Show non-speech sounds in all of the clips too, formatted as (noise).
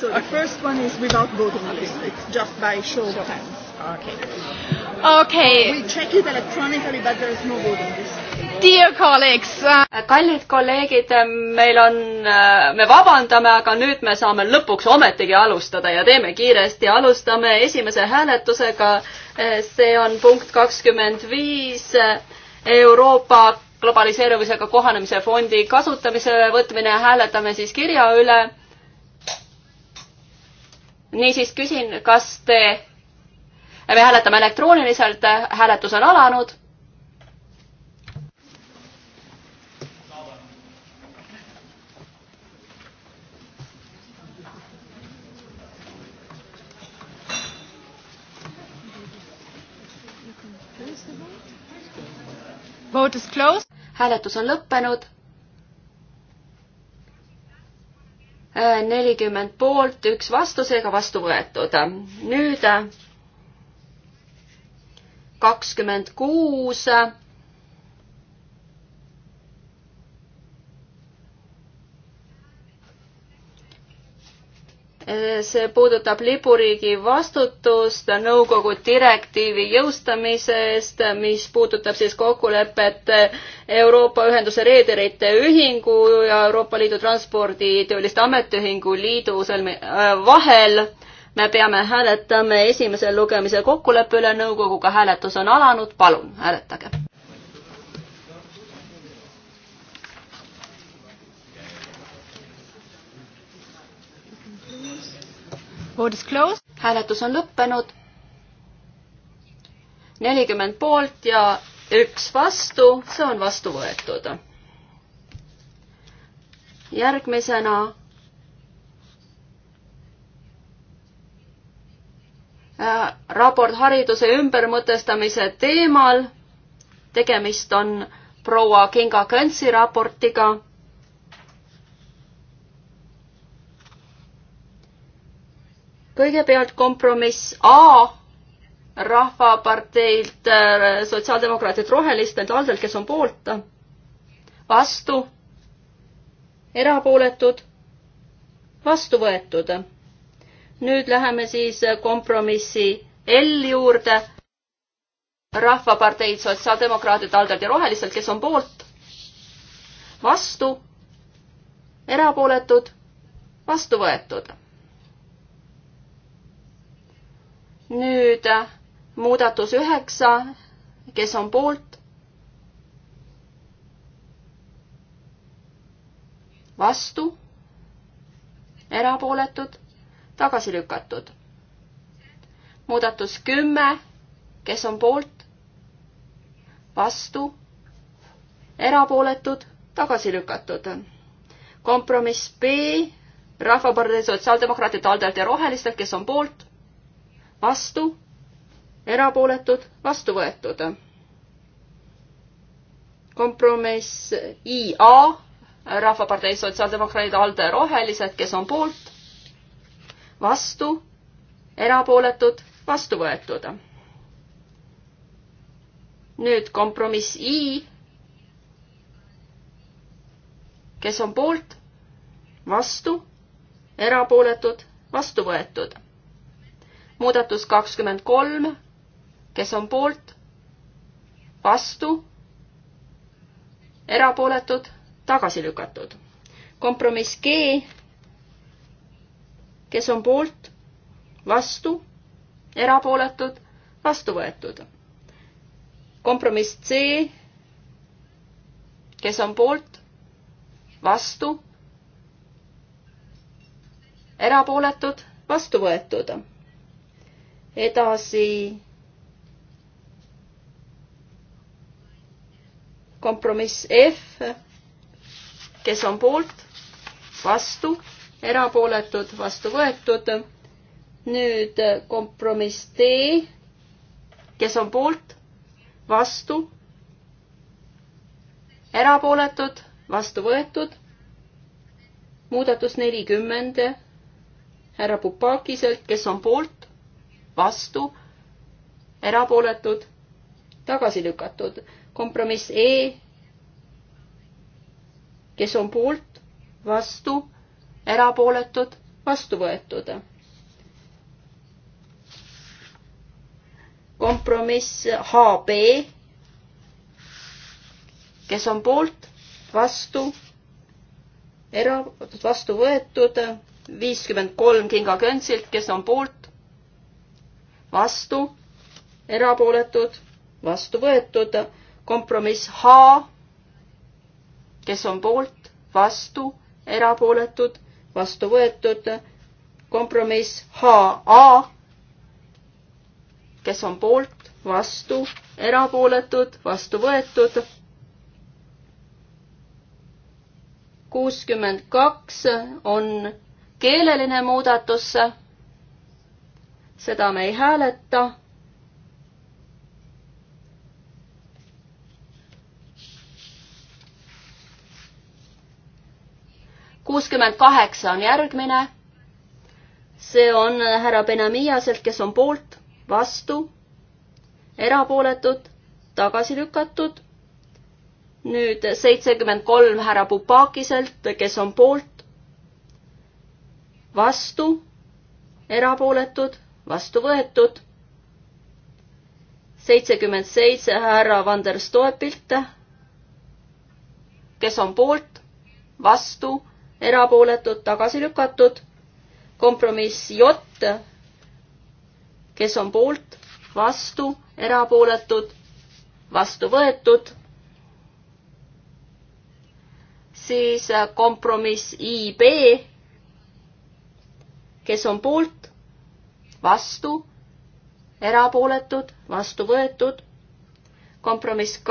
So the first one is without voting list. It's just by show of hands. Okay. Okay. We check it electronically, but there is no voting list. Dear colleagues. Uh, kallid kolleegid, äh, meil on, äh, me vabandame, aga nüüd me saame lõpuks ometigi alustada ja teeme kiiresti. alustame esimese hääletusega. Äh, see on punkt kakskümmend viis Euroopa globaliseerumisega kohanemise fondi kasutamise võtmine. hääletame siis kirja üle niisiis küsin, kas te, me hääletame elektrooniliselt, hääletus on alanud. hääletus on lõppenud nelikümmend poolt, üks vastu, seega vastu võetud. nüüd kakskümmend kuus see puudutab lipuriigi vastutust nõukogu direktiivi jõustamise eest, mis puudutab siis kokkulepet Euroopa Ühenduse Reederite Ühingu ja Euroopa Liidu Transporditööliste Ametiühingu Liidu sõlmi- äh,, vahel. me peame hääletama esimese lugemise kokkuleppe üle nõukoguga, hääletus on alanud, palun hääletage hääletus on lõppenud. nelikümmend poolt ja üks vastu, see on vastu võetud. järgmisena äh, raport hariduse ümbermõtestamise teemal. tegemist on proua Kinga Kõntsi raportiga kõigepealt kompromiss A rahvaparteilt, äh, sotsiaaldemokraatid rohelistelt, aldelt, kes on poolt, vastu, erapooletud, vastu võetud. nüüd läheme siis kompromissi L juurde. rahvaparteid, sotsiaaldemokraatid, aldelt ja rohelistelt, kes on poolt, vastu, erapooletud, vastu võetud nüüd äh, muudatus üheksa, kes on poolt? vastu? erapooletud? tagasi lükatud? muudatus kümme, kes on poolt? vastu? erapooletud? tagasi lükatud? kompromiss B, Rahvapartei Sotsiaaldemokraatide Aldelt ja Rohelistelt, kes on poolt? vastu, erapooletud, vastu võetud. kompromiss IA, Rahvapartei Sotsiaaldemokraadid, ALDE Rohelised, kes on poolt, vastu, erapooletud, vastu võetud. nüüd kompromiss I, kes on poolt, vastu, erapooletud, vastu võetud muudatus kakskümmend kolm, kes on poolt, vastu, erapooletud, tagasi lükatud. kompromiss G, kes on poolt, vastu, erapooletud, vastu võetud. kompromiss C, kes on poolt, vastu, erapooletud, vastu võetud edasi kompromiss F, kes on poolt, vastu, erapooletud, vastu võetud. nüüd kompromiss D, kes on poolt, vastu, erapooletud, vastu võetud. muudatus nelikümmend härra Pupakiselt, kes on poolt, vastu, erapooletud, tagasi lükatud. kompromiss E, kes on poolt, vastu, erapooletud, vastu võetud. kompromiss HB, kes on poolt, vastu, era-, vastu võetud, viiskümmend kolm Kinga Könsilt, kes on poolt, vastu, erapooletud, vastu võetud, kompromiss H, kes on poolt, vastu, erapooletud, vastu võetud, kompromiss HA, kes on poolt, vastu, erapooletud, vastu võetud. kuuskümmend kaks on keeleline muudatus seda me ei hääleta. kuuskümmend kaheksa on järgmine. see on härra Benamiaselt, kes on poolt, vastu, erapooletud, tagasi lükatud. nüüd seitsekümmend kolm härra Pupakiselt, kes on poolt, vastu, erapooletud vastu võetud. seitsekümmend seitse härra Vander Stoepilt, kes on poolt, vastu, erapooletud, tagasi lükatud. kompromiss J, kes on poolt, vastu, erapooletud, vastu võetud siis kompromiss IB, kes on poolt, vastu, erapooletud, vastu võetud. kompromiss K,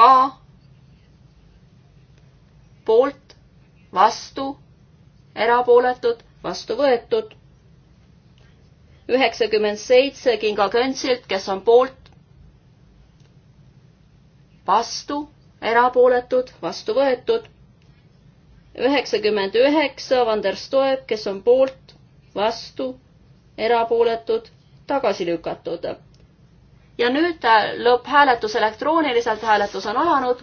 poolt, vastu, erapooletud, vastu võetud. üheksakümmend seitse Kinga Könsilt, kes on poolt, vastu, erapooletud, vastu võetud üheksakümmend üheksa Van der Stoep, kes on poolt, vastu, erapooletud, tagasi lükatud. ja nüüd äh, lõpphääletus elektrooniliselt, hääletus on alanud.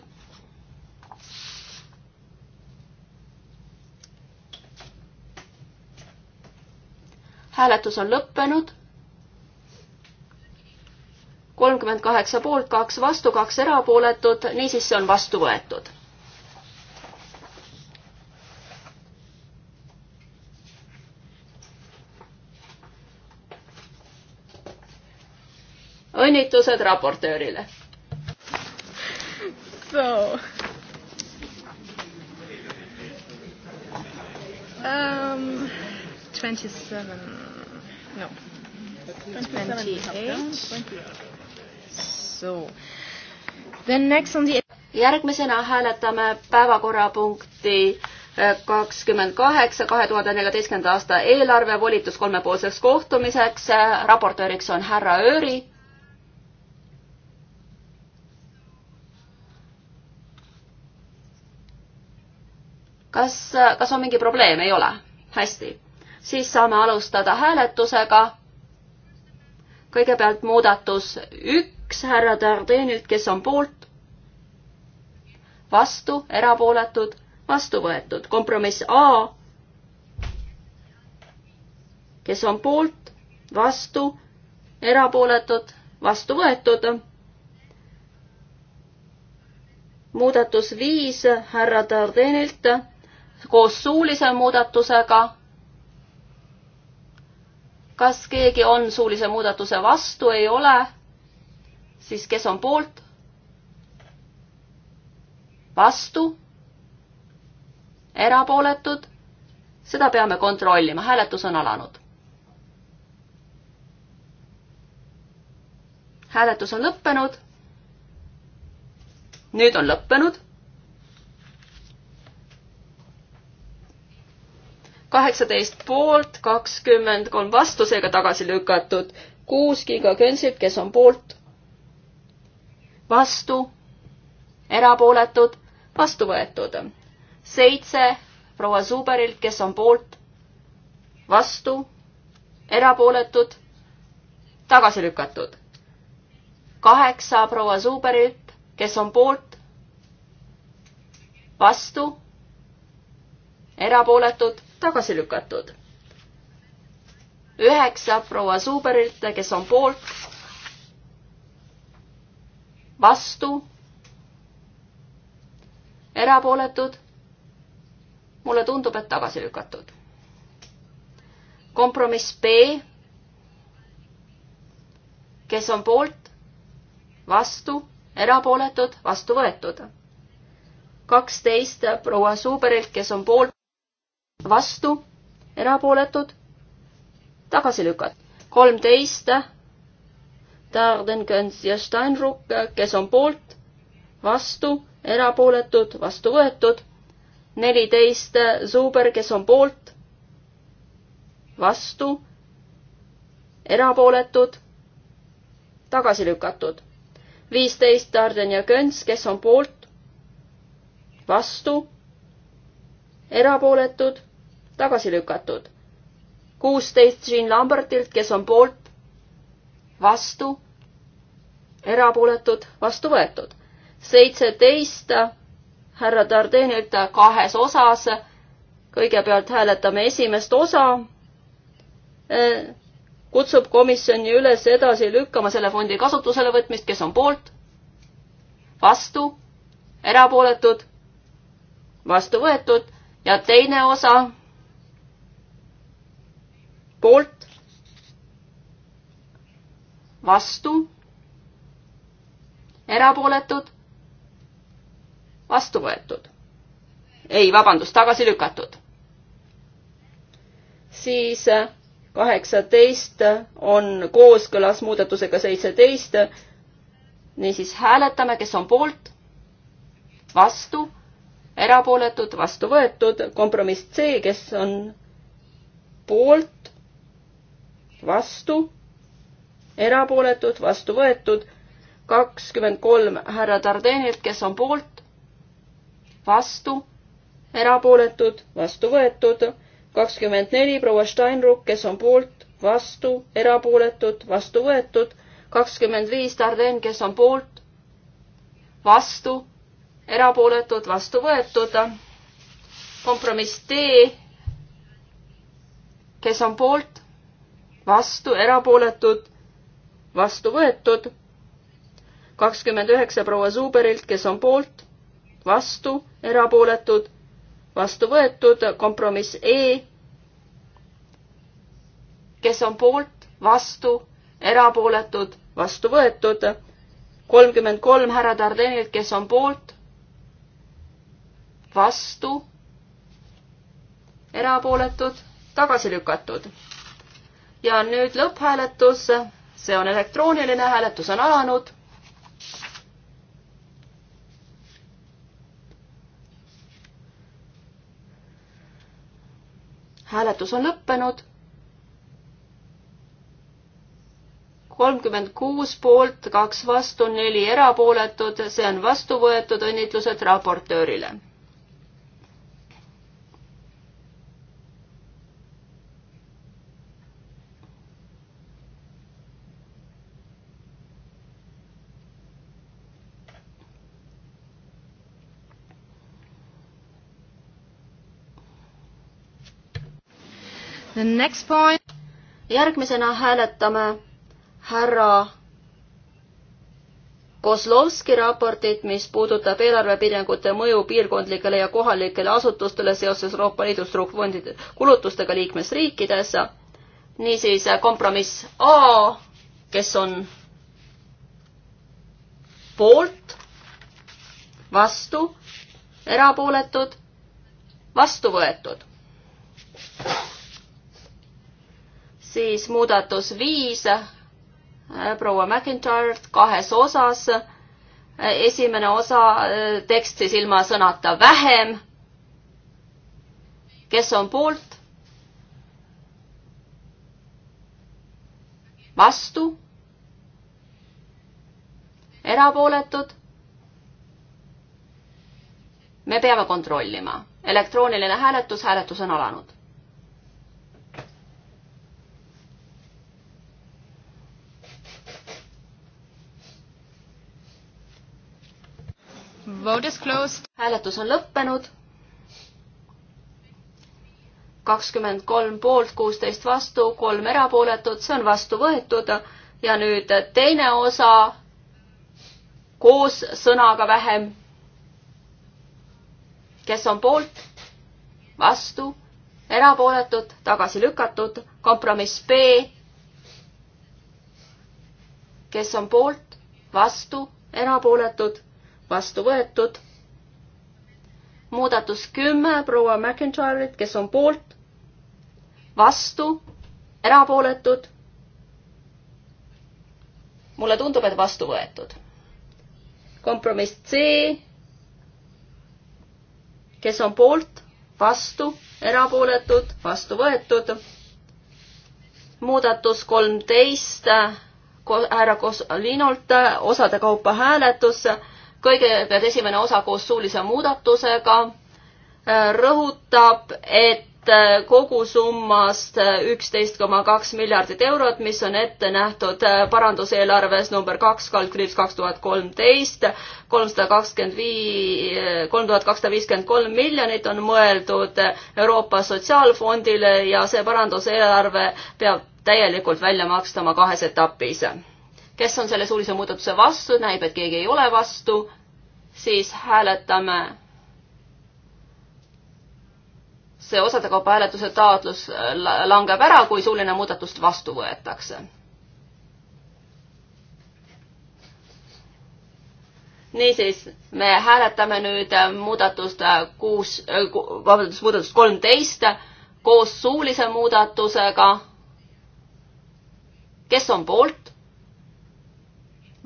hääletus on lõppenud. kolmkümmend kaheksa poolt, kaks vastu, kaks erapooletut, niisiis see on vastu võetud õnnitlused raportöörile. So. Um, 27, no, 28. So, then next on the... Järgmisena hääletame päevakorrapunkti eh, kakskümmend kaheksa, kahe tuhande neljateistkümnenda aasta eelarve volitus kolmepoolseks kohtumiseks. Eh, raportööriks on härra Ööri. kas, kas on mingi probleem, ei ole? hästi, siis saame alustada hääletusega. kõigepealt muudatus üks härra Dardenilt, kes on poolt, vastu, erapooletud, vastu võetud, kompromiss A, kes on poolt, vastu, erapooletud, vastu võetud muudatus viis härra Dardenilt koos suulise muudatusega. kas keegi on suulise muudatuse vastu, ei ole? siis kes on poolt? vastu? erapooletud? seda peame kontrollima, hääletus on alanud. hääletus on lõppenud. nüüd on lõppenud kaheksateist poolt, kakskümmend kolm vastu, seega tagasi lükatud. kuus Giga Könsilt, kes on poolt, vastu, erapooletud, vastu võetud. seitse proua Zuberilt, kes on poolt, vastu, erapooletud, tagasi lükatud. kaheksa proua Zuberilt, kes on poolt, vastu, erapooletud, tagasi lükatud. üheksa proua Suuberilt, kes on poolt, vastu, erapooletud. mulle tundub, et tagasi lükatud. kompromiss B, kes on poolt, vastu, erapooletud, vastu võetud. kaksteist proua Suuberilt, kes on poolt, vastu, erapooletud, tagasi lükatud. kolmteist, Dardenkens ja Steinruck, kes on poolt, vastu, erapooletud, vastu võetud. neliteist, Zuber, kes on poolt, vastu, erapooletud, tagasi lükatud. viisteist, Darden ja Köns, kes on poolt, vastu, erapooletud, tagasi lükatud. kuusteist Jean Lambertilt, kes on poolt, vastu, erapooletud, vastu võetud. seitseteist härra Dardenilt kahes osas. kõigepealt hääletame esimest osa. kutsub komisjoni üles edasi lükkama selle fondi kasutusele võtmist, kes on poolt, vastu, erapooletud, vastu võetud ja teine osa poolt, vastu, erapooletud, vastu võetud. ei, vabandust, tagasi lükatud. siis kaheksateist on kooskõlas muudatusega seitseteist. niisiis hääletame, kes on poolt, vastu, erapooletud, vastu võetud, kompromiss C, kes on poolt, vastu, erapooletud, vastu võetud, kakskümmend kolm härra Tardenilt, kes on poolt, vastu, erapooletud, vastu võetud, kakskümmend neli proua Steinruck, kes on poolt, vastu, erapooletud, vastu võetud, kakskümmend viis Tarden, kes on poolt, vastu, erapooletud, vastu võetud. kompromiss D, kes on poolt, vastu, erapooletud, vastu võetud. kakskümmend üheksa proua Zuuberilt, kes on poolt, vastu, erapooletud, vastu võetud, kompromiss E. kes on poolt, vastu, erapooletud, vastu võetud. kolmkümmend kolm härra Dardenilt, kes on poolt, vastu, erapooletud, tagasi lükatud ja nüüd lõpphääletus, see on elektrooniline hääletus on alanud. hääletus on lõppenud. kolmkümmend kuus poolt, kaks vastu, neli erapooletut, see on vastu võetud, õnnitlused raportöörile Next point. järgmisena hääletame härra Kozlovski raportit, mis puudutab eelarvepiirangute mõju piirkondlikele ja kohalikele asutustele seoses Euroopa Liidu struktuurfondide kulutustega liikmesriikides. niisiis kompromiss A, kes on poolt, vastu, erapooletud, vastu võetud siis muudatus viis äh, proua McIntyre't kahes osas. Äh, esimene osa äh, tekst siis ilma sõnata vähem. kes on poolt? vastu? erapooletud? me peame kontrollima. elektrooniline hääletus, hääletus on alanud. Vote is closed. hääletus on lõppenud. kakskümmend kolm poolt, kuusteist vastu, kolm erapooletut, see on vastu võetud ja nüüd teine osa koos sõnaga vähem. kes on poolt, vastu, erapooletud, tagasi lükatud, kompromiss B. kes on poolt, vastu, erapooletud, vastu võetud. muudatus kümme proua McIntyre'ilt, kes on poolt, vastu, erapooletud. mulle tundub, et vastu võetud. kompromiss C, kes on poolt, vastu, erapooletud, vastu võetud. muudatus kolmteist härra Kosolinult osade kaupa hääletus kõigepealt esimene osa koos suulise muudatusega äh, rõhutab, et äh, kogusummast äh, üksteist koma kaks miljardit eurot, mis on ette nähtud paranduseelarves number kaks, kaldkriips kaks tuhat kolmteist, kolmsada kakskümmend viis, kolm tuhat kakssada viiskümmend kolm miljonit on mõeldud Euroopa Sotsiaalfondile ja see paranduseelarve peab täielikult välja makstama kahes etapis. kes on selle suulise muudatuse vastu, näib, et keegi ei ole vastu siis hääletame see osade kaupa hääletuse taotlus langeb ära, kui suuline muudatust vastu võetakse. niisiis, me hääletame nüüd muudatust kuus, vabandust, muudatust kolmteist koos suulise muudatusega. kes on poolt?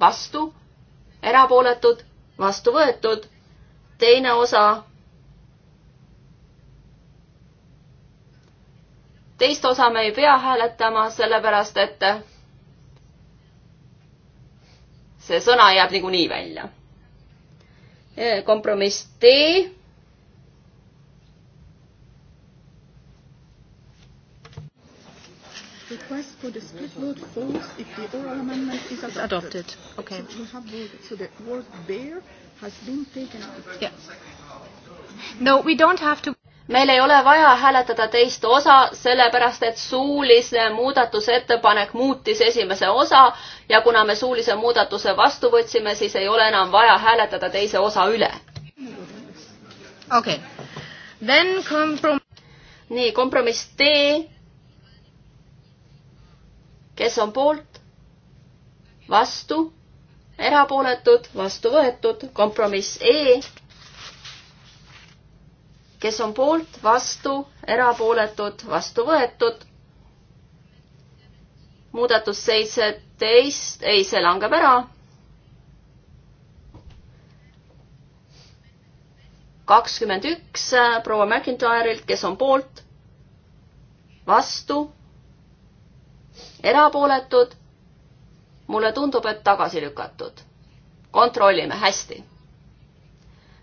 vastu? erapooletud? vastu võetud, teine osa, teist osa me ei pea hääletama, sellepärast et see sõna jääb niikuinii välja. kompromiss D request for the split vote falls if the oral amendment is adopted. adopted. Okay. So we have voted. So the word bear has been taken out. Yeah. No, we don't have to meil ei ole vaja hääletada teist osa, sellepärast et suulise muudatusettepanek muutis esimese osa ja kuna me suulise muudatuse vastu võtsime, siis ei ole enam vaja hääletada teise osa üle. okei okay., then komprom-. nii, kompromiss D kes on poolt, vastu, erapooletud, vastu võetud, kompromiss E, kes on poolt, vastu, erapooletud, vastu võetud, muudatus seitseteist, ei, see langeb ära kakskümmend üks proua McIntyre'ilt, kes on poolt, vastu, erapooletud, mulle tundub, et tagasi lükatud. kontrollime, hästi.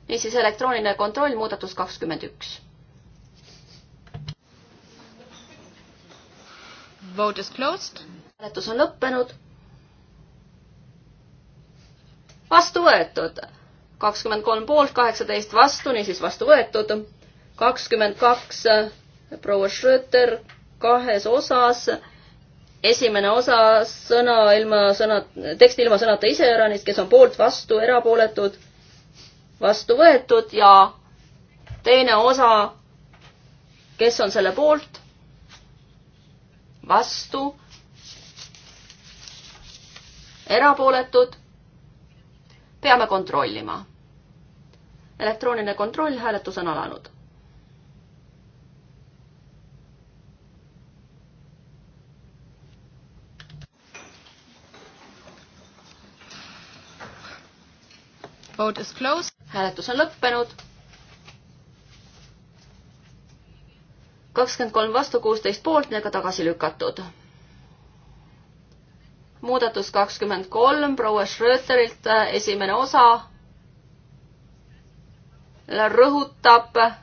niisiis elektrooniline kontroll, muudatus kakskümmend üks. Vote is closed. hääletus on lõppenud. vastu võetud. kakskümmend kolm poolt, kaheksateist vastu, niisiis vastu võetud. kakskümmend kaks proua Schröter kahes osas esimene osa sõna ilma sõna, tekst ilma sõnata iseäranis, kes on poolt, vastu, erapooletud, vastu võetud ja teine osa, kes on selle poolt, vastu, erapooletud, peame kontrollima. elektrooniline kontroll, hääletus on alanud Vote is closed. hääletus on lõppenud. kakskümmend kolm vastu, kuusteist poolt, nendega tagasi lükatud. muudatus kakskümmend kolm proua Schröterilt, esimene osa rõhutab äh,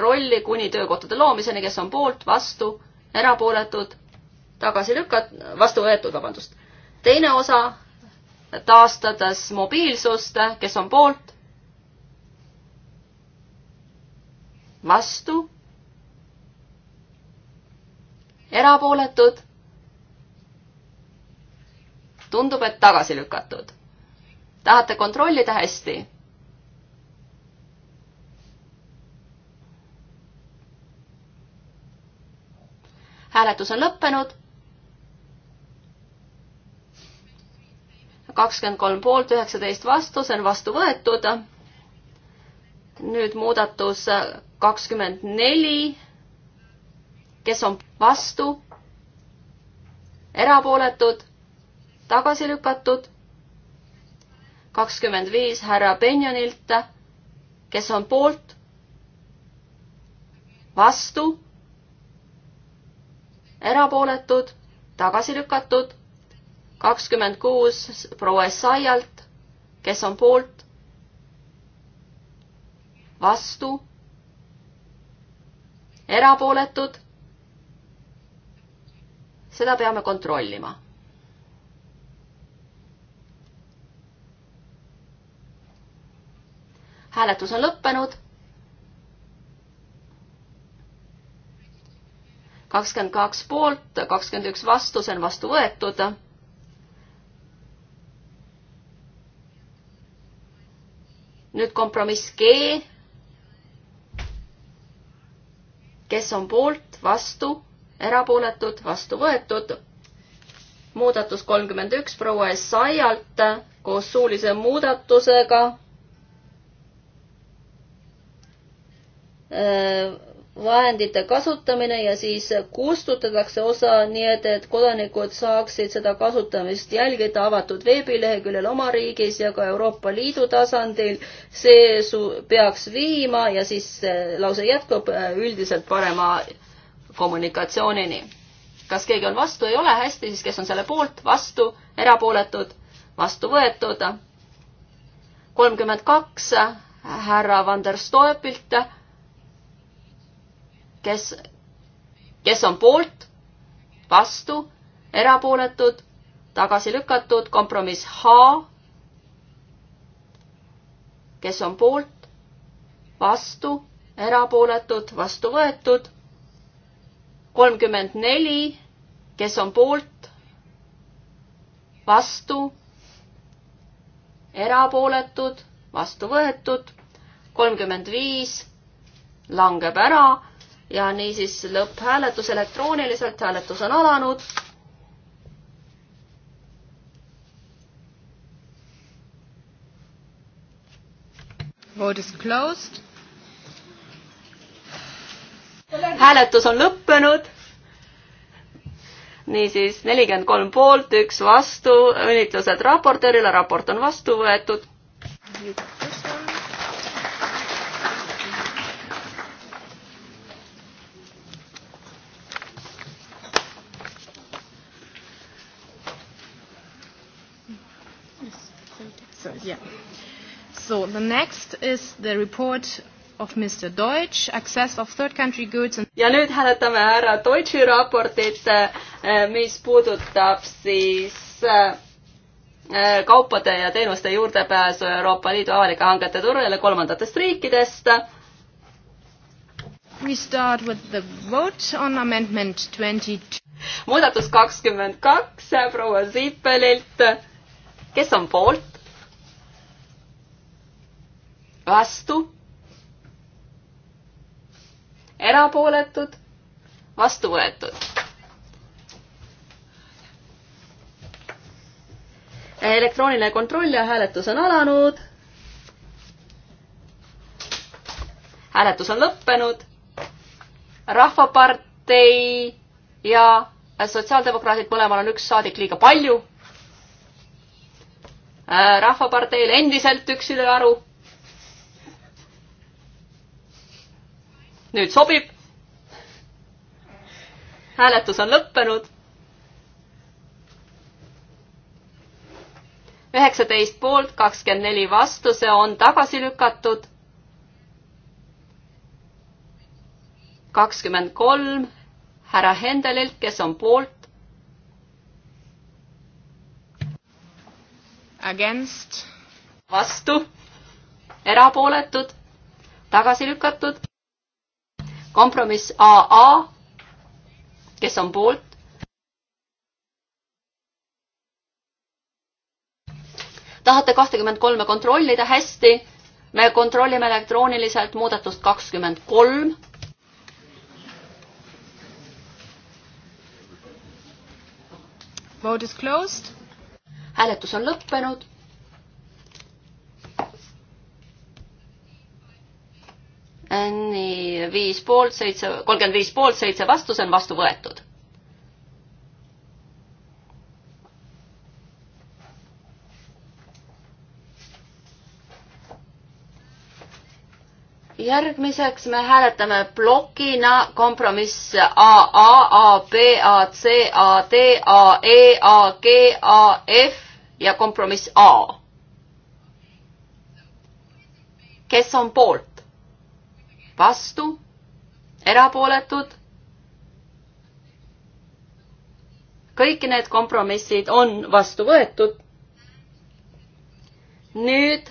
rolli kuni töökohtade loomiseni, kes on poolt, vastu, erapooletud, tagasi lükat-, vastu võetud, vabandust. teine osa taastades mobiilsust, kes on poolt? vastu? erapooletud? tundub, et tagasi lükatud. tahate kontrollida hästi? hääletus on lõppenud kakskümmend kolm poolt, üheksateist vastu, see on vastu võetud. nüüd muudatus kakskümmend neli. kes on vastu? erapooletud? tagasi lükatud? kakskümmend viis härra Benjonilt. kes on poolt? vastu? erapooletud? tagasi lükatud? kakskümmend kuus proua Essayalt, kes on poolt, vastu, erapooletud. seda peame kontrollima hääletus on lõppenud. kakskümmend kaks poolt, kakskümmend üks vastu, see on vastu võetud nüüd kompromiss G. kes on poolt, vastu, erapooletud, vastu võetud. muudatus kolmkümmend üks proua Essayalt koos suulise muudatusega äh, vahendite kasutamine ja siis kustutatakse osa, nii et, et kodanikud saaksid seda kasutamist jälgida avatud veebileheküljel oma riigis ja ka Euroopa Liidu tasandil. see su-, peaks viima ja siis eh, lause jätkub eh, üldiselt parema kommunikatsioonini. kas keegi on vastu, ei ole, hästi, siis kes on selle poolt, vastu, erapooletud, vastu võetud? kolmkümmend kaks härra Van der Stoepilt kes, kes on poolt, vastu, erapooletud, tagasi lükatud, kompromiss H, kes on poolt, vastu, erapooletud, vastu võetud, kolmkümmend neli, kes on poolt, vastu, erapooletud, vastu võetud, kolmkümmend viis langeb ära, ja niisiis lõpphääletus elektrooniliselt, hääletus on alanud. Vote is closed. hääletus on lõppenud. niisiis nelikümmend kolm poolt, üks vastu, õnnitlused raportöörile, raport on vastu võetud. So the next is the report of Mr Deutsch, access of third country goods and ja nüüd hääletame ära Deutsche raportit, eh, mis puudutab siis eh, eh, kaupade ja teenuste juurdepääsu Euroopa Liidu avalike hangete turule kolmandatest riikidest. We start with the vote on amendment twenty two. muudatus kakskümmend kaks proua Siipelilt. kes on poolt? vastu, erapooletud, vastu võetud. elektrooniline kontroll ja hääletus on alanud. hääletus on lõppenud. rahvapartei ja sotsiaaldemokraadid mõlemal on üks saadik liiga palju. rahvaparteil endiselt üks ülearu nüüd sobib. hääletus on lõppenud. üheksateist poolt, kakskümmend neli vastu, see on tagasi lükatud. kakskümmend kolm härra Hendelilt, kes on poolt. Against. vastu, erapooletud, tagasi lükatud kompromiss AA, kes on poolt? tahate kahtekümmend kolme kontrollida, hästi. me kontrollime elektrooniliselt muudatust kakskümmend kolm. Vote is closed. hääletus on lõppenud nii, viis poolt, seitse, kolmkümmend viis poolt, seitse vastu, see on vastu võetud. järgmiseks me hääletame plokina kompromiss AA, AB, AC, AD, AE, AG, AF ja kompromiss A. kes on poolt? vastu, erapooletud. kõik need kompromissid on vastu võetud. nüüd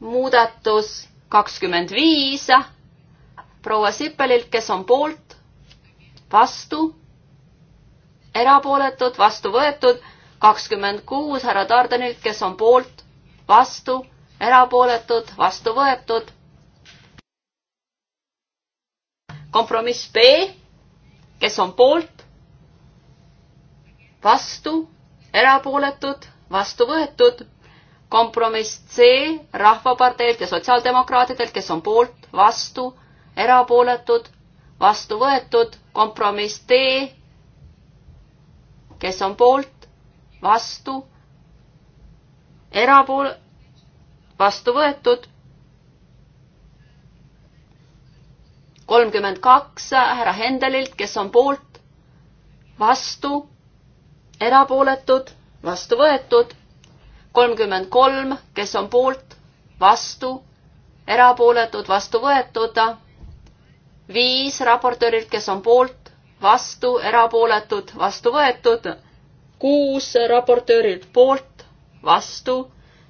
muudatus kakskümmend viis proua Sippelilt, kes on poolt, vastu, erapooletud, vastu võetud, kakskümmend kuus härra Tardenilt, kes on poolt, vastu, erapooletud, vastu võetud kompromiss B, kes on poolt, vastu, erapooletud, vastu võetud. kompromiss C Rahvaparteilt ja Sotsiaaldemokraatidelt, kes on poolt, vastu, erapooletud, vastu võetud. kompromiss D, kes on poolt, vastu, erapool-, vastu võetud kolmkümmend kaks härra Hendelilt, kes on poolt, vastu, erapooletud, vastu võetud, kolmkümmend kolm, kes on poolt, vastu, erapooletud, vastu võetud, viis raportöörilt, kes on poolt, vastu, erapooletud, vastu võetud, kuus raportöörilt poolt, vastu,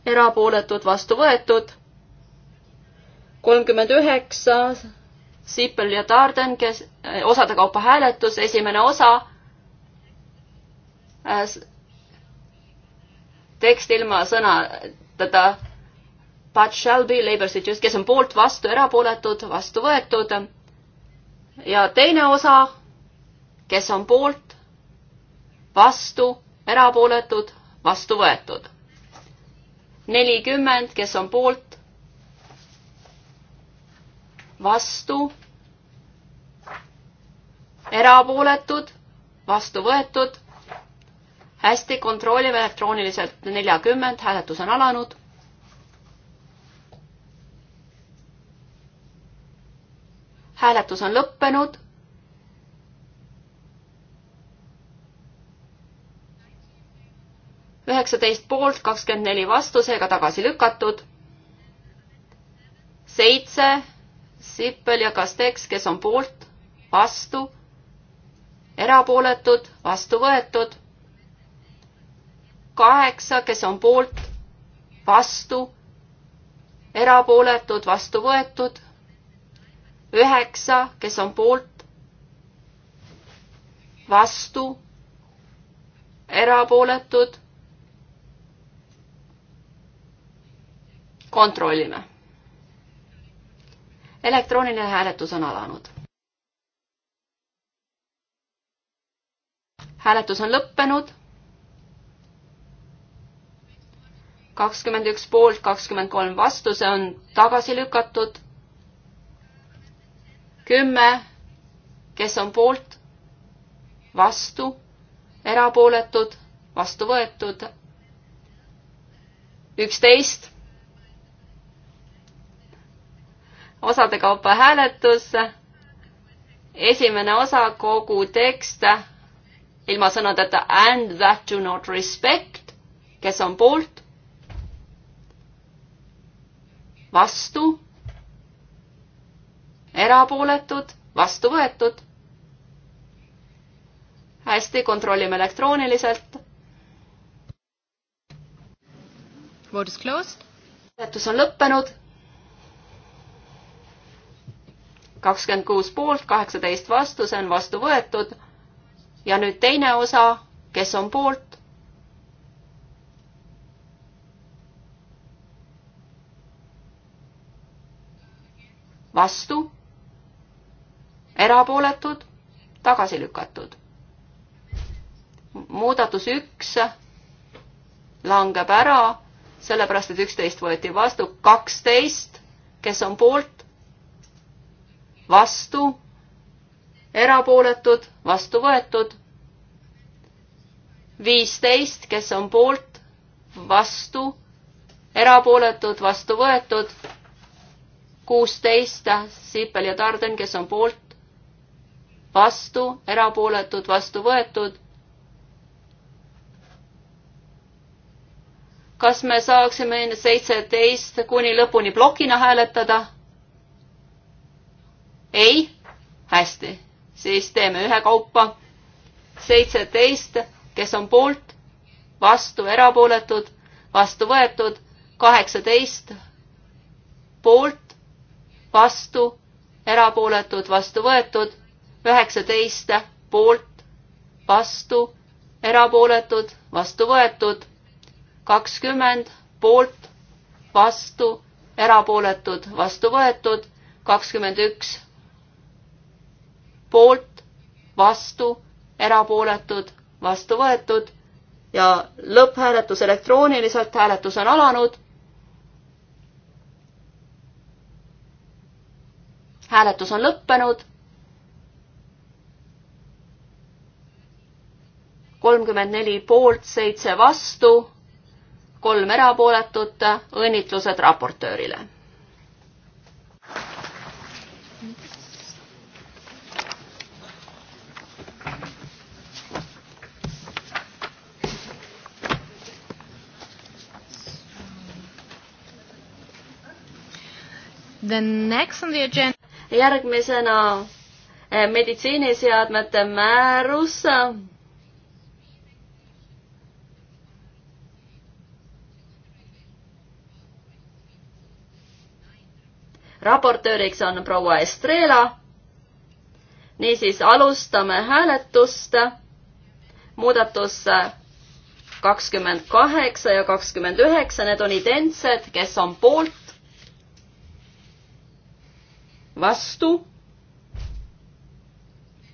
erapooletud, vastu võetud, kolmkümmend üheksa Sipel ja Tarden, kes, äh, osade kaupa hääletus, esimene osa. Äh, tekst ilma sõnadeta. But shall be labor situation, kes on poolt, vastu, erapooletud, vastu võetud. ja teine osa, kes on poolt, vastu, erapooletud, vastu võetud. nelikümmend, kes on poolt, vastu, erapooletud, vastu võetud. hästi, kontrollime elektrooniliselt neljakümmend, hääletus on alanud. hääletus on lõppenud. üheksateist poolt, kakskümmend neli vastu, seega tagasi lükatud. seitse Sippel ja Kasteks, kes on poolt, vastu, erapooletud, vastu võetud. kaheksa, kes on poolt, vastu, erapooletud, vastu võetud. üheksa, kes on poolt, vastu, erapooletud. kontrollime elektrooniline hääletus on alanud. hääletus on lõppenud. kakskümmend üks poolt, kakskümmend kolm vastu, see on tagasi lükatud. kümme, kes on poolt, vastu, erapooletud, vastu võetud. üksteist osade kaupa hääletus. esimene osa, kogu tekst ilma sõnadeta and that do not respect, kes on poolt? vastu? erapooletud, vastu võetud. hästi, kontrollime elektrooniliselt. hääletus on lõppenud kakskümmend kuus poolt, kaheksateist vastu, see on vastu võetud. ja nüüd teine osa, kes on poolt? vastu, erapooletud, tagasi lükatud. muudatus üks langeb ära, sellepärast et üksteist võeti vastu, kaksteist, kes on poolt, vastu, erapooletud, vastu võetud. viisteist, kes on poolt, vastu, erapooletud, vastu võetud. kuusteist, Siipel ja Tarden, kes on poolt, vastu, erapooletud, vastu võetud. kas me saaksime seitseteist kuni lõpuni plokina hääletada? ei? hästi, siis teeme ühekaupa. seitseteist, kes on poolt, vastu, erapooletud, vastu võetud, kaheksateist poolt, vastu, erapooletud, vastu võetud, üheksateist poolt, vastu, erapooletud, vastu võetud, kakskümmend poolt, vastu, erapooletud, vastu võetud, kakskümmend üks poolt, vastu, erapooletud, vastu võetud ja lõpphääletus elektrooniliselt, hääletus on alanud. hääletus on lõppenud. kolmkümmend neli poolt, seitse vastu, kolm erapooletut, õnnitlused raportöörile järgmisena eh, meditsiiniseadmete määrus. raportööriks on proua Estrela. niisiis, alustame hääletust. muudatus eh, kakskümmend kaheksa ja kakskümmend üheksa, need on identsed, kes on poolt, vastu,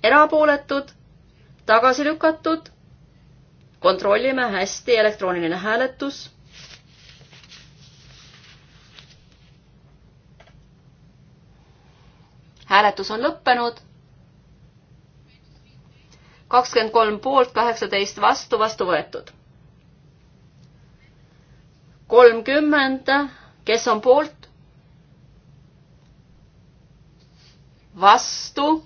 erapooletud, tagasi lükatud. kontrollime hästi, elektrooniline hääletus. hääletus on lõppenud. kakskümmend kolm poolt, kaheksateist vastu, vastu võetud. kolmkümmend, kes on poolt? vastu.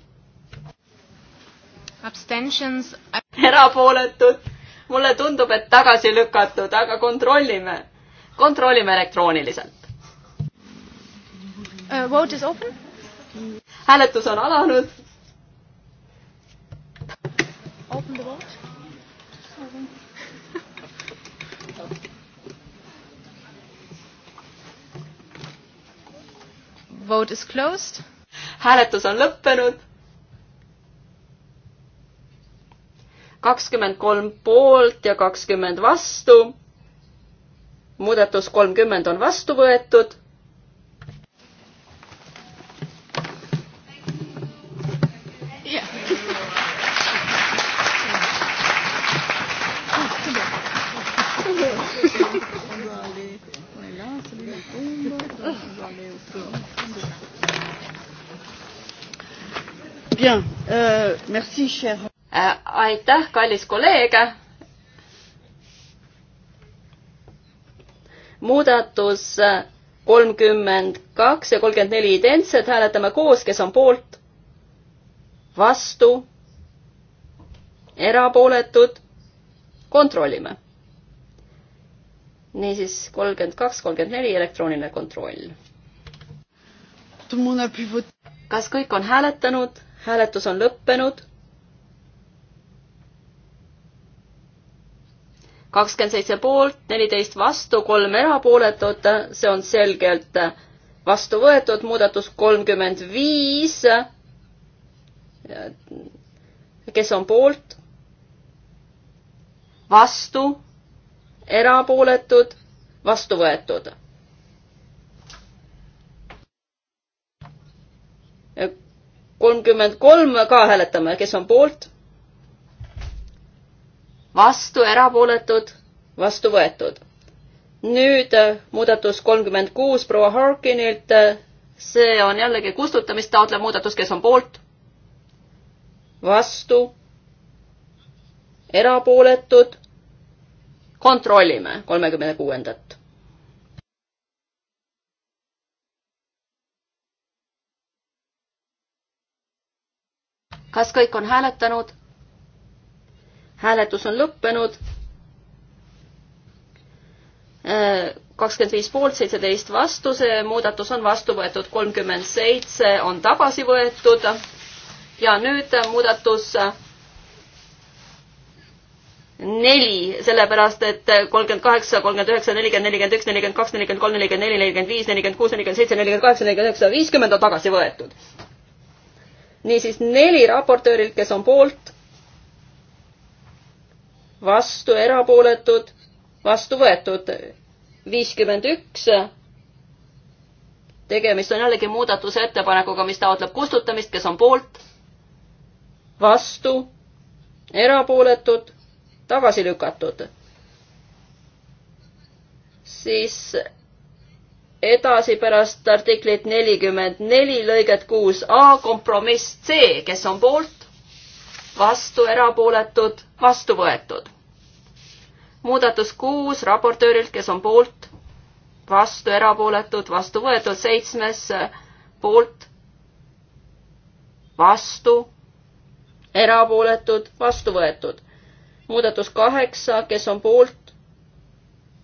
Abstentions. erapooletud. mulle tundub, et tagasi lükatud, aga kontrollime. kontrollime elektrooniliselt uh,. Vote is open. hääletus on alanud. Open the vote. Vote is closed hääletus on lõppenud. kakskümmend kolm poolt ja kakskümmend vastu. muudatus kolmkümmend on vastu võetud on doit aller, on est là, celui-là tombe, donc on doit aller au (laughs) fond. Euh, äh, aitäh, kallis kolleeg. muudatus kolmkümmend kaks ja kolmkümmend neli identsed, hääletame koos, kes on poolt, vastu, erapooletud, kontrollime. niisiis kolmkümmend kaks, kolmkümmend neli, elektrooniline kontroll. kas kõik on hääletanud? hääletus on lõppenud. kakskümmend seitse poolt, neliteist vastu, kolm erapooletut, see on selgelt vastu võetud, muudatus kolmkümmend viis. kes on poolt? vastu, erapooletud, vastu võetud kolmkümmend kolm ka hääletame, kes on poolt? vastu, erapooletud, vastu võetud. nüüd äh, muudatus kolmkümmend kuus proua Harkinilt. Äh, see on jällegi kustutamist taotlev muudatus, kes on poolt? vastu, erapooletud. kontrollime kolmekümne kuuendat. kas kõik on hääletanud? hääletus on lõppenud. Äh, kakskümmend viis poolt, seitseteist vastu, see muudatus on vastu võetud, kolmkümmend seitse on tagasi võetud. ja nüüd muudatus neli, sellepärast et kolmkümmend kaheksa, kolmkümmend üheksa, nelikümmend, nelikümmend üks, nelikümmend kaks, nelikümmend kolm, nelikümmend neli, nelikümmend viis, nelikümmend kuus, nelikümmend seitse, nelikümmend kaheksa, nelikümmend üheksa, viiskümmend on tagasi võetud niisiis neli raportöörilt, kes on poolt, vastu, erapooletud, vastu võetud viiskümmend üks. tegemist on jällegi muudatusettepanekuga, mis taotleb kustutamist, kes on poolt, vastu, erapooletud, tagasi lükatud. siis edasi pärast artiklit nelikümmend neli lõiget kuus A kompromiss C, kes on poolt, vastu, erapooletud, vastu võetud. muudatus kuus raportöörilt, kes on poolt, vastu, erapooletud, vastu võetud, seitsmes äh, poolt, vastu, erapooletud, vastu võetud. muudatus kaheksa, kes on poolt,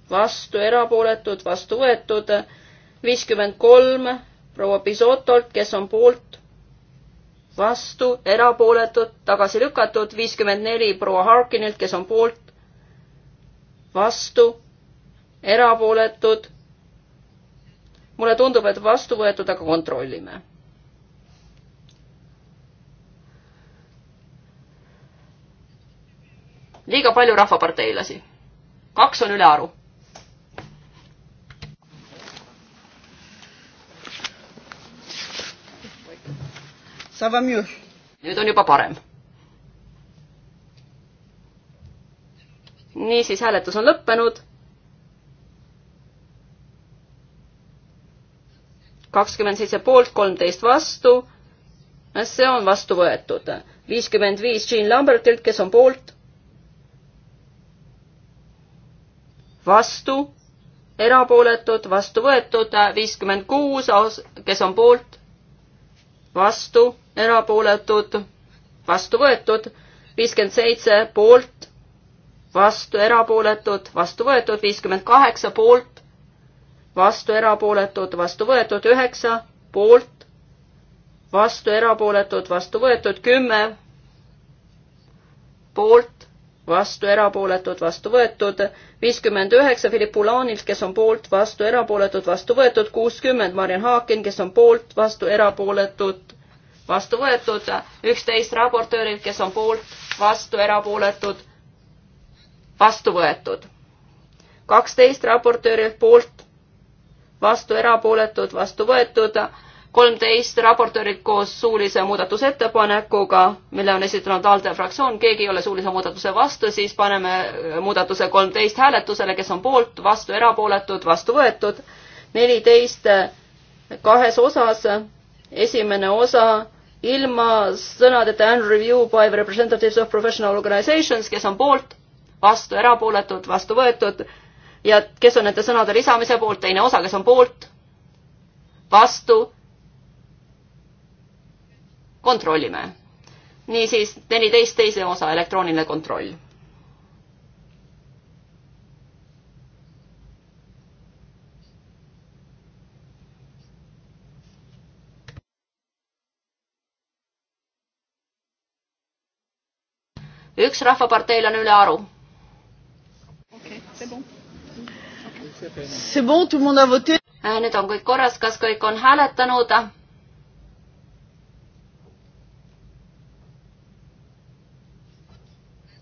vastu, erapooletud, vastu võetud viiskümmend kolm proua Pisotolt, kes on poolt, vastu, erapooletud, tagasi lükatud, viiskümmend neli proua Harkinilt, kes on poolt, vastu, erapooletud. mulle tundub, et vastu võetud, aga kontrollime. liiga palju rahvaparteilasi. kaks on ülearu Ça va mieux. nüüd on juba parem. niisiis, hääletus on lõppenud. kakskümmend seitse poolt, kolmteist vastu. see on vastu võetud. viiskümmend viis Jean Lambertilt, kes on poolt. vastu, erapooletud, vastu võetud, viiskümmend kuus, kes on poolt, vastu erapooletud, vastu võetud, viiskümmend seitse poolt, vastu erapooletud, vastu võetud, viiskümmend kaheksa poolt, vastu erapooletud, vastu võetud, üheksa poolt, vastu erapooletud, vastu võetud, kümme poolt, vastu erapooletud, vastu võetud, viiskümmend üheksa Filipulaanilt, kes on poolt, vastu erapooletud, vastu võetud, kuuskümmend Marian Haaken, kes on poolt, vastu erapooletud vastu võetud, üksteist raportöörilt, kes on poolt, vastu, erapooletud, vastu võetud. kaksteist raportöörilt poolt, vastu, erapooletud, vastu võetud, kolmteist raportöörilt koos suulise muudatusettepanekuga, mille on esitanud ALDE fraktsioon, keegi ei ole suulise muudatuse vastu, siis paneme muudatuse kolmteist hääletusele, kes on poolt, vastu, erapooletud, vastu võetud, neliteist kahes osas, esimene osa ilma sõnadeta and review by the representatives of professional organizations, kes on poolt, vastu, erapooletud, vastu võetud ja kes on nende sõnade lisamise poolt, teine osa, kes on poolt, vastu. kontrollime. niisiis neliteist teise osa elektrooniline kontroll üks rahvaparteil on ülearu. Äh, nüüd on kõik korras, kas kõik on hääletanud?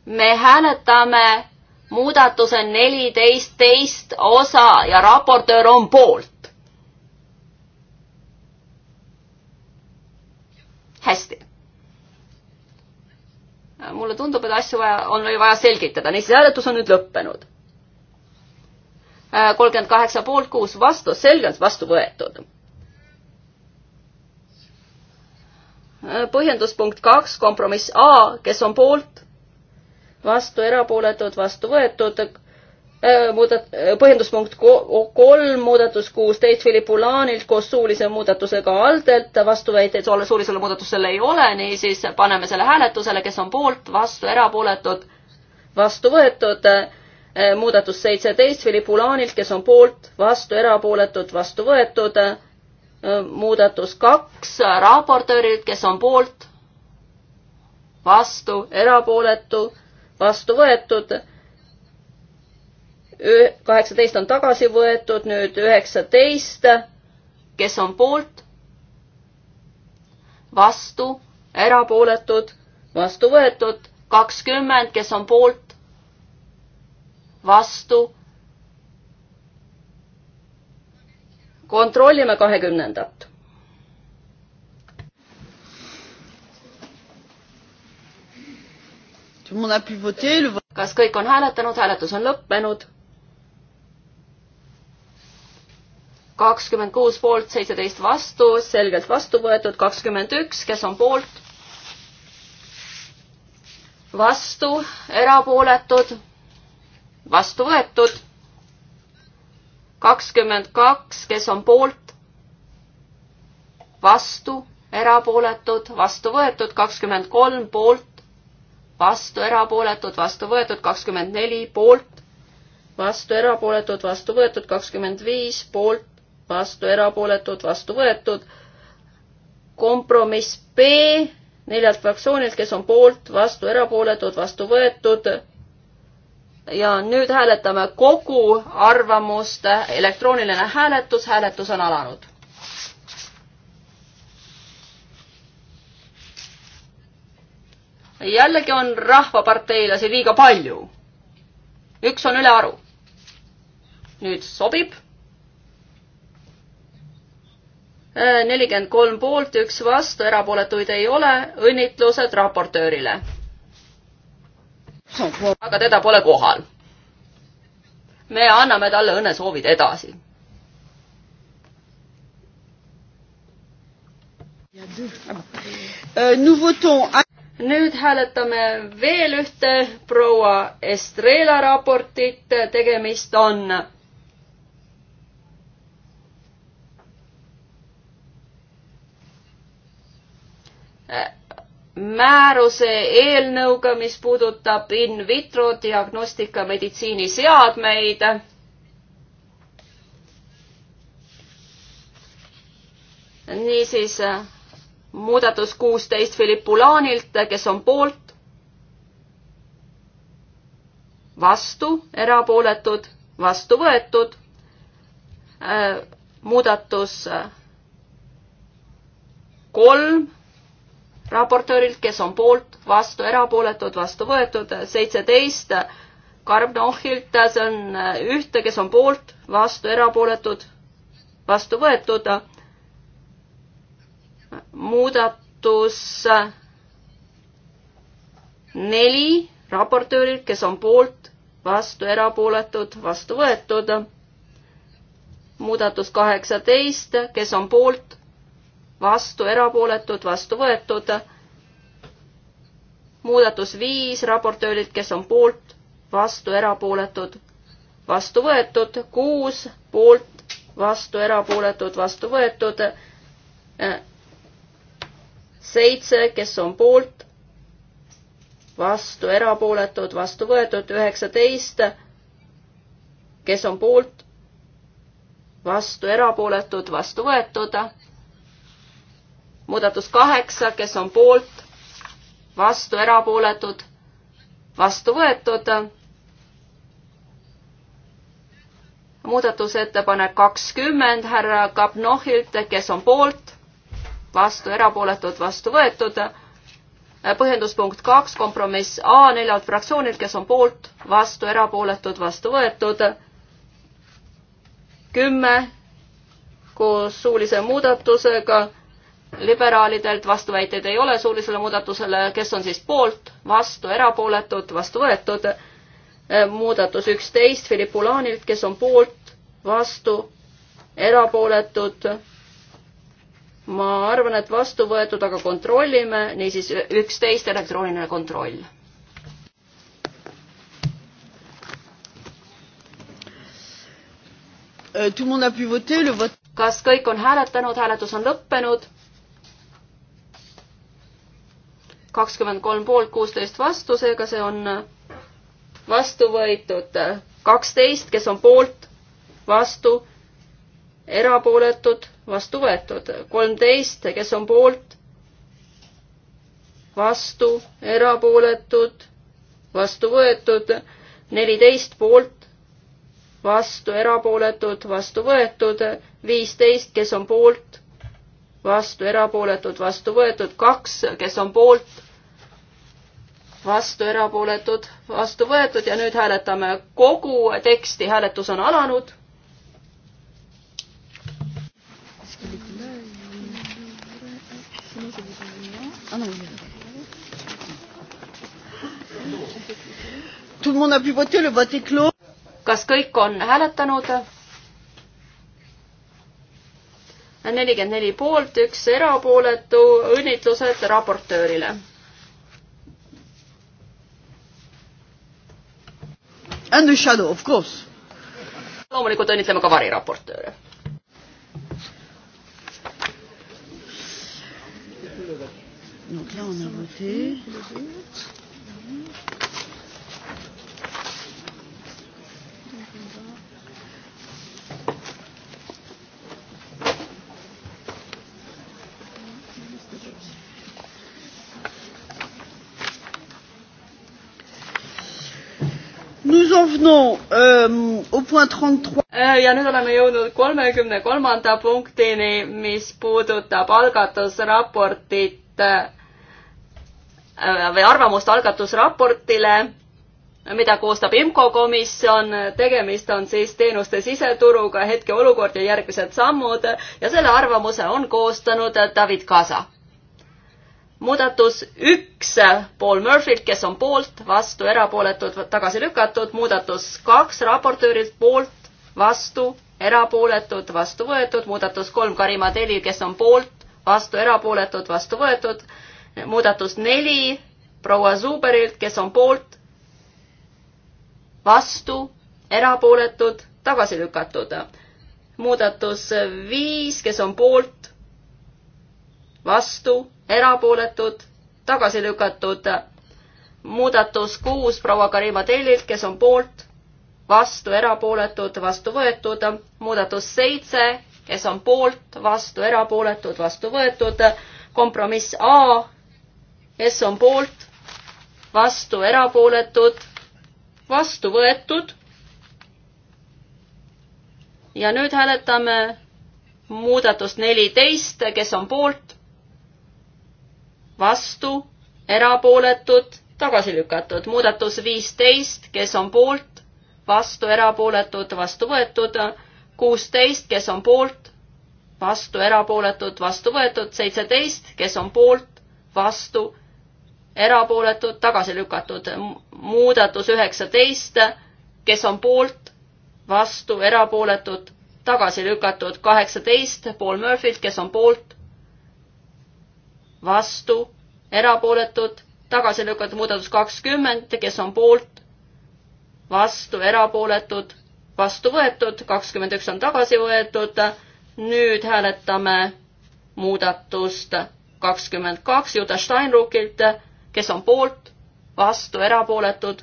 me hääletame muudatuse neliteist teist osa ja raportöör on poolt. hästi mulle tundub, et asju vaja, on vaja selgitada, niisiis hääletus on nüüd lõppenud. Äh, kolmkümmend kaheksa poolt, kuus vastu, selgelt vastu võetud. Äh, põhjenduspunkt kaks, kompromiss A, kes on poolt, vastu erapooletud, vastu võetud Äh, muudat-, äh, põhjenduspunkt kolm, muudatus kuusteist Philip Ulanilt koos suulise muudatusega Aldelt, vastuväiteid suulisele muudatusele ei ole, niisiis paneme selle hääletusele, kes on poolt, vastu, erapooletud, vastu võetud. Äh, muudatus seitseteist Philip Ulanilt, kes on poolt, vastu, erapooletud, vastu võetud. muudatus kaks raportöörilt, kes on poolt, vastu, erapooletu, vastu võetud kaheksateist on tagasi võetud, nüüd üheksateist, kes on poolt, vastu, erapooletud, vastu võetud, kakskümmend, kes on poolt, vastu. kontrollime kahekümnendat. kas kõik on hääletanud, hääletus on lõppenud kakskümmend kuus poolt, seitseteist vastu, selgelt vastu võetud, kakskümmend üks, kes on poolt? vastu, erapooletud, vastu võetud. kakskümmend kaks, kes on poolt? vastu, erapooletud, vastu võetud, kakskümmend kolm poolt, vastu, erapooletud, vastu võetud, kakskümmend neli poolt, vastu erapooletud, vastu võetud kakskümmend viis, poolt, vastu erapooletud, vastu võetud. kompromiss B neljalt fraktsioonilt, kes on poolt, vastu erapooletud, vastu võetud. ja nüüd hääletame kogu arvamust, elektrooniline hääletus, hääletus on alanud. jällegi on rahvaparteilasi liiga palju. üks on ülearu. nüüd sobib nelikümmend kolm poolt, üks vastu, erapooletuid ei ole, õnnitlused raportöörile. aga teda pole kohal. me anname talle õnnesoovid edasi. Euh, nüüd hääletame veel ühte proua Estrela raportit, tegemist on määruse eelnõuga, mis puudutab in vitro diagnostika meditsiiniseadmeid. niisiis muudatus kuusteist Philipp Ulanilt, kes on poolt, vastu, erapooletud, vastu võetud. Äh, muudatus kolm raportöörilt, kes on poolt, vastu, erapooletud, vastu võetud, seitseteist Karbnohhilt, see on ühte, kes on poolt, vastu, erapooletud, vastu võetud. muudatus neli raportöörilt, kes on poolt, vastu, erapooletud, vastu võetud. muudatus kaheksateist, kes on poolt, vastu erapooletud, vastu võetud. muudatus viis, raportöörid, kes on poolt, vastu erapooletud, vastu võetud, kuus poolt, vastu erapooletud, vastu võetud. seitse, kes on poolt, vastu erapooletud, vastu võetud, üheksateist, kes on poolt, vastu erapooletud, vastu võetud muudatus kaheksa, kes on poolt, vastu, erapooletud, vastu võetud. muudatusettepanek kakskümmend härra Kapnohilt, kes on poolt, vastu, erapooletud, vastu võetud. põhjenduspunkt kaks, kompromiss A neljalt fraktsioonilt, kes on poolt, vastu, erapooletud, vastu võetud. kümme koos suulise muudatusega liberaalidelt vastuväiteid ei ole suulisele muudatusele, kes on siis poolt, vastu, erapooletud, vastu võetud. Äh, muudatus üksteist Filipulaanilt, kes on poolt, vastu, erapooletud. ma arvan, et vastu võetud, aga kontrollime, niisiis üksteist elektrooniline kontroll. Äh, tout le monde a pu voter, le vote kas kõik on hääletanud, hääletus on lõppenud kakskümmend kolm poolt, kuusteist vastu, seega see on vastu võetud. kaksteist, kes on poolt, vastu, erapooletud, vastu võetud. kolmteist, kes on poolt, vastu, erapooletud, vastu võetud. neliteist poolt, vastu, erapooletud, vastu võetud. viisteist, kes on poolt vastu, erapooletud, vastu võetud, kaks, kes on poolt, vastu, erapooletud, vastu võetud ja nüüd hääletame kogu teksti, hääletus on alanud. kas kõik on hääletanud? nelikümmend neli poolt, üks erapooletu, õnnitlused raportöörile. And the shadow, of course. loomulikult õnnitleme ka variraportööre. Donc là, on a voté. en venons euh, au point 33. Äh, ja nüüd oleme jõudnud kolmekümne kolmanda punktini, mis puudutab algatusraportit äh, või arvamust algatusraportile, mida koostab IMCO komisjon, tegemist on siis teenuste siseturuga, hetkeolukord ja järgmised sammud ja selle arvamuse on koostanud David Kasa muudatus üks Paul Murphy'lt, kes on poolt, vastu, erapooletud, tagasi lükatud, muudatus kaks raportöörilt poolt, vastu, erapooletud, vastu võetud, muudatus kolm Karima Teli, kes on poolt, vastu, erapooletud, vastu võetud, muudatus neli proua Zuberilt, kes on poolt, vastu, erapooletud, tagasi lükatud. muudatus viis, kes on poolt, vastu, erapooletud, tagasi lükatud. muudatus kuus proua Karima Tellilt, kes on poolt, vastu, erapooletud, vastu võetud. muudatus seitse, kes on poolt, vastu, erapooletud, vastu võetud. kompromiss A, kes on poolt, vastu, erapooletud, vastu võetud. ja nüüd hääletame muudatust neliteist, kes on poolt, vastu, erapooletud, tagasi lükatud. muudatus viisteist, kes on poolt, vastu, erapooletud, vastu võetud. kuusteist, kes on poolt, vastu, erapooletud, vastu võetud. seitseteist, kes on poolt, vastu, erapooletud, tagasi lükatud. muudatus üheksateist, kes on poolt, vastu, erapooletud, tagasi lükatud. kaheksateist, Paul Murphy'lt, kes on poolt vastu, erapooletud, tagasi lükatud muudatus kakskümmend, kes on poolt, vastu, erapooletud, vastu võetud, kakskümmend üks on tagasi võetud. nüüd hääletame muudatust kakskümmend kaks Juta Steinruckilt, kes on poolt, vastu, erapooletud,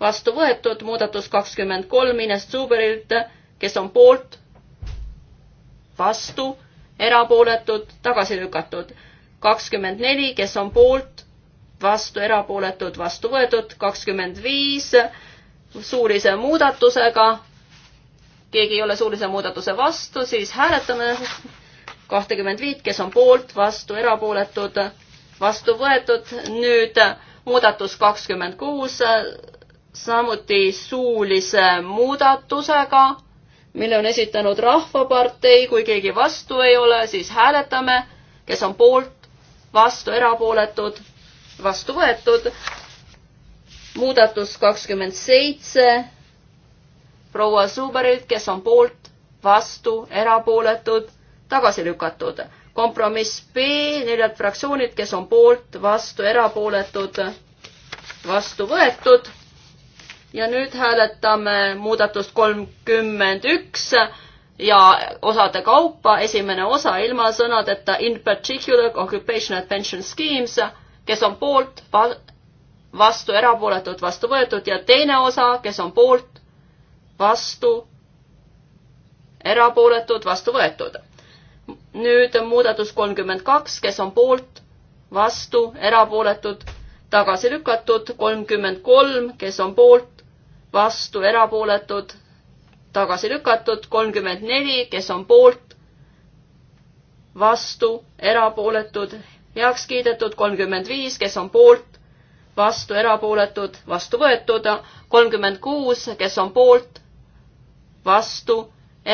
vastu võetud, muudatus kakskümmend kolm Ines Zuberilt, kes on poolt, vastu, erapooletud, tagasi lükatud kakskümmend neli, kes on poolt, vastu, erapooletud, vastu võetud, kakskümmend viis suulise muudatusega. keegi ei ole suulise muudatuse vastu, siis hääletame kahtekümmend viit, kes on poolt, vastu, erapooletud, vastu võetud. nüüd muudatus kakskümmend kuus, samuti suulise muudatusega, mille on esitanud Rahvapartei. kui keegi vastu ei ole, siis hääletame, kes on poolt, vastu erapooletud, vastu võetud. muudatus kakskümmend seitse proua Zuberilt, kes on poolt, vastu, erapooletud, tagasi lükatud. kompromiss B neljalt fraktsioonilt, kes on poolt, vastu, erapooletud, vastu võetud. ja nüüd hääletame muudatust kolmkümmend üks ja osade kaupa, esimene osa ilma sõnadeta in particular occupational pension schemes, kes on poolt, vastu, erapooletud, vastu võetud ja teine osa, kes on poolt, vastu, erapooletud, vastu võetud. nüüd muudatus kolmkümmend kaks, kes on poolt, vastu, erapooletud, tagasi lükatud, kolmkümmend kolm, kes on poolt, vastu, erapooletud, tagasi lükatud, kolmkümmend neli, kes on poolt, vastu, erapooletud, heaks kiidetud, kolmkümmend viis, kes on poolt, vastu, erapooletud, vastu võetud, kolmkümmend kuus, kes on poolt, vastu,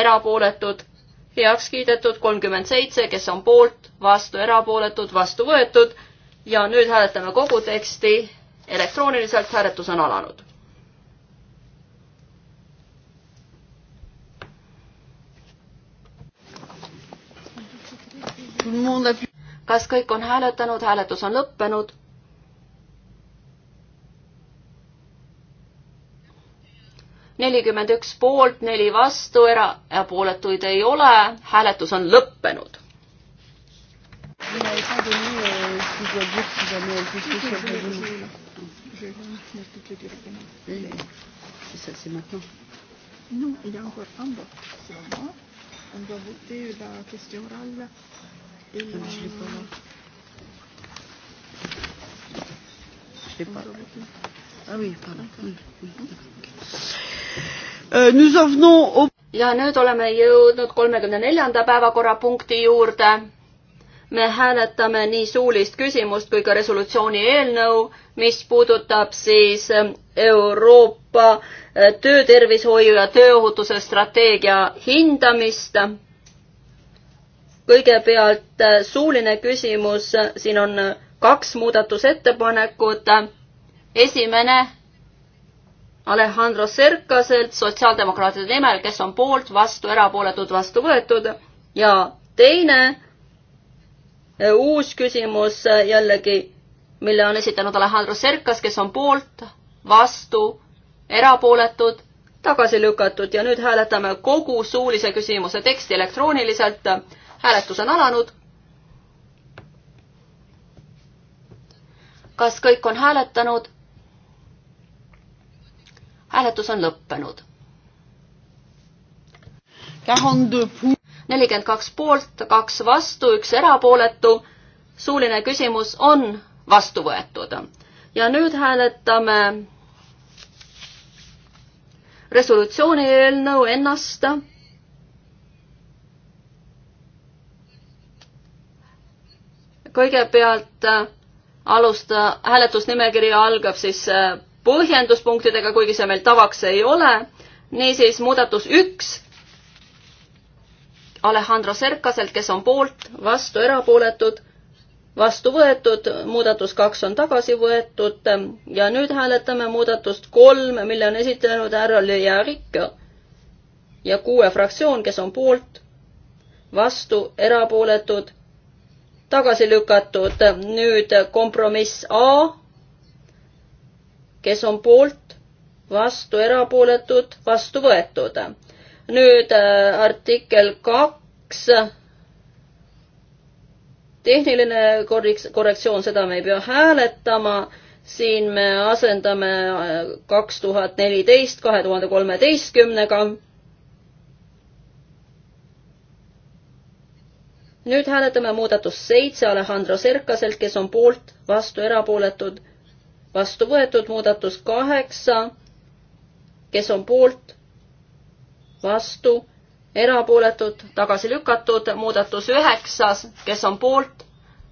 erapooletud, heaks kiidetud, kolmkümmend seitse, kes on poolt, vastu, erapooletud, vastu võetud ja nüüd hääletame kogu teksti elektrooniliselt, hääletus on alanud kas kõik on hääletanud, hääletus on lõppenud? nelikümmend üks poolt, neli vastu, erapooletuid ei ole, hääletus on lõppenud. Non, il y a encore un vote sur moi. On doit voter la question orale Je l'ai pas là. Je l'ai pas. Ah oui, pardon. Euh, nous en venons au... ja nüüd oleme jõudnud kolmekümne neljanda päevakorrapunkti juurde. me hääletame nii suulist küsimust kui ka resolutsiooni eelnõu, mis puudutab siis äh, Euroopa äh, töötervishoiu ja tööohutuse strateegia hindamist kõigepealt äh, suuline küsimus, siin on äh, kaks muudatusettepanekut. esimene Alejandro Serkaselt sotsiaaldemokraatide nimel, kes on poolt, vastu, erapooletud, vastu võetud ja teine äh, uus küsimus jällegi, mille on esitanud Alejandro Serkas, kes on poolt, vastu, erapooletud, tagasi lükatud ja nüüd hääletame kogu suulise küsimuse teksti elektrooniliselt hääletus on alanud. kas kõik on hääletanud? hääletus on lõppenud. nelikümmend kaks poolt, kaks vastu, üks erapooletu. suuline küsimus on vastu võetud. ja nüüd hääletame resolutsiooni eelnõu ennast kõigepealt äh, alusta, hääletusnimekiri algab siis äh, põhjenduspunktidega, kuigi see meil tavaks ei ole. niisiis muudatus üks Alejandro Serkaselt, kes on poolt, vastu erapooletud, vastu võetud, muudatus kaks on tagasi võetud ja nüüd hääletame muudatust kolm, mille on esitanud härra Lejarik ja kuue fraktsioon, kes on poolt, vastu erapooletud tagasi lükatud. nüüd kompromiss A, kes on poolt, vastu, erapooletud, vastu võetud. nüüd äh, artikkel kaks, tehniline korrektsioon, seda me ei pea hääletama siin me asendame äh, kaks tuhat neliteist kahe tuhande kolmeteistkümnega nüüd hääletame muudatust seitse Alejandro Serkaselt, kes on poolt, vastu, erapooletud, vastu võetud, muudatus kaheksa, kes on poolt, vastu, erapooletud, tagasi lükatud, muudatus üheksas, kes on poolt,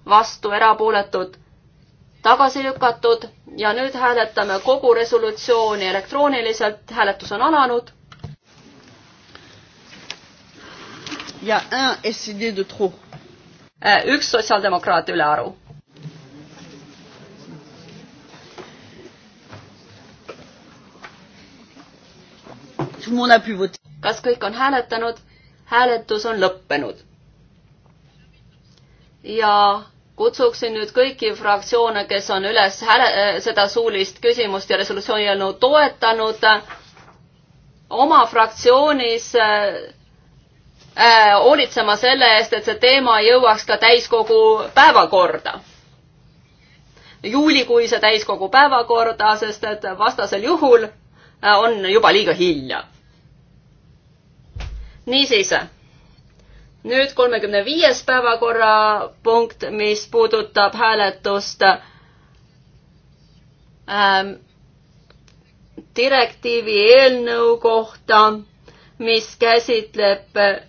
vastu, erapooletud, tagasi lükatud ja nüüd hääletame kogu resolutsiooni elektrooniliselt, hääletus on alanud ja un SED de trop. Äh, üks sotsiaaldemokraat ülearu. kas kõik on hääletanud? hääletus on lõppenud. ja kutsuksin nüüd kõiki fraktsioone, kes on üles hääle, äh, seda suulist küsimust ja resolutsiooni eelnõu toetanud, oma fraktsioonis äh, Äh, hoolitsema selle eest, et see teema jõuaks ka täiskogu päevakorda. juulikuise täiskogu päevakorda, sest et vastasel juhul äh, on juba liiga hilja. niisiis, nüüd kolmekümne viies päevakorrapunkt, mis puudutab hääletust ähm, direktiivi eelnõu kohta mis käsitleb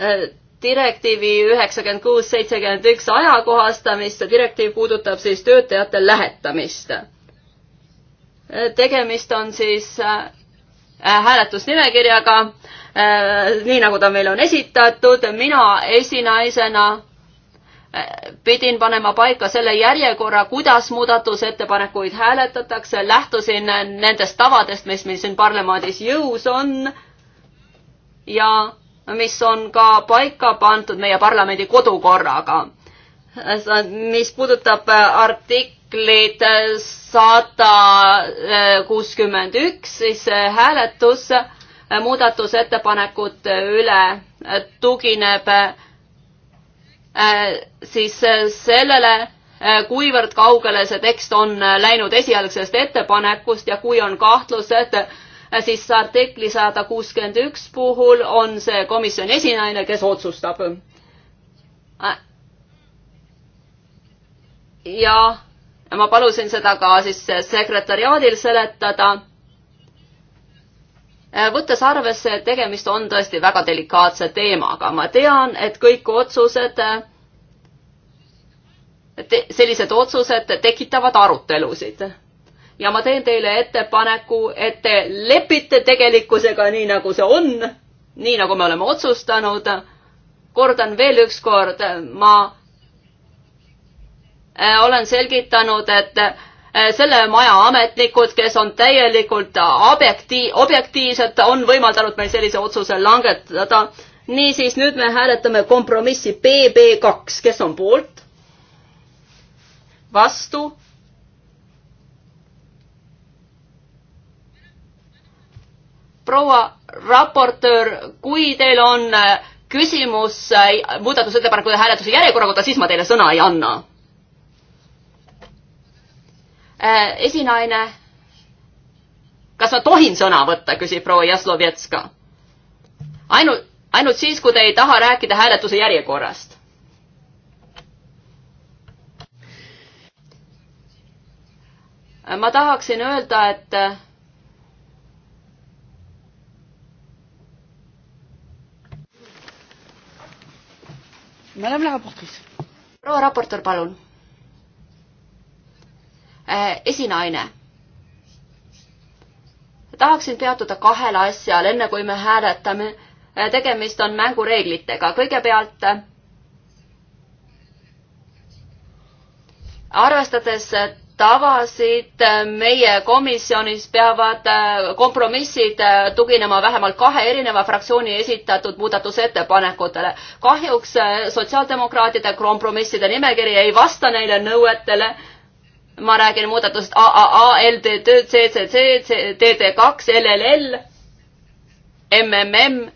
Äh, direktiivi üheksakümmend kuus, seitsekümmend üks ajakohastamist, see direktiiv puudutab siis töötajate lähetamist. Äh, tegemist on siis äh, hääletusnimekirjaga, nii nagu ta meile on esitatud, mina esinaisena pidin panema paika selle järjekorra, kuidas muudatusettepanekuid hääletatakse, lähtusin nendest tavadest, mis meil siin parlamendis jõus on ja mis on ka paika pandud meie parlamendi kodukorraga. mis puudutab äh, artiklit äh, sada äh, kuuskümmend üks, siis hääletus muudatusettepanekute üle tugineb siis sellele, kuivõrd kaugele see tekst on läinud esialgsest ettepanekust ja kui on kahtlused et, Äh, siis artikli sada kuuskümmend üks puhul on see komisjoni esinaine, kes otsustab. Äh, ja ma palusin seda ka siis sekretäriaadil seletada. Äh, võttes arvesse, et tegemist on tõesti väga delikaatse teemaga, ma tean, et kõik otsused te, sellised otsused tekitavad arutelusid ja ma teen teile ettepaneku, et te lepite tegelikkusega nii, nagu see on, nii nagu me oleme otsustanud. kordan veel ükskord, ma äh, olen selgitanud, et äh, selle maja ametnikud, kes on täielikult objekti-, objektiivsed, on võimaldanud meil sellise otsuse langetada. niisiis, nüüd me hääletame kompromissi BB2, kes on poolt? vastu proua raportöör, kui teil on äh, küsimus äh, muudatusettepanekute hääletuse järjekorra kohta, siis ma teile sõna ei anna. Äh, esinaine, kas ma tohin sõna võtta, küsib proua Jaslovetska. ainult, ainult siis, kui te ei taha rääkida hääletuse järjekorrast. ma tahaksin öelda, et Madame la raportrice. proua raportöör, palun. Äh, esinaine. tahaksin peatuda kahele asjale, enne kui me hääletame. Äh, tegemist on mängureeglitega. kõigepealt arvestades tavasid meie komisjonis peavad äh, kompromissid äh, tuginema vähemalt kahe erineva fraktsiooni esitatud muudatusettepanekutele. kahjuks äh, sotsiaaldemokraatide kompromisside nimekiri ei vasta neile nõuetele. ma räägin muudatusest AAA, LDD, CCC, DD2, LLL, MMM,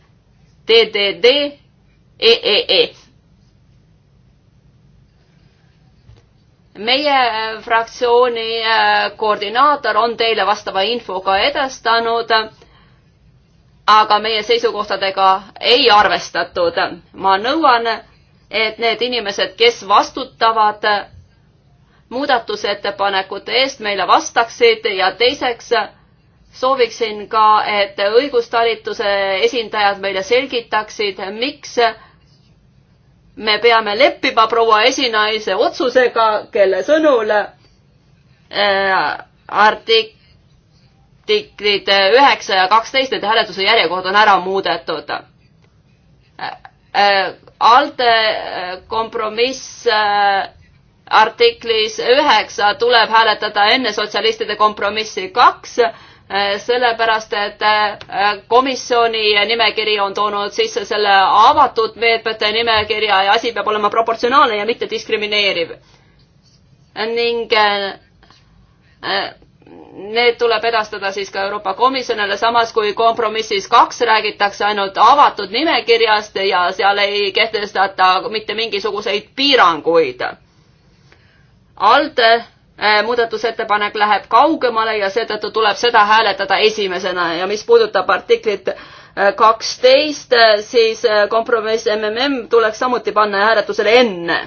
DDD, EEE e. meie äh, fraktsiooni äh, koordinaator on teile vastava info ka edastanud, aga meie seisukohtadega ei arvestatud. ma nõuan, et need inimesed, kes vastutavad muudatusettepanekute eest, meile vastaksid ja teiseks sooviksin ka, et õigustalituse esindajad meile selgitaksid, miks me peame leppima proua esinaise otsusega, kelle sõnul äh, artiklid üheksa ja kaksteist, nende hääletuse järjekord on ära muudetud äh,. Äh, ALDE äh, kompromiss äh, artiklis üheksa tuleb hääletada enne sotsialistide kompromissi kaks äh,, Eh, sellepärast et eh, komisjoni nimekiri on toonud sisse selle avatud meetmete nimekirja ja asi peab olema proportsionaalne ja mitte diskrimineeriv. ning eh, need tuleb edastada siis ka Euroopa Komisjonile, samas kui kompromissis kaks räägitakse ainult avatud nimekirjast ja seal ei kehtestata mitte mingisuguseid piiranguid. ALDE Äh, muudatusettepanek läheb kaugemale ja seetõttu tuleb seda hääletada esimesena ja mis puudutab artiklit äh, kaksteist, äh, siis kompromiss MMM tuleks samuti panna hääletusele enne.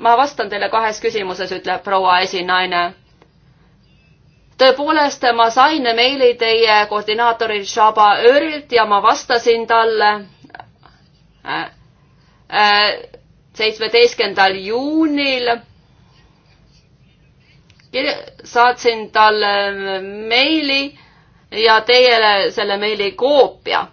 ma vastan teile kahes küsimuses, ütleb proua esinaine. tõepoolest, ma sain meili teie koordinaatorilt Shaba Örilt ja ma vastasin talle äh, äh, seitsmeteistkümnendal juunil saatsin talle meili ja teile selle meili koopia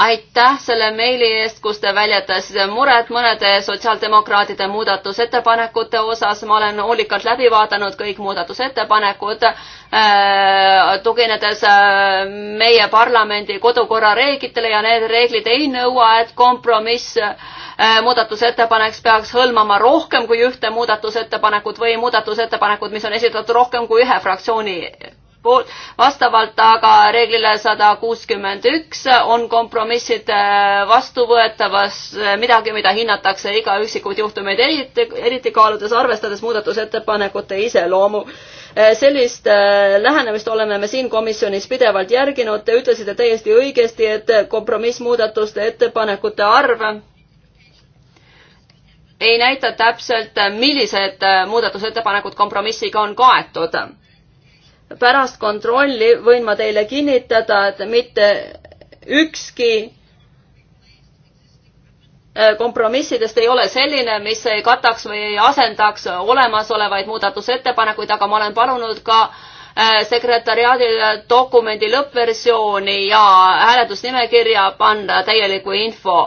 aitäh selle meili eest, kus te väljendasite muret mõnede sotsiaaldemokraatide muudatusettepanekute osas. ma olen hoolikalt läbi vaadanud kõik muudatusettepanekud äh,, tuginedes äh, meie parlamendi kodukorra reeglitele ja need reeglid ei nõua, et kompromiss äh, muudatusettepanek peaks hõlmama rohkem kui ühte muudatusettepanekut või muudatusettepanekut, mis on esitatud rohkem kui ühe fraktsiooni poolt. vastavalt aga reeglile sada kuuskümmend üks on kompromissid äh, vastuvõetavas äh, midagi, mida hinnatakse iga üksikut juhtumeid eriti, eriti kaaludes, arvestades muudatusettepanekute iseloomu. Äh, sellist lähenemist oleme me siin komisjonis pidevalt järginud. Te ütlesite täiesti õigesti, et kompromissmuudatuste ettepanekute arv ei näita täpselt, millised muudatusettepanekud kompromissiga on kaetud pärast kontrolli võin ma teile kinnitada, et mitte ükski äh, kompromissidest ei ole selline, mis ei kataks või ei asendaks olemasolevaid muudatusettepanekuid, aga ma olen palunud ka äh, sekretäriaadile dokumendi lõppversiooni ja hääletusnimekirja panna täieliku info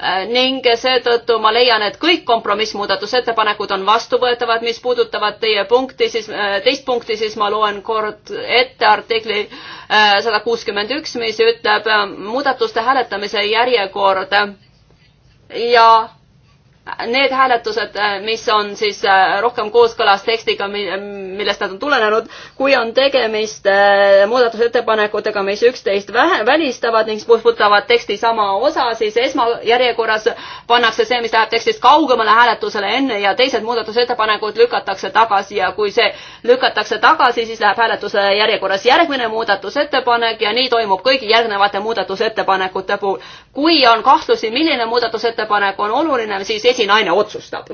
Äh, ning seetõttu ma leian, et kõik kompromissmuudatusettepanekud on vastuvõetavad, mis puudutavad teie punkti, siis äh, teist punkti, siis ma loen kord ette artikli äh, sada kuuskümmend üks, mis ütleb muudatuste hääletamise järjekord ja need hääletused, mis on siis äh, rohkem kooskõlas tekstiga, millest nad on tulenenud, kui on tegemist äh, muudatusettepanekutega, mis üksteist vähe, välistavad ning puudutavad teksti sama osa, siis esmajärjekorras pannakse see, mis läheb tekstist kaugemale hääletusele enne ja teised muudatusettepanekud lükatakse tagasi ja kui see lükatakse tagasi, siis läheb hääletusele järjekorras järgmine muudatusettepanek ja nii toimub kõigi järgnevate muudatusettepanekute puhul kui on kahtlusi, milline muudatusettepanek on oluline, siis esinaine otsustab.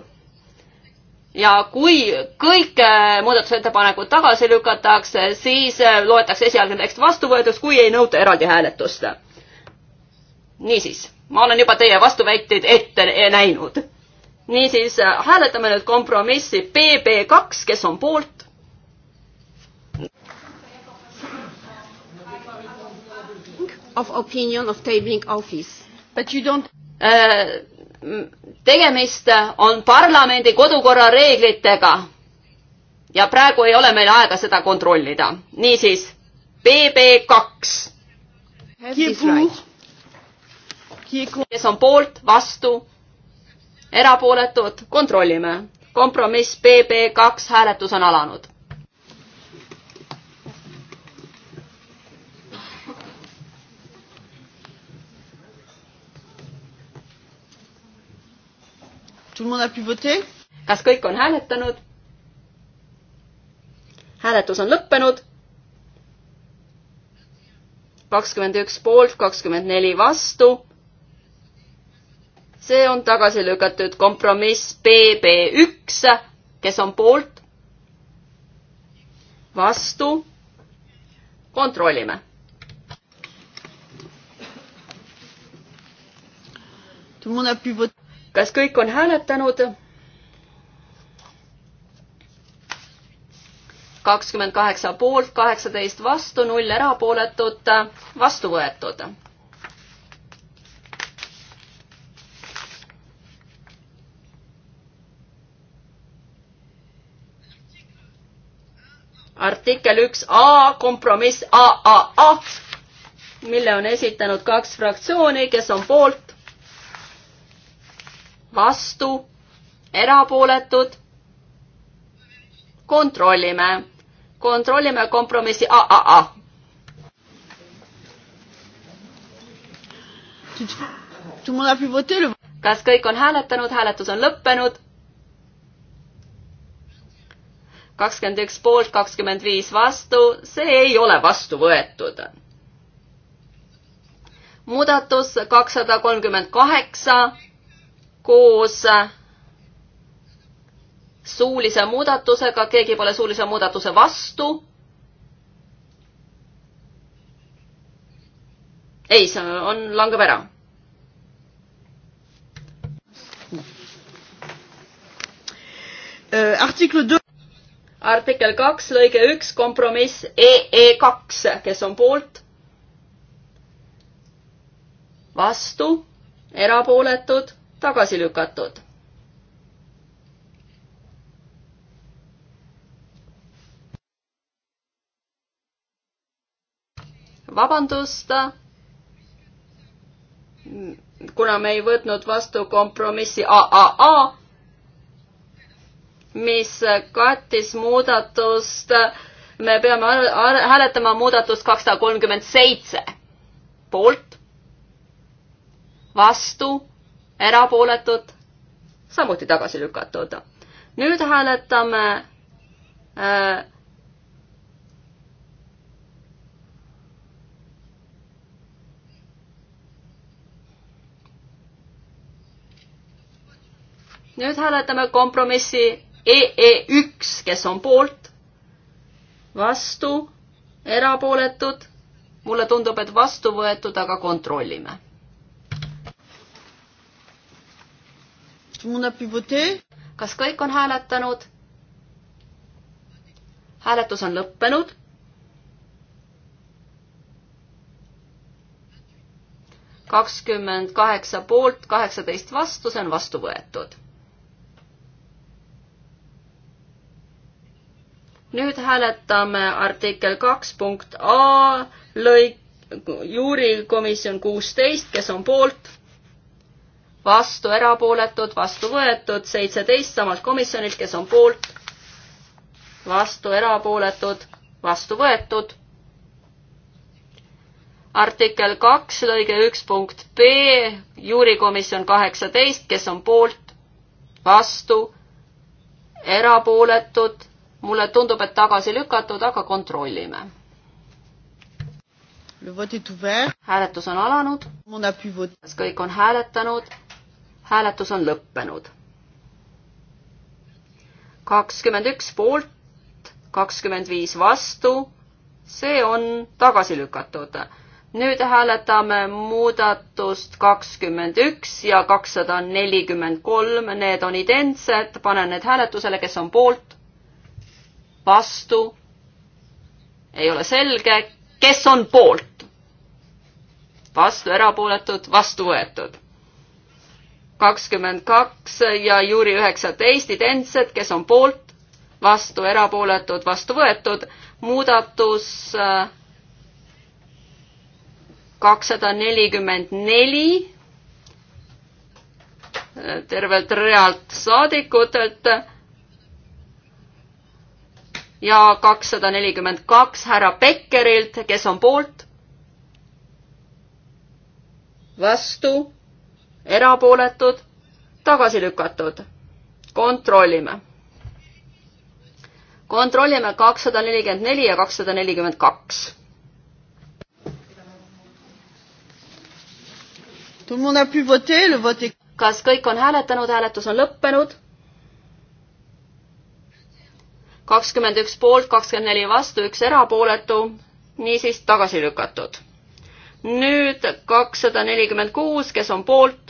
ja kui kõik äh, muudatusettepanekud tagasi lükatakse, siis äh, loetakse esialgne tekst vastuvõetuks, kui ei nõuta eraldi hääletust. niisiis, ma olen juba teie vastuväiteid ette näinud niisiis äh, hääletame nüüd kompromissi BB2, kes on poolt, of opinion of tabling office. But you don't uh, tegemist on parlamendi kodukorra reeglitega. ja praegu ei ole meil aega seda kontrollida. niisiis, BB kaks. kes on poolt, vastu, erapooletud, kontrollime. kompromiss BB kaks, hääletus on alanud kas kõik on hääletanud? hääletus on lõppenud. kakskümmend üks poolt, kakskümmend neli vastu. see on tagasi lükatud kompromiss BB üks, kes on poolt, vastu. kontrollime tout le monde a pu voter kas kõik on hääletanud? kakskümmend kaheksa poolt, kaheksateist vastu, null erapooletut, vastu võetud. artikkel üks A, kompromiss AAA, mille on esitanud kaks fraktsiooni, kes on poolt, vastu, erapooletud. kontrollime, kontrollime kompromissi AAA. kas kõik on hääletanud, hääletus on lõppenud? kakskümmend üks poolt, kakskümmend viis vastu, see ei ole vastu võetud. muudatus kakssada kolmkümmend kaheksa koos suulise muudatusega, keegi pole suulise muudatuse vastu. ei, see on, langeb ära. Äh, artikkel kaks artikkel kaks, lõige üks, kompromiss EE e kaks, kes on poolt? vastu, erapooletud, tagasi lükatud. vabandust, kuna me ei võtnud vastu kompromissi AAA, mis kattis muudatust, me peame hääletama muudatust kakssada kolmkümmend seitse poolt, vastu erapooletud, samuti tagasi lükatud. nüüd hääletame äh, nüüd hääletame kompromissi EE1, kes on poolt, vastu, erapooletud. mulle tundub, et vastu võetud, aga kontrollime kas kõik on hääletanud? hääletus on lõppenud. kakskümmend kaheksa poolt, kaheksateist vastu, see on vastu võetud. nüüd hääletame artikkel kaks punkt A lõik, juurikomisjon kuusteist, kes on poolt vastu erapooletud, vastu võetud, seitseteist samalt komisjonilt, kes on poolt, vastu erapooletud, vastu võetud. artikkel kaks lõige üks punkt B, juurikomisjon kaheksateist, kes on poolt, vastu, erapooletud, mulle tundub, et tagasi lükatud, aga kontrollime hääletus on alanud. kas kõik on hääletanud? hääletus on lõppenud. kakskümmend üks poolt, kakskümmend viis vastu, see on tagasi lükatud. nüüd hääletame muudatust kakskümmend üks ja kakssada nelikümmend kolm, need on identsed, panen need hääletusele, kes on poolt, vastu, ei ole selge, kes on poolt, vastu erapooletud, vastu võetud kakskümmend kaks ja juuri üheksateist identsed, kes on poolt, vastu, erapooletud, vastu võetud. muudatus äh, kakssada nelikümmend neli äh, tervelt realt saadikutelt ja kakssada nelikümmend kaks härra Beckerilt, kes on poolt, vastu erapooletud, tagasi lükatud. kontrollime. kontrollime kakssada nelikümmend neli ja kakssada nelikümmend kaks. kas kõik on hääletanud, hääletus on lõppenud? kakskümmend üks poolt, kakskümmend neli vastu, üks erapooletu, niisiis tagasi lükatud. nüüd kakssada nelikümmend kuus, kes on poolt,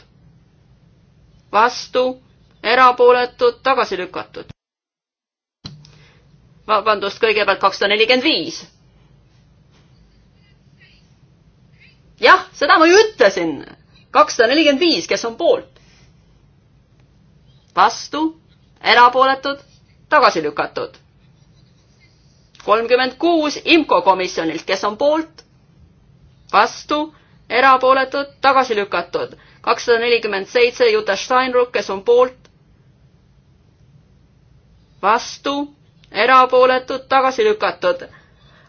vastu, erapooletud, tagasi lükatud. vabandust, kõigepealt kakssada nelikümmend viis. jah, seda ma ju ütlesin. kakssada nelikümmend viis, kes on poolt? vastu, erapooletud, tagasi lükatud. kolmkümmend kuus IMCO komisjonilt, kes on poolt? vastu, erapooletud, tagasi lükatud kakssada nelikümmend seitse Juta Steinruck, kes on poolt, vastu, erapooletud, tagasi lükatud.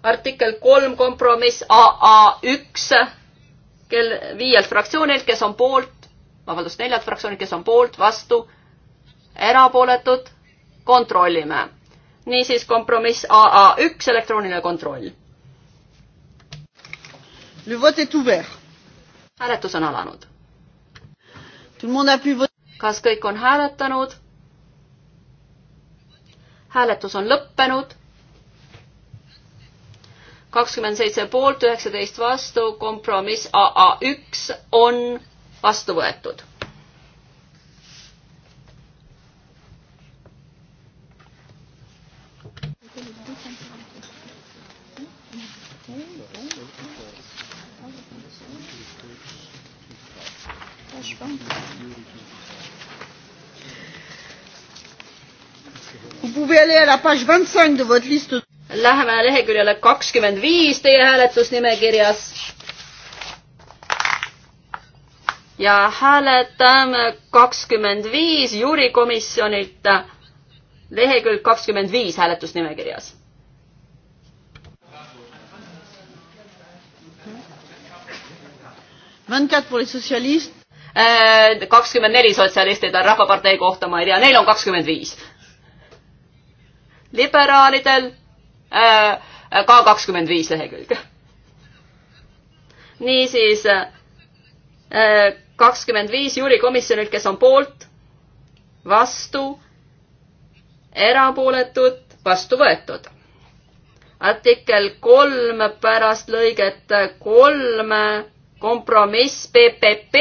artikkel kolm kompromiss AA üks, kel-, viielt fraktsioonilt, kes on poolt, vabandust, neljalt fraktsioonilt, kes on poolt, vastu, erapooletud, kontrollime. niisiis kompromiss AA üks, elektrooniline kontroll. hääletus on alanud kas kõik on hääletanud? hääletus on lõppenud. kakskümmend seitse poolt, üheksateist vastu, kompromiss AA üks on vastu võetud Läheme leheküljele kakskümmend viis teie hääletusnimekirjas. ja hääletame kakskümmend viis juurikomisjonilt, lehekülg kakskümmend viis hääletusnimekirjas vingt quatre pour les socialistes Äh, kakskümmend neli sotsialistid on Rahvapartei kohta, ma ei tea, neil on kakskümmend viis. liberaalidel äh, ka kakskümmend viis lehekülge. niisiis äh, kakskümmend viis juurikomisjonilt, kes on poolt, vastu, erapooletud, vastu võetud. artikkel kolm pärast lõiget kolm, kompromiss PPP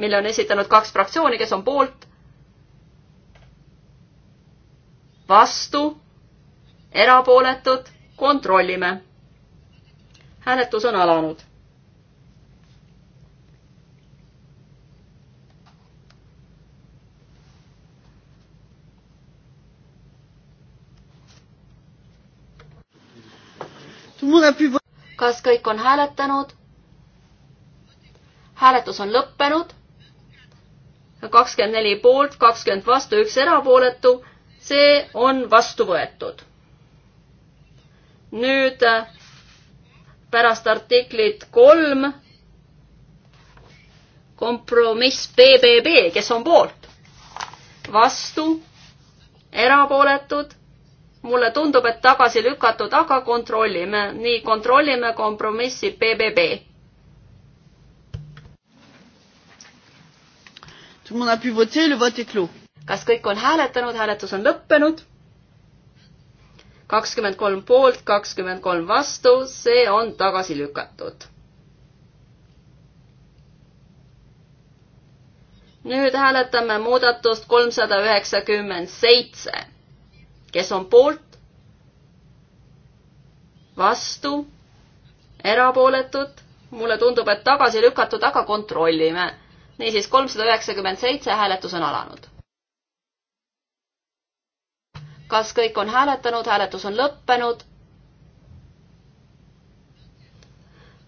mille on esitanud kaks fraktsiooni, kes on poolt, vastu, erapooletud, kontrollime. hääletus on alanud. kas kõik on hääletanud? hääletus on lõppenud kakskümmend neli poolt, kakskümmend vastu, üks erapooletu. see on vastu võetud. nüüd pärast artiklit kolm kompromiss BBB, kes on poolt, vastu, erapooletud mulle tundub, et tagasi lükatud, aga kontrollime, nii kontrollime kompromissi BBB kas kõik on hääletanud, hääletus on lõppenud? kakskümmend kolm poolt, kakskümmend kolm vastu, see on tagasi lükatud. nüüd hääletame muudatust kolmsada üheksakümmend seitse. kes on poolt? vastu? erapooletud? mulle tundub, et tagasi lükatud, aga kontrollime niisiis, kolmsada üheksakümmend seitse, hääletus on alanud. kas kõik on hääletanud, hääletus on lõppenud?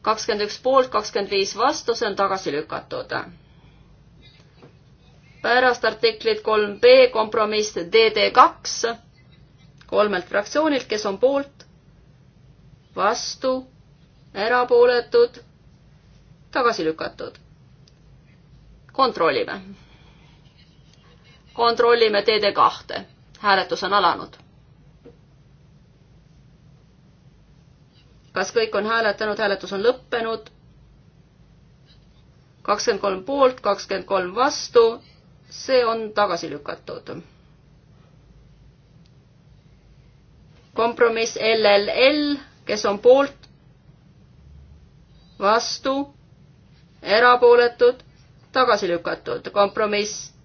kakskümmend üks poolt, kakskümmend viis vastu, see on tagasi lükatud. pärast artiklit kolm B kompromiss DD kaks kolmelt fraktsioonilt, kes on poolt, vastu, erapooletud, tagasi lükatud kontrollime. kontrollime DD kahte. hääletus on alanud. kas kõik on hääletanud, hääletus on lõppenud? kakskümmend kolm poolt, kakskümmend kolm vastu, see on tagasi lükatud. kompromiss LLL, kes on poolt, vastu, erapooletud, tagasi lükatud. kompromiss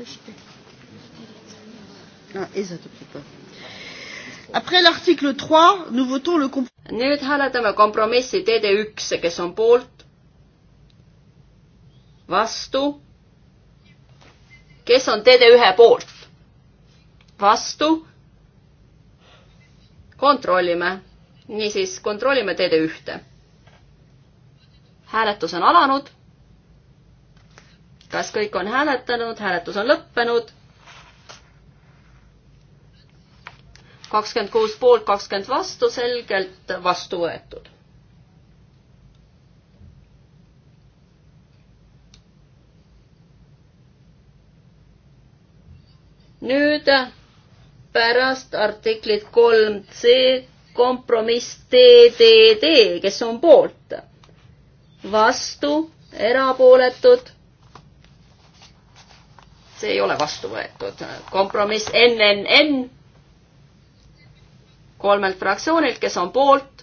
Ah, ei saa tükkida. Après l'article 3, nous votons le comp-. nüüd hääletame kompromissi DD1, kes on poolt, vastu, kes on DD1 poolt, vastu, kontrollime. niisiis, kontrollime DD1-te. hääletus on alanud kas kõik on hääletanud, hääletus on lõppenud. kakskümmend kuus poolt, kakskümmend vastu, selgelt vastu võetud. nüüd pärast artiklit kolm C kompromiss TDD, kes on poolt, vastu, erapooletud see ei ole vastu võetud. kompromiss NNN kolmelt fraktsioonilt, kes on poolt,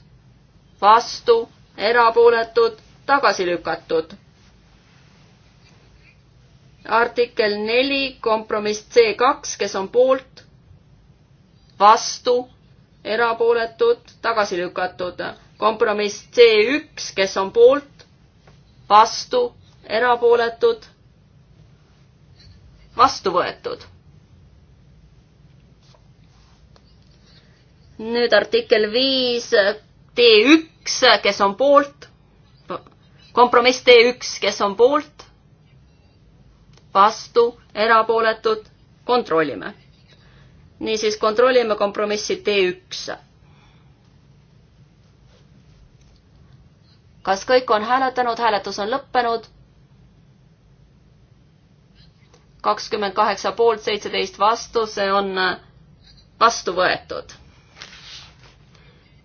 vastu, erapooletud, tagasi lükatud. artikkel neli, kompromiss C kaks, kes on poolt, vastu, erapooletud, tagasi lükatud. kompromiss C üks, kes on poolt, vastu, erapooletud vastu võetud. nüüd artikkel viis, D üks, kes on poolt, kompromiss D üks, kes on poolt, vastu, erapooletud, kontrollime. niisiis kontrollime kompromissi D üks kas kõik on hääletanud, hääletus on lõppenud? kakskümmend kaheksa poolt, seitseteist vastu, see on äh, vastu võetud.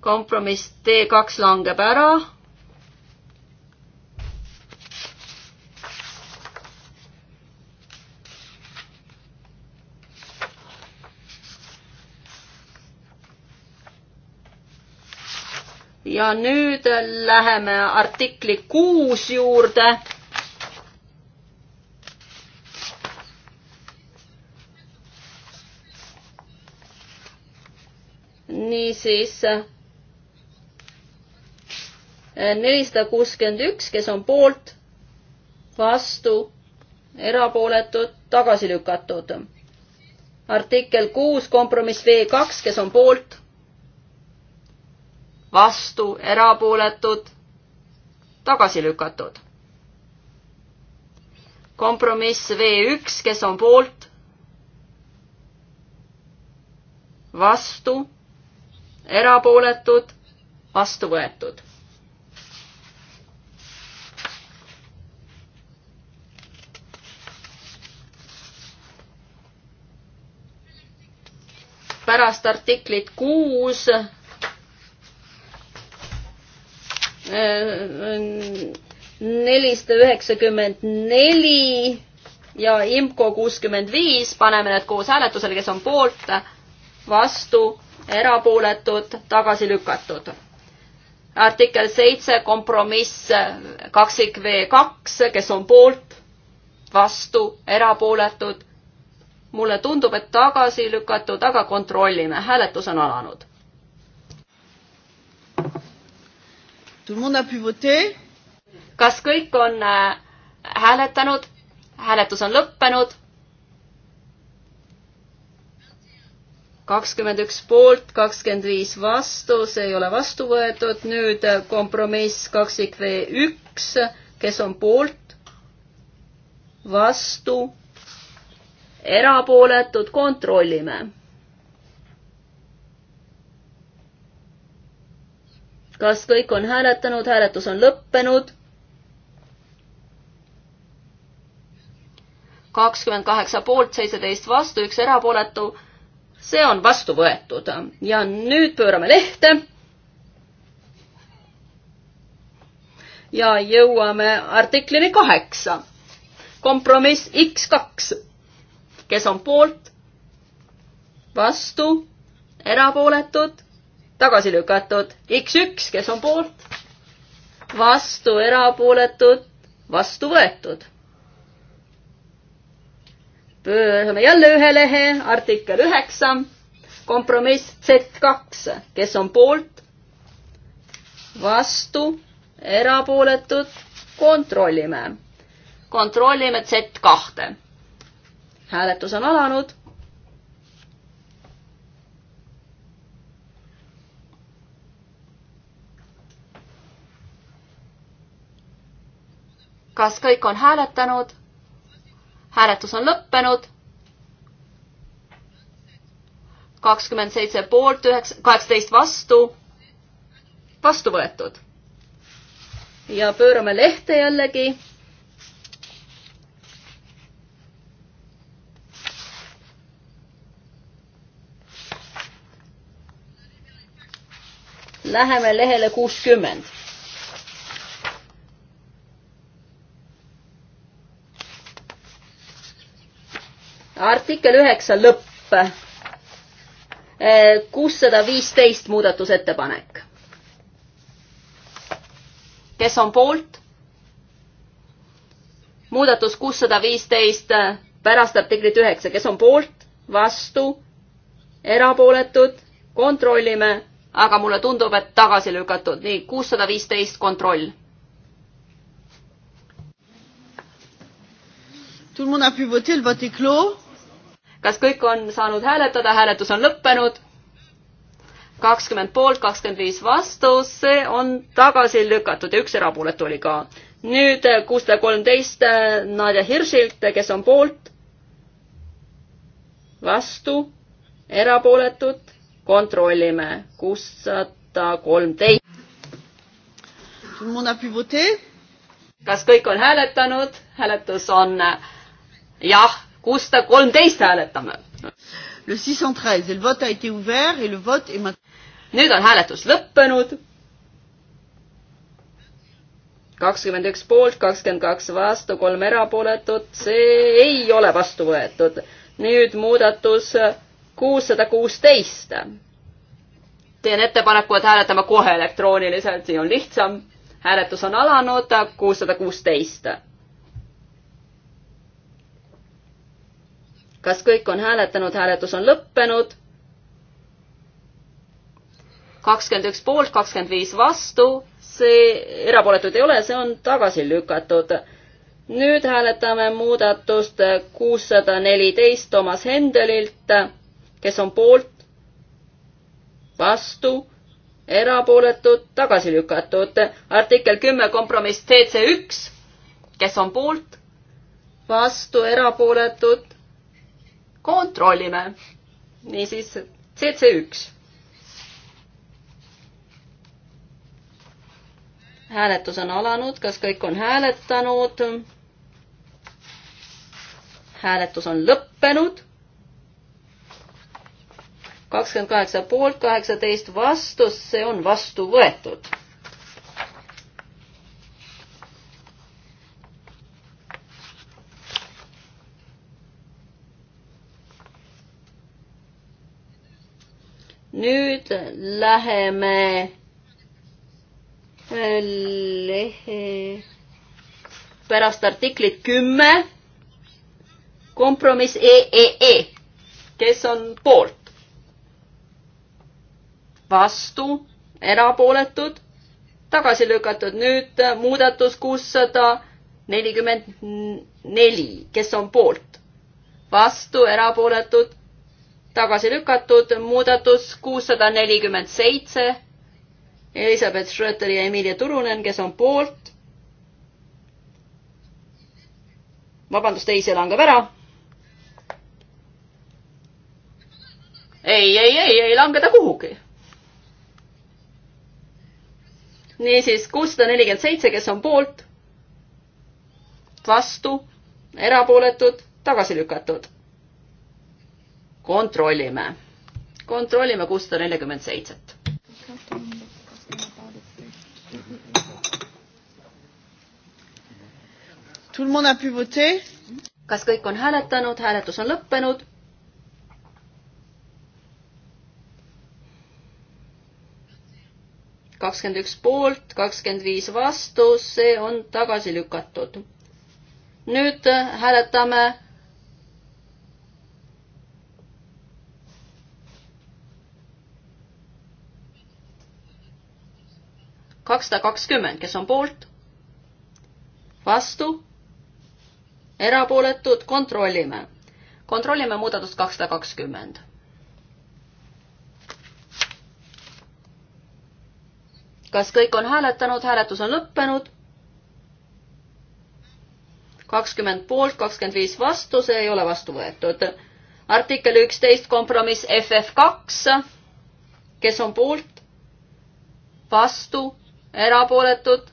kompromiss D kaks langeb ära. ja nüüd läheme artikli kuus juurde niisiis äh, nelisada kuuskümmend üks, kes on poolt, vastu, erapooletud, tagasi lükatud. artikkel kuus, kompromiss V kaks, kes on poolt, vastu, erapooletud, tagasi lükatud. kompromiss V üks, kes on poolt, vastu erapooletud, vastu võetud. pärast artiklit kuus nelisada üheksakümmend neli ja IMCO kuuskümmend viis, paneme need koos hääletusele, kes on poolt, vastu erapooletud, tagasi lükatud. artikkel seitse, kompromiss kaksik V kaks, kes on poolt, vastu, erapooletud. mulle tundub, et tagasi lükatud, aga kontrollime, hääletus on alanud. kas kõik on äh, hääletanud? hääletus on lõppenud kakskümmend üks poolt, kakskümmend viis vastu, see ei ole vastu võetud, nüüd kompromiss kaksik V üks, kes on poolt, vastu, erapooletud, kontrollime. kas kõik on hääletanud, hääletus on lõppenud kakskümmend kaheksa poolt, seitseteist vastu, üks erapooletu see on vastu võetud ja nüüd pöörame lehte. ja jõuame artiklini kaheksa, kompromiss X kaks, kes on poolt, vastu, erapooletud, tagasi lükatud, X üks, kes on poolt, vastu, erapooletud, vastu võetud pöörame jälle ühe lehe, artikkel üheksa, kompromiss Z kaks, kes on poolt, vastu, erapooletud, kontrollime. kontrollime Z kahte. hääletus on alanud kas kõik on hääletanud? hääletus on lõppenud. kakskümmend seitse poolt, üheksa, kaheksateist vastu, vastu võetud. ja pöörame lehte jällegi läheme lehele kuuskümmend. artikkel üheksa lõpp. Eh, kuussada viisteist muudatusettepanek. kes on poolt? muudatus kuussada viisteist eh, pärast artiklit üheksa, kes on poolt, vastu, erapooletud, kontrollime, aga mulle tundub, et tagasi lükatud, nii, kuussada viisteist, kontroll Tout le monde a pu voter, le vote est clos kas kõik on saanud hääletada, hääletus on lõppenud? kakskümmend poolt, kakskümmend viis vastu, see on tagasi lükatud ja üks erapooletu oli ka. nüüd kuussada kolmteist äh, Nadja Hiršilt, kes on poolt, vastu, erapooletud, kontrollime, kuussada kolmteist. kas kõik on hääletanud? hääletus on äh, jah kuussada kolmteist hääletame. nüüd on hääletus lõppenud. kakskümmend üks poolt, kakskümmend kaks vastu, kolm erapooletut, see ei ole vastu võetud. nüüd muudatus kuussada kuusteist. teen ettepaneku, et hääletame kohe elektrooniliselt, siin on lihtsam. hääletus on alanud, kuussada kuusteist kas kõik on hääletanud, hääletus on lõppenud? kakskümmend üks poolt, kakskümmend viis vastu, see erapooletud ei ole, see on tagasi lükatud. nüüd hääletame muudatust kuussada neliteist Toomas Hendelilt, kes on poolt, vastu, erapooletud, tagasi lükatud. artikkel kümme kompromiss CC üks, kes on poolt, vastu, erapooletud, kontrollime. niisiis CC üks. hääletus on alanud, kas kõik on hääletanud? hääletus on lõppenud. kakskümmend kaheksa poolt, kaheksateist vastu, see on vastu võetud nüüd läheme äh, lehe pärast artiklit kümme kompromiss EEE, e, e. kes on poolt? vastu, erapooletud, tagasi lükatud, nüüd äh, muudatus kuussada nelikümmend neli, kes on poolt? vastu, erapooletud, tagasi lükatud, muudatus kuussada nelikümmend seitse, Elizabeth Schröter ja Emilia Turunen, kes on poolt. vabandust, ei, see langeb ära. ei, ei, ei, ei lange ta kuhugi. niisiis kuussada nelikümmend seitse, kes on poolt, vastu, erapooletud, tagasi lükatud kontrollime. kontrollime kuussada nelikümmend seitset. kas kõik on hääletanud, hääletus on lõppenud? kakskümmend üks poolt, kakskümmend viis vastu, see on tagasi lükatud. nüüd hääletame kakssada kakskümmend, kes on poolt, vastu, erapooletud, kontrollime. kontrollime muudatust kakssada kakskümmend. kas kõik on hääletanud, hääletus on lõppenud? kakskümmend poolt, kakskümmend viis vastu, see ei ole vastu võetud. artikkel üksteist, kompromiss FF kaks, kes on poolt, vastu erapooletud,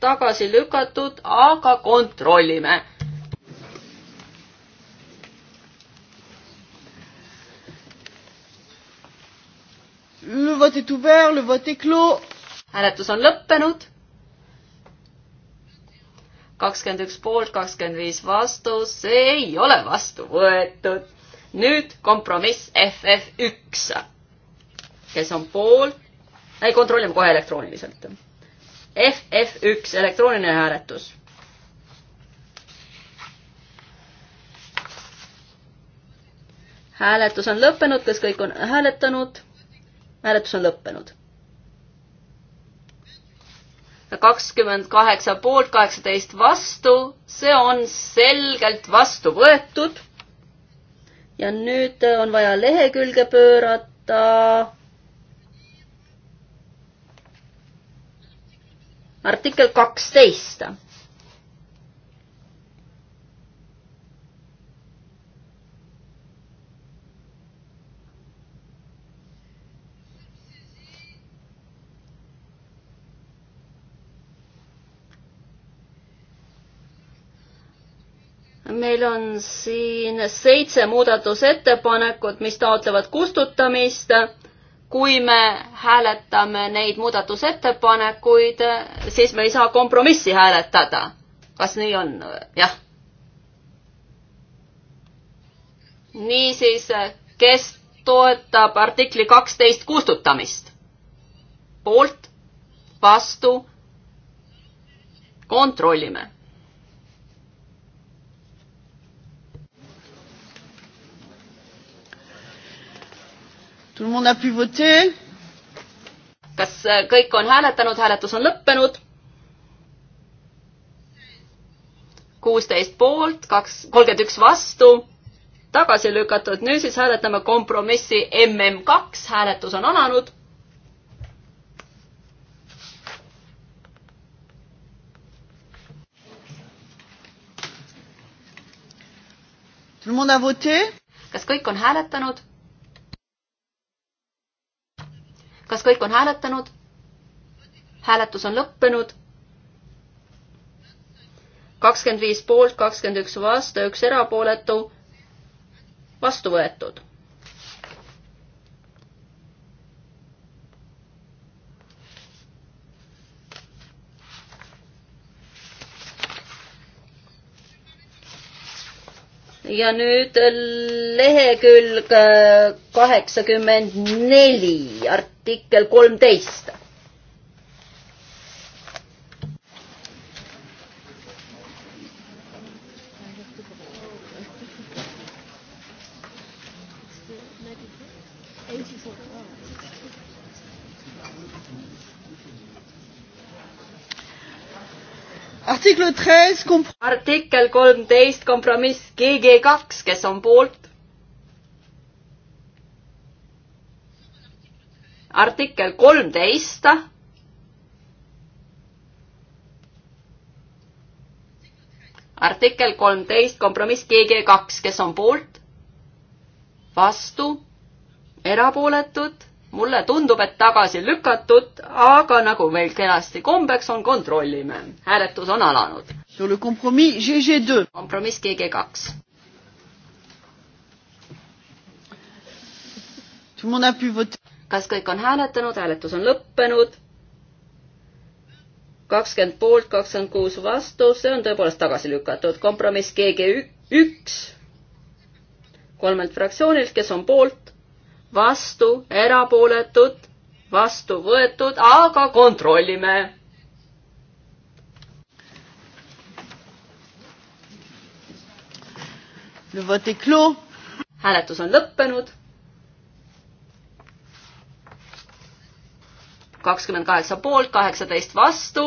tagasi lükatud, aga kontrollime. Le vote est ouvert, le vote est clos. hääletus on lõppenud. kakskümmend üks poolt, kakskümmend viis vastu, see ei ole vastu võetud. nüüd kompromiss FF üks, kes on poolt, ei, kontrollime kohe elektrooniliselt. FF1, elektrooniline hääletus. hääletus on lõppenud, kas kõik on hääletanud? hääletus on lõppenud kakskümmend kaheksa poolt, kaheksateist vastu, see on selgelt vastu võetud. ja nüüd on vaja lehekülge pöörata artikkel kaksteist. meil on siin seitse muudatusettepanekut, mis taotlevad kustutamist kui me hääletame neid muudatusettepanekuid, siis me ei saa kompromissi hääletada. kas nii on? jah. niisiis, kes toetab artikli kaksteist kustutamist? poolt, vastu, kontrollime kas äh, kõik on hääletanud, hääletus on lõppenud? kuusteist poolt, kaks, kolmkümmend üks vastu, tagasi lükatud, nüüd siis hääletame kompromissi MM kaks, hääletus on alanud. kas kõik on hääletanud? kas kõik on hääletanud? hääletus on lõppenud. kakskümmend viis poolt, kakskümmend üks vastu, üks erapooletu. vastu võetud ja nüüd lehekülg kaheksakümmend neli, art-, artikkel kolmteist. artikkel kolmteist kompromiss GG kaks, kes on poolt, artikkel kolmteist. artikkel kolmteist, kompromiss GG kaks, kes on poolt, vastu, erapooletud, mulle tundub, et tagasi lükatud, aga nagu meil kenasti kombeks on, kontrollime. hääletus on alanud. kompromiss GG kaks. tout le monde a pu voter kas kõik on hääletanud, hääletus on lõppenud. kakskümmend poolt, kakskümmend kuus vastu, see on tõepoolest tagasi lükatud. kompromiss GG üks kolmelt fraktsioonilt, kes on poolt, vastu, erapooletud, vastu võetud, aga kontrollime. hääletus on lõppenud kakskümmend kaheksa poolt, kaheksateist vastu.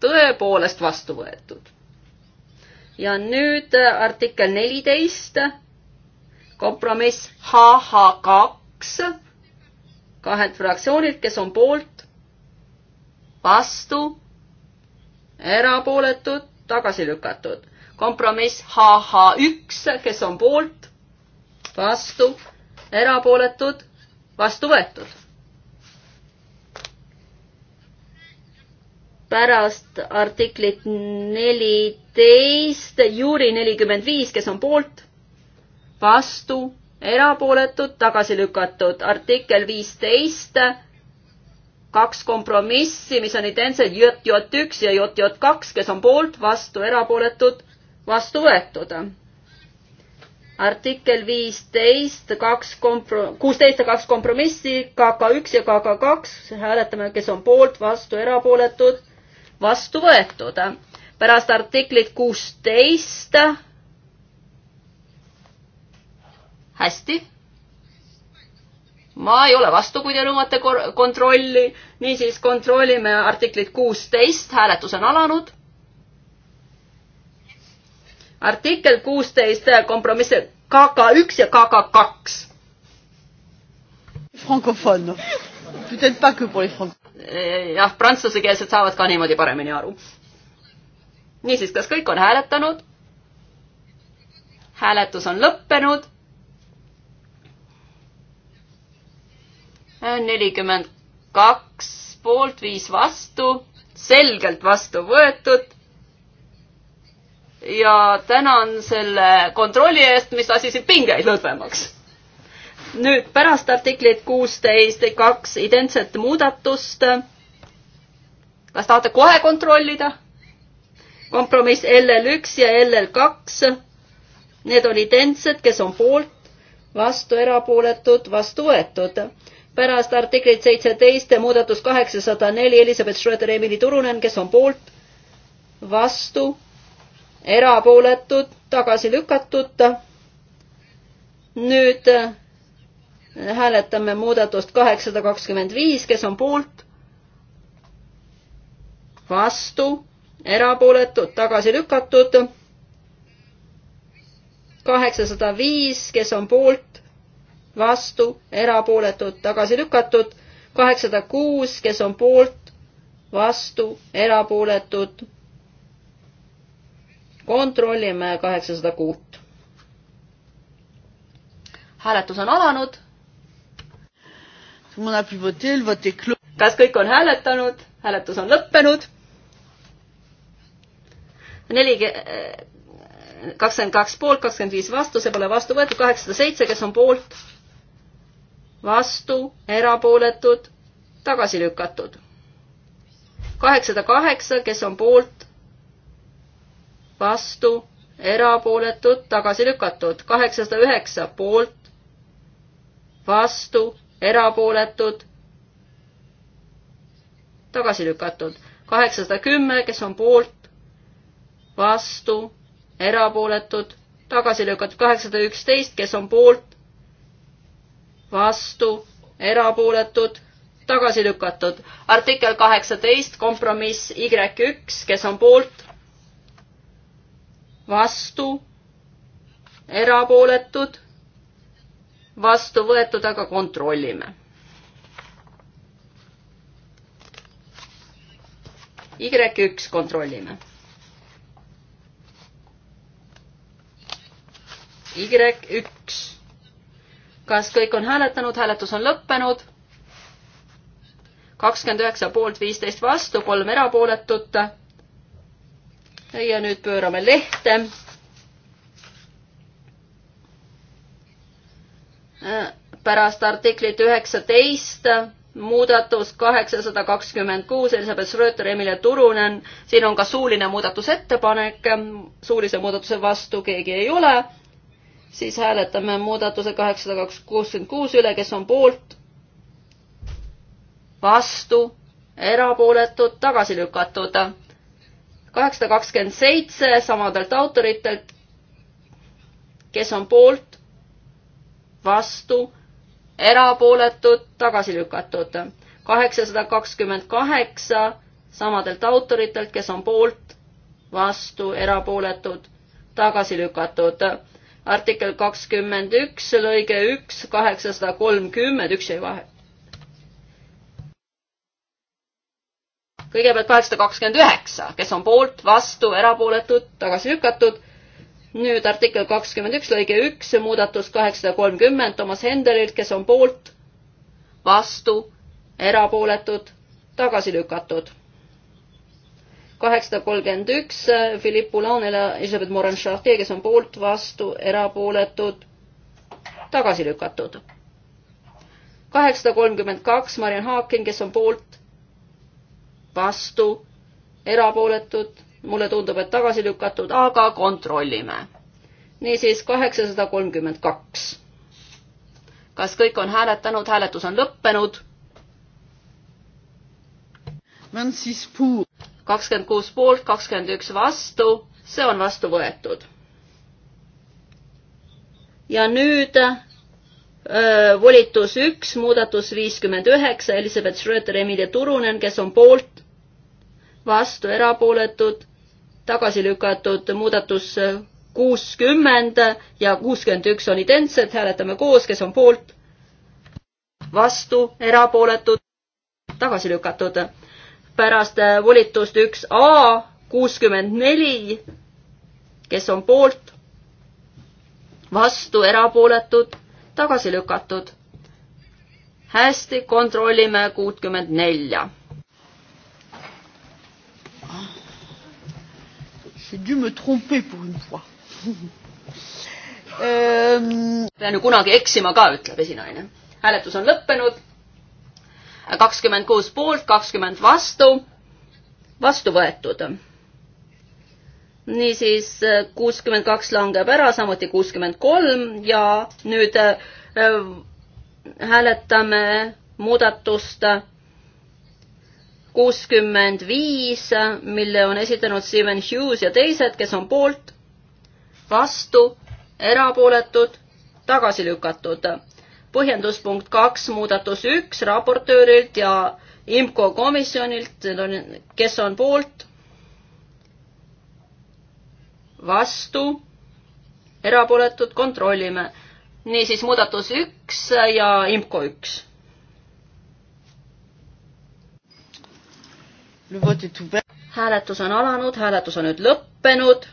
tõepoolest vastu võetud. ja nüüd äh, artikkel neliteist, kompromiss HH kaks, kahelt fraktsioonilt, kes on poolt, vastu, erapooletud, tagasi lükatud. kompromiss HH üks, kes on poolt, vastu, erapooletud vastu võetud. pärast artiklit neliteist, juuri nelikümmend viis, kes on poolt, vastu, erapooletud, tagasi lükatud. artikkel viisteist, kaks kompromissi, mis on identsed J, J üks ja J, J kaks, kes on poolt, vastu, erapooletud, vastu võetud artikkel viisteist, kaks kompro-, kuusteist ja kaks kompromissi, KK üks ja KK kaks, hääletame, kes on poolt, vastu, erapooletud, vastu võetud. pärast artiklit kuusteist. hästi. ma ei ole vastu, kui te nõuate kontrolli, niisiis kontrollime artiklit kuusteist, hääletus on alanud artikkel kuusteist äh, kompromiss KK üks ja KK kaks. Francofone, peut-être pas que pour les franco-. Eh, jah, prantsusekeelsed saavad ka niimoodi paremini aru. niisiis, kas kõik on hääletanud? hääletus on lõppenud. Äh, nelikümmend kaks poolt, viis vastu, selgelt vastu võetud ja tänan selle kontrolli eest, mis lasi siin pingeid lõdvemaks. nüüd pärast artiklit kuusteist kaks identset muudatust. kas tahate kohe kontrollida? kompromiss LL üks ja LL kaks. Need on identsed, kes on poolt, vastu erapooletud, vastu võetud. pärast artiklit seitseteist ja muudatus kaheksasada neli Elizabeth Schröder, Emily Turunen, kes on poolt, vastu erapooletud, tagasi lükatud. nüüd äh, hääletame muudatust kaheksasada kakskümmend viis, kes on poolt, vastu, erapooletud, tagasi lükatud. kaheksasada viis, kes on poolt, vastu, erapooletud, tagasi lükatud. kaheksasada kuus, kes on poolt, vastu, erapooletud kontrollime kaheksasada kuut. hääletus on alanud. kas kõik on hääletanud? hääletus on lõppenud. neli, eh, kakskümmend kaks poolt, kakskümmend viis vastu, see pole vastu võetud, kaheksasada seitse, kes on poolt, vastu, erapooletud, tagasi lükatud. kaheksasada kaheksa, kes on poolt, vastu, erapooletud, tagasi lükatud. kaheksasada üheksa poolt, vastu, erapooletud, tagasi lükatud. kaheksasada kümme, kes on poolt, vastu, erapooletud, tagasi lükatud. kaheksasada üksteist, kes on poolt, vastu, erapooletud, tagasi lükatud. artikkel kaheksateist, kompromiss Y üks, kes on poolt, vastu, erapooletud, vastu võetud, aga kontrollime. Y üks kontrollime. Y üks. kas kõik on hääletanud, hääletus on lõppenud? kakskümmend üheksa poolt, viisteist vastu, kolm erapooletut ja nüüd pöörame lehte. pärast artiklit üheksateist muudatus kaheksasada kakskümmend kuus, Elizabeth Schröter, Emilia Turunen, siin on ka suuline muudatusettepanek, suulise muudatuse vastu keegi ei ole, siis hääletame muudatuse kaheksasada kuuskümmend kuus üle, kes on poolt, vastu, erapooletud, tagasi lükatud kaheksasada kakskümmend seitse samadelt autoritelt, kes on poolt, vastu, erapooletud, tagasi lükatud. kaheksasada kakskümmend kaheksa samadelt autoritelt, kes on poolt, vastu, erapooletud, tagasi lükatud. artikkel kakskümmend üks, lõige üks, kaheksasada kolmkümmend, üks jäi vahe, kõigepealt kaheksasada kakskümmend üheksa, kes on poolt, vastu, erapooletud, tagasi lükatud. nüüd artikkel kakskümmend üks, lõige üks, muudatus kaheksasada kolmkümmend Toomas Hendelilt, kes on poolt, vastu, erapooletud, tagasi lükatud. kaheksasada kolmkümmend üks Philippe Poulanile, Elizabeth Morin Chartier, kes on poolt, vastu, erapooletud, tagasi lükatud. kaheksasada kolmkümmend kaks Marianne Haakin, kes on poolt, vastu, erapooletud, mulle tundub, et tagasi lükatud, aga kontrollime. niisiis kaheksasada kolmkümmend kaks. kas kõik on hääletanud, hääletus on lõppenud? kakskümmend kuus poolt, kakskümmend üks vastu, see on vastu võetud. ja nüüd volitus üks, muudatus viiskümmend üheksa, Elizabeth Schröder, Emilia Turunen, kes on poolt, vastu, erapooletud, tagasi lükatud, muudatus kuuskümmend ja kuuskümmend üks on identsed, hääletame koos, kes on poolt, vastu, erapooletud, tagasi lükatud. pärast volitust üks A kuuskümmend neli, kes on poolt, vastu, erapooletud tagasi lükatud. hästi, kontrollime kuutkümmend nelja. J'ai dû me tromper pour une fois (laughs) euh, pean ju kunagi eksima ka, ütleb esinaine. hääletus on lõppenud. kakskümmend kuus poolt, kakskümmend vastu, vastu võetud niisiis äh, kuuskümmend kaks langeb ära, samuti kuuskümmend kolm ja nüüd äh, hääletame muudatust kuuskümmend viis, mille on esitanud Steven Hughes ja teised, kes on poolt, vastu, erapooletud, tagasi lükatud. põhjenduspunkt kaks, muudatus üks raportöörilt ja IMCO komisjonilt, kes on poolt vastu, erapooletud, kontrollime. niisiis muudatus üks ja IMCO üks. hääletus on alanud, hääletus on nüüd lõppenud.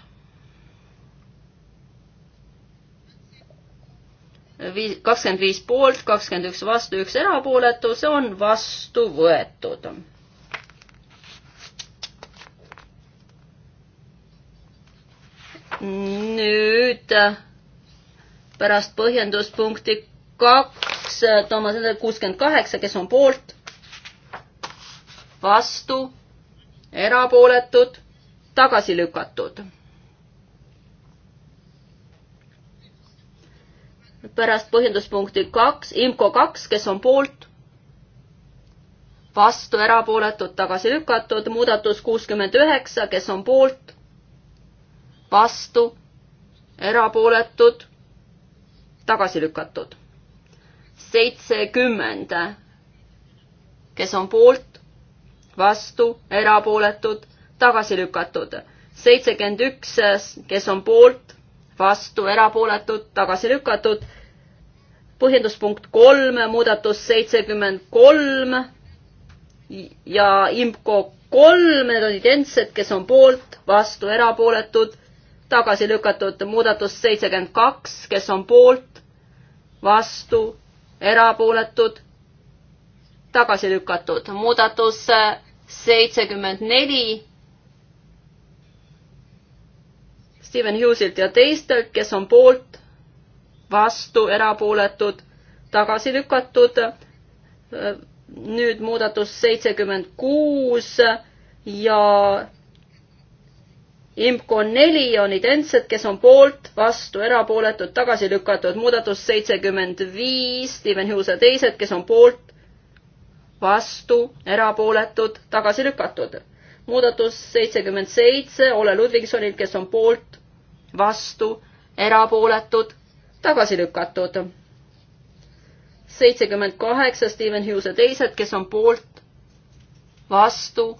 viis, kakskümmend viis poolt, kakskümmend üks vastu, üks erapooletu, see on vastu võetud nüüd äh, pärast põhjenduspunkti kaks äh, Toomas Hendrik kuuskümmend kaheksa, kes on poolt, vastu, erapooletud, tagasi lükatud. pärast põhjenduspunkti kaks, IMCO kaks, kes on poolt, vastu, erapooletud, tagasi lükatud, muudatus kuuskümmend üheksa, kes on poolt vastu, erapooletud, tagasi lükatud. seitsekümmend, kes on poolt, vastu, erapooletud, tagasi lükatud. seitsekümmend üks, kes on poolt, vastu, erapooletud, tagasi lükatud. põhjenduspunkt kolm, muudatus seitsekümmend kolm ja IMCO kolm, need on identsed, kes on poolt, vastu, erapooletud, tagasi lükatud muudatus seitsekümmend kaks, kes on poolt, vastu, erapooletud, tagasi lükatud. muudatus seitsekümmend neli Steven Hughesilt ja teistelt, kes on poolt, vastu, erapooletud, tagasi lükatud. nüüd muudatus seitsekümmend kuus ja IMCO neli on identsed, kes on poolt, vastu, erapooletud, tagasi lükatud, muudatus seitsekümmend viis, Steven Hughes ja teised, kes on poolt, vastu, erapooletud, tagasi lükatud. muudatus seitsekümmend seitse Ole Ludvigsonilt, kes on poolt, vastu, erapooletud, tagasi lükatud. seitsekümmend kaheksa Steven Hughes ja teised, kes on poolt, vastu,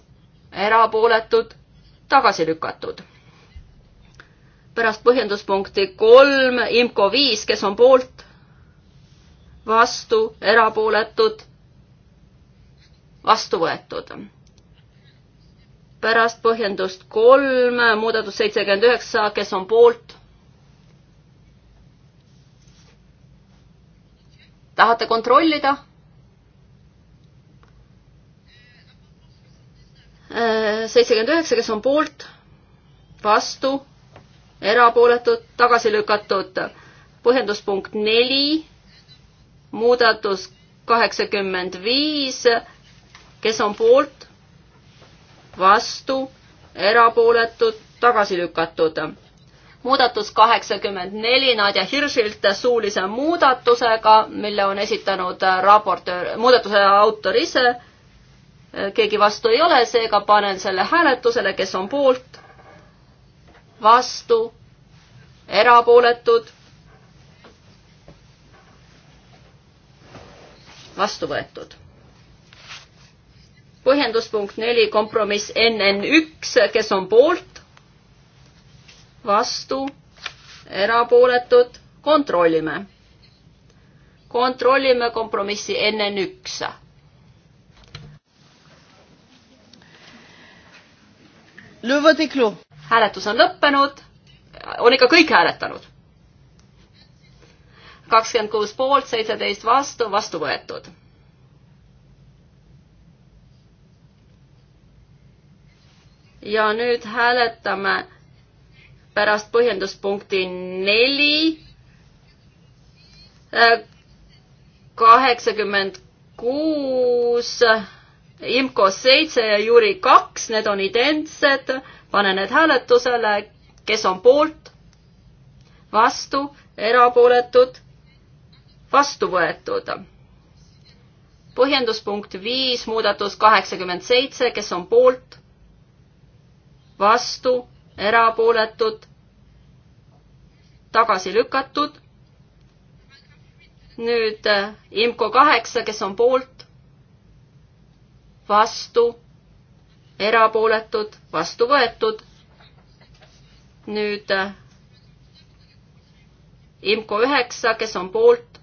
erapooletud, tagasi lükatud. pärast põhjenduspunkti kolm, IMCO viis, kes on poolt, vastu, erapooletud, vastu võetud. pärast põhjendust kolm, muudatus seitsekümmend üheksa, kes on poolt, tahate kontrollida? seitsekümmend üheksa, kes on poolt, vastu, erapooletud, tagasi lükatud. põhjenduspunkt neli, muudatus kaheksakümmend viis, kes on poolt, vastu, erapooletud, tagasi lükatud. muudatus kaheksakümmend neli Nadja Hirschilt suulise muudatusega, mille on esitanud raportöör, muudatuse autor ise keegi vastu ei ole, seega panen selle hääletusele, kes on poolt, vastu, erapooletud, vastu võetud. põhjenduspunkt neli, kompromiss NN üks, kes on poolt, vastu, erapooletud, kontrollime. kontrollime kompromissi NN üks hääletus on lõppenud. on ikka kõik hääletanud? kakskümmend kuus poolt, seitseteist vastu, vastu võetud. ja nüüd hääletame pärast põhjenduspunkti neli kaheksakümmend kuus IMCO seitse ja Jüri kaks, need on identsed, pane need hääletusele, kes on poolt, vastu, erapooletud, vastu võetud. põhjenduspunkt viis, muudatus kaheksakümmend seitse, kes on poolt, vastu, erapooletud, tagasi lükatud. nüüd eh, IMCO kaheksa, kes on poolt, vastu, erapooletud, vastu võetud. nüüd IMCO üheksa, kes on poolt,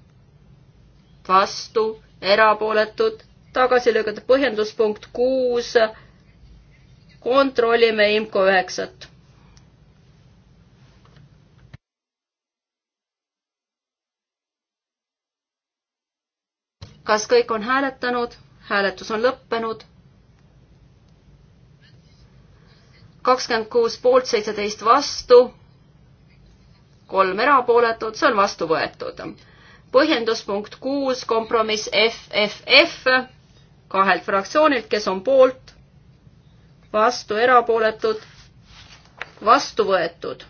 vastu, erapooletud, tagasi lükatud põhjenduspunkt kuus. kontrollime IMCO üheksat kas kõik on hääletanud? hääletus on lõppenud. kakskümmend kuus poolt, seitseteist vastu, kolm erapooletut, see on vastu võetud. põhjendus punkt kuus, kompromiss FFF kahelt fraktsioonilt, kes on poolt, vastu erapooletud, vastu võetud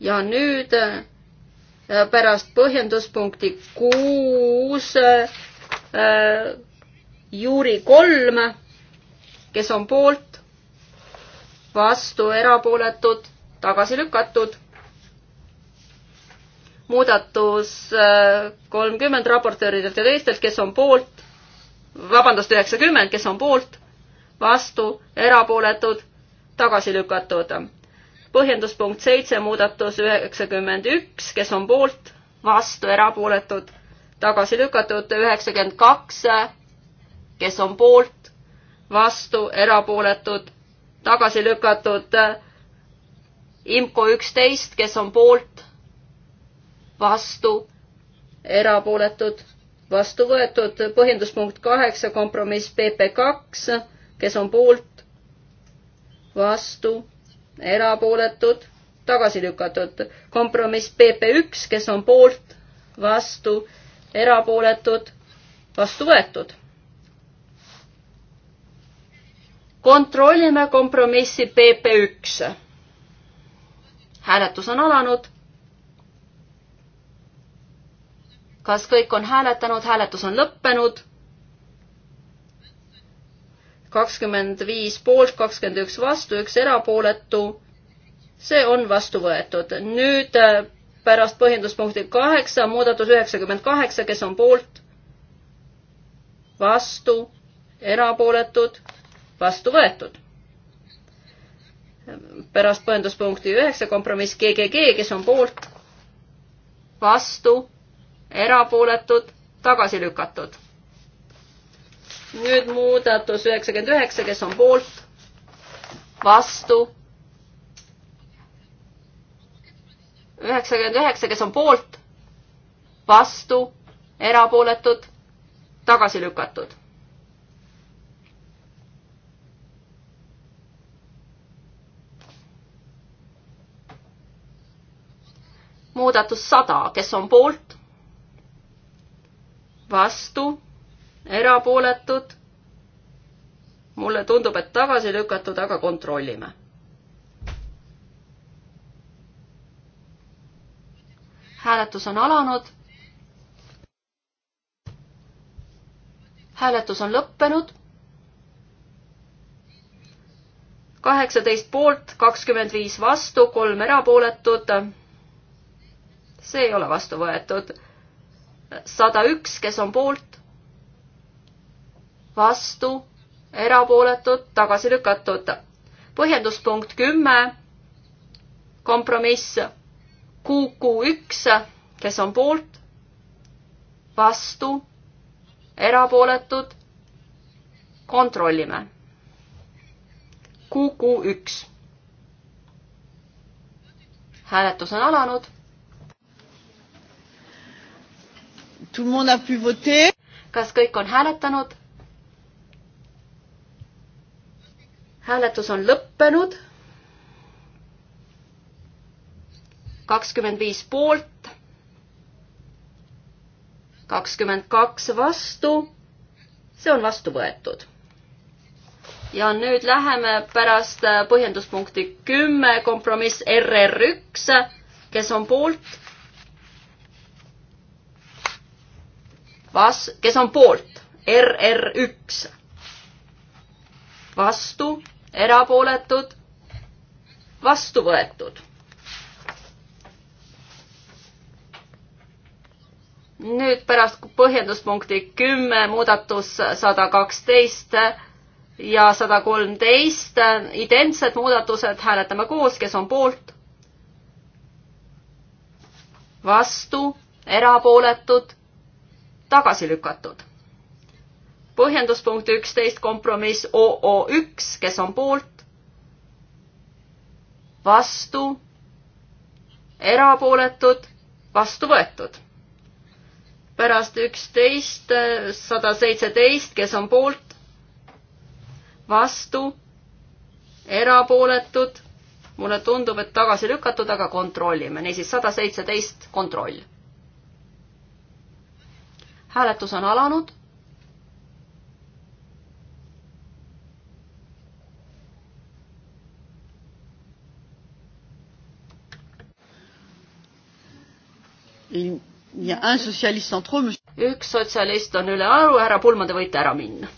ja nüüd äh, pärast põhjenduspunkti kuus äh, juuri kolm, kes on poolt, vastu, erapooletud, tagasi lükatud. muudatus äh, kolmkümmend raportööridelt ja teistelt, kes on poolt, vabandust, üheksakümmend, kes on poolt, vastu, erapooletud, tagasi lükatud põhjenduspunkt seitse, muudatus üheksakümmend üks, kes on poolt, vastu, erapooletud, tagasi lükatud, üheksakümmend kaks, kes on poolt, vastu, erapooletud, tagasi lükatud, IMCO üksteist, kes on poolt, vastu, erapooletud, vastu võetud, põhjenduspunkt kaheksa, kompromiss PP kaks, kes on poolt, vastu erapooletud, tagasi lükatud. kompromiss PP1, kes on poolt, vastu, erapooletud, vastu võetud. kontrollime kompromissi PP1. hääletus on alanud. kas kõik on hääletanud, hääletus on lõppenud kakskümmend viis poolt, kakskümmend üks vastu, üks erapooletu. see on vastu võetud. nüüd äh, pärast põhjenduspunkti kaheksa muudatus üheksakümmend kaheksa, kes on poolt, vastu, erapooletud, vastu võetud. pärast põhjenduspunkti üheksa kompromiss GGG, kes on poolt, vastu, erapooletud, tagasi lükatud nüüd muudatus üheksakümmend üheksa, kes on poolt, vastu. üheksakümmend üheksa, kes on poolt, vastu, erapooletud, tagasi lükatud. muudatus sada, kes on poolt, vastu erapooletud. mulle tundub, et tagasi lükatud, aga kontrollime. hääletus on alanud. hääletus on lõppenud. kaheksateist poolt, kakskümmend viis vastu, kolm erapooletut. see ei ole vastu võetud. sada üks, kes on poolt, vastu, erapooletud, tagasi lükatud. põhjenduspunkt kümme, kompromiss QQ üks, kes on poolt, vastu, erapooletud, kontrollime. QQ üks. hääletus on alanud Tout le monde a pu voter. kas kõik on hääletanud? hääletus on lõppenud. kakskümmend viis poolt, kakskümmend kaks vastu. see on vastu võetud. ja nüüd läheme pärast põhjenduspunkti kümme, kompromiss RR üks, kes on poolt? Vas-, kes on poolt? RR üks. vastu erapooletud, vastu võetud. nüüd pärast põhjenduspunkti kümme muudatus sada kaksteist ja sada kolmteist, identsed muudatused, hääletame koos, kes on poolt, vastu, erapooletud, tagasi lükatud põhjenduspunkt üksteist, kompromiss OO üks, kes on poolt, vastu, erapooletud, vastu võetud. pärast üksteist, sada seitseteist, kes on poolt, vastu, erapooletud, mulle tundub, et tagasi lükatud, aga kontrollime, niisiis sada seitseteist, kontroll. hääletus on alanud üks sotsialist on üle aru, härra Pulma, te võite ära minna.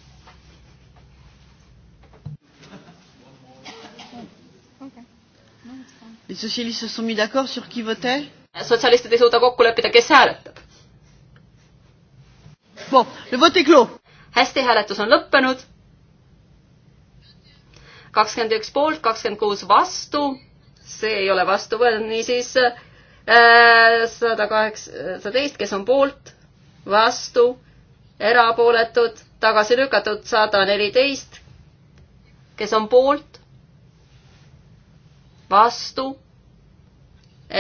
sotsialistid ei suuda kokku leppida, kes hääletab. hästi, hääletus on lõppenud. kakskümmend üks poolt, kakskümmend kuus vastu. see ei ole vastu võetud, niisiis Äh, sada kaheksateist, kes on poolt, vastu, erapooletud, tagasi lükatud, sada neliteist, kes on poolt, vastu,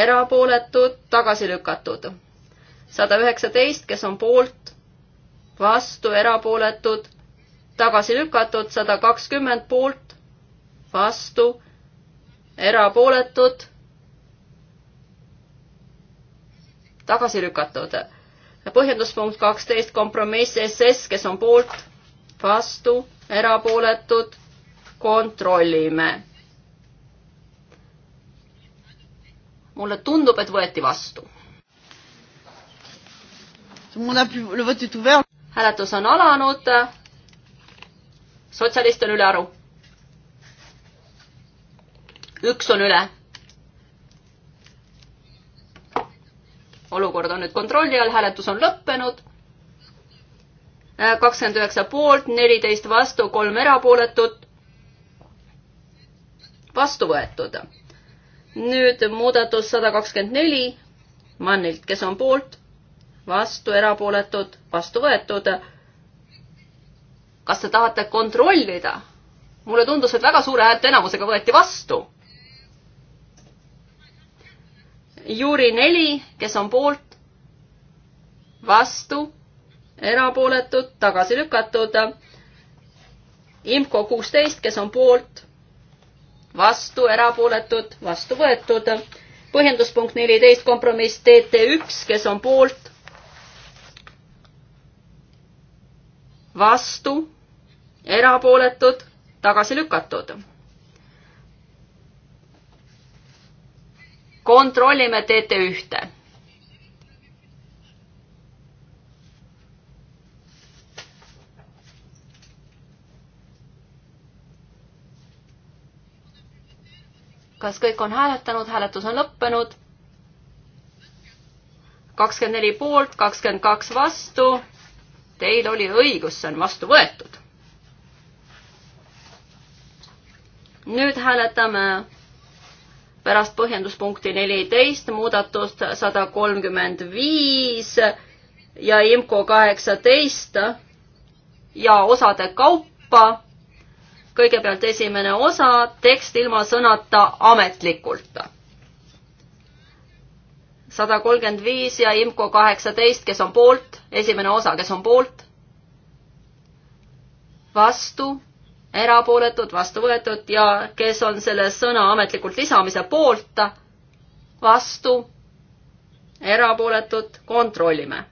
erapooletud, tagasi lükatud. sada üheksateist, kes on poolt, vastu, erapooletud, tagasi lükatud, sada kakskümmend poolt, vastu, erapooletud tagasi lükatud. põhjendus punkt kaksteist, kompromiss SS, kes on poolt, vastu, erapooletud, kontrollime. mulle tundub, et võeti vastu. hääletus on alanud. sotsialist on ülearu. üks on üle olukord on nüüd kontrolli all, hääletus on lõppenud. kakskümmend üheksa poolt, neliteist vastu, kolm erapooletut. vastu võetud. nüüd muudatus sada kakskümmend neli Mannilt, kes on poolt, vastu, erapooletud, vastu võetud. kas te tahate kontrollida? mulle tundus, et väga suure häälteenamusega võeti vastu juuri neli, kes on poolt, vastu, erapooletud, tagasi lükatud. IMCO kuusteist, kes on poolt, vastu, erapooletud, vastu võetud. põhjenduspunkt neliteist, kompromiss DT üks, kes on poolt, vastu, erapooletud, tagasi lükatud kontrollime TT1-e. kas kõik on hääletanud, hääletus on lõppenud. kakskümmend neli poolt, kakskümmend kaks vastu. Teil oli õigus, see on vastu võetud. nüüd hääletame pärast põhjenduspunkti neliteist muudatust sada kolmkümmend viis ja IMCO kaheksateist ja osade kaupa. kõigepealt esimene osa, tekst ilma sõnata ametlikult. sada kolmkümmend viis ja IMCO kaheksateist, kes on poolt, esimene osa, kes on poolt, vastu erapooletud, vastu võetud ja kes on selle sõna ametlikult lisamise poolt, vastu, erapooletud, kontrollime.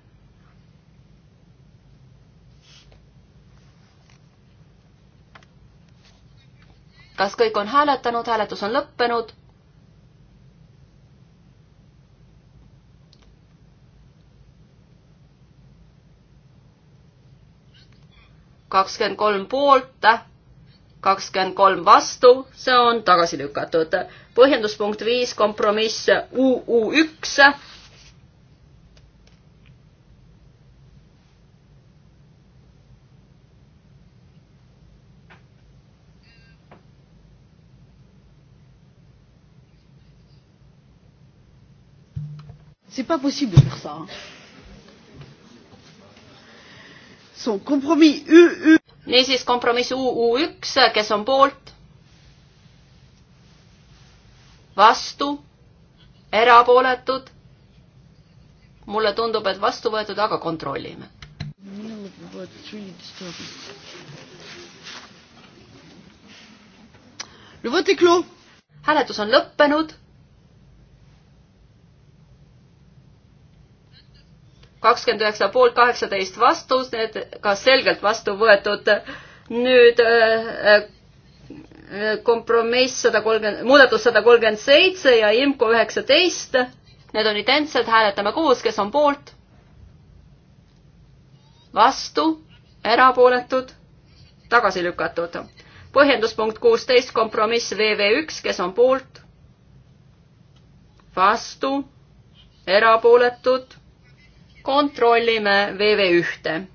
kas kõik on hääletanud, hääletus on lõppenud? kakskümmend kolm poolt kakskümmend kolm vastu, see on tagasi lükatud. põhjenduspunkt viis, kompromiss UU üks. C'est pas possible de faire ça. Son compromis UU niisiis kompromiss UU1, kes on poolt? vastu? erapooletud? mulle tundub, et vastu võetud, aga kontrollime. hääletus on lõppenud kakskümmend üheksa poolt, kaheksateist vastu, need ka selgelt vastu võetud. nüüd äh, äh, kompromiss sada kolmkümmend, muudatus sada kolmkümmend seitse ja IMCO üheksateist. Need on identsed, hääletame koos, kes on poolt? vastu, erapooletud, tagasi lükatud. põhjenduspunkt kuusteist, kompromiss VV üks, kes on poolt? vastu, erapooletud kontrollime VV1-te.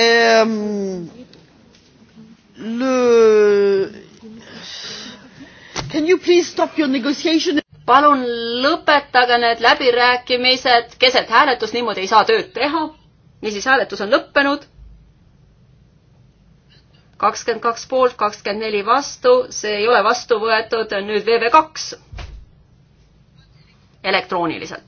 Um, le... Can you please stop your negotiation? palun lõpetage need läbirääkimised keset hääletust, niimoodi ei saa tööd teha. niisiis, hääletus on lõppenud kakskümmend kaks poolt, kakskümmend neli vastu, see ei ole vastu võetud, nüüd VV2 elektrooniliselt.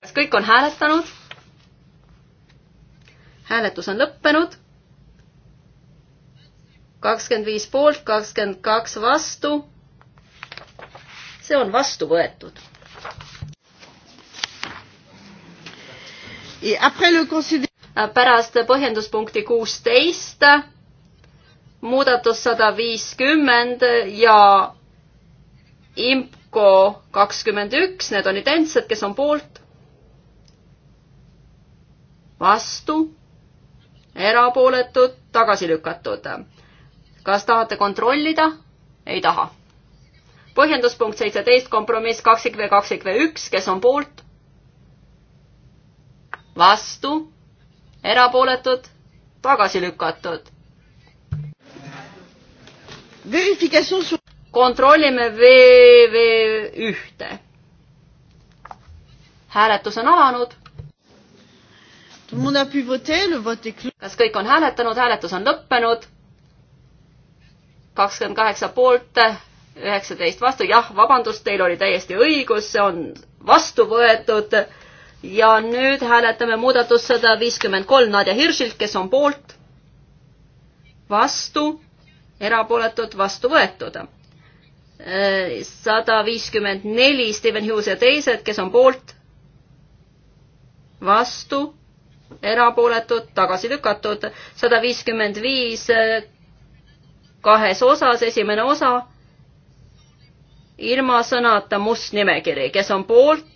kas kõik on hääletanud? hääletus on lõppenud. kakskümmend viis poolt, kakskümmend kaks vastu. see on vastu võetud pärast põhjenduspunkti kuusteist, muudatus sada viiskümmend ja IMCO kakskümmend üks, need on identsed, kes on poolt? vastu, erapooletud, tagasi lükatud. kas tahate kontrollida? ei taha. põhjenduspunkt seitseteist, kompromiss kaksik V kaksik V üks, kes on poolt? vastu, erapooletud, tagasi lükatud. kontrollime VV ühte. hääletus on alanud. kas kõik on hääletanud, hääletus on lõppenud? kakskümmend kaheksa poolt, üheksateist vastu, jah, vabandust, teil oli täiesti õigus, see on vastu võetud ja nüüd hääletame muudatust sada viiskümmend kolm Nadja Hiršilt, kes on poolt, vastu, erapooletud, vastu võetud. Äh, sada viiskümmend neli Steven Hughes ja teised, kes on poolt, vastu, erapooletud, tagasi lükatud, sada viiskümmend viis äh, kahes osas, esimene osa ilma sõnata must nimekiri, kes on poolt,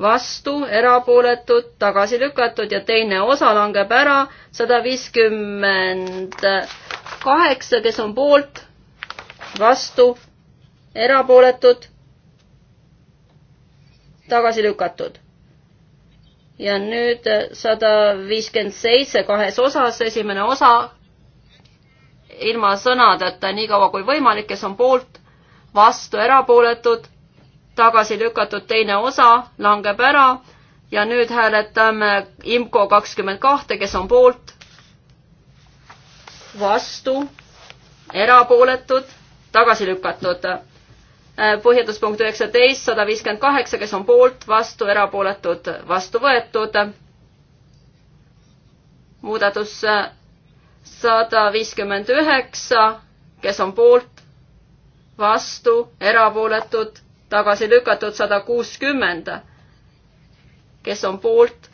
vastu, erapooletud, tagasi lükatud ja teine osa langeb ära, sada viiskümmend kaheksa, kes on poolt, vastu, erapooletud, tagasi lükatud. ja nüüd sada viiskümmend seitse kahes osas, esimene osa ilma sõnadeta, niikaua kui võimalik, kes on poolt, vastu, erapooletud tagasi lükatud teine osa langeb ära ja nüüd hääletame IMCO kakskümmend kahte, kes on poolt, vastu, erapooletud, tagasi lükatud. Äh, põhjendus punkt üheksateist, sada viiskümmend kaheksa, kes on poolt, vastu, erapooletud, vastu võetud. muudatus äh, sada viiskümmend üheksa, kes on poolt, vastu, erapooletud tagasi lükatud sada kuuskümmend. kes on poolt?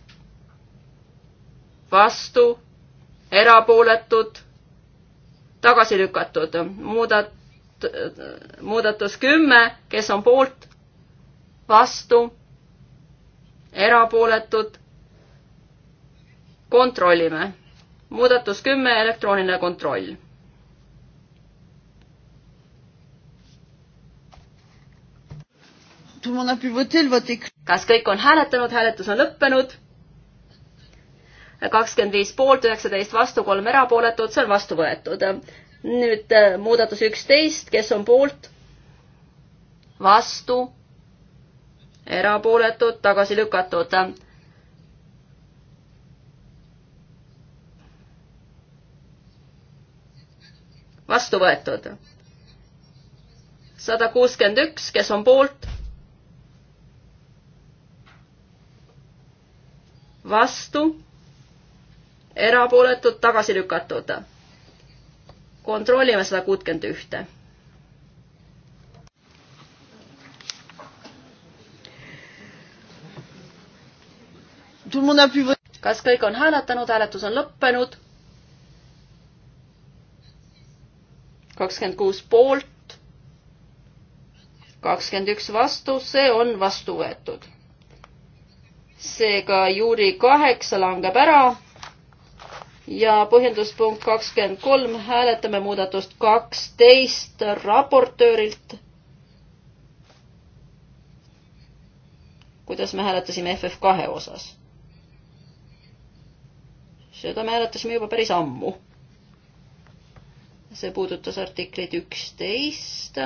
vastu, erapooletud, tagasi lükatud, muudat-, muudatus kümme, kes on poolt, vastu, erapooletud, kontrollime. muudatus kümme, elektrooniline kontroll kas kõik on hääletanud, hääletus on lõppenud? kakskümmend viis poolt, üheksateist vastu, kolm erapooletut, see on vastu võetud. nüüd äh, muudatus üksteist, kes on poolt? vastu, erapooletud, tagasi lükatud vastu võetud. sada kuuskümmend üks, kes on poolt, vastu, erapooletud, tagasi lükatud. kontrollime sada kuutkümmend ühte. kas kõik on hääletanud, hääletus on lõppenud? kakskümmend kuus poolt, kakskümmend üks vastu, see on vastu võetud seega juuri kaheksa langeb ära ja põhjenduspunkt kakskümmend kolm, hääletame muudatust kaksteist raportöörilt. kuidas me hääletasime FF kahe osas? seda me hääletasime juba päris ammu. see puudutas artiklit üksteist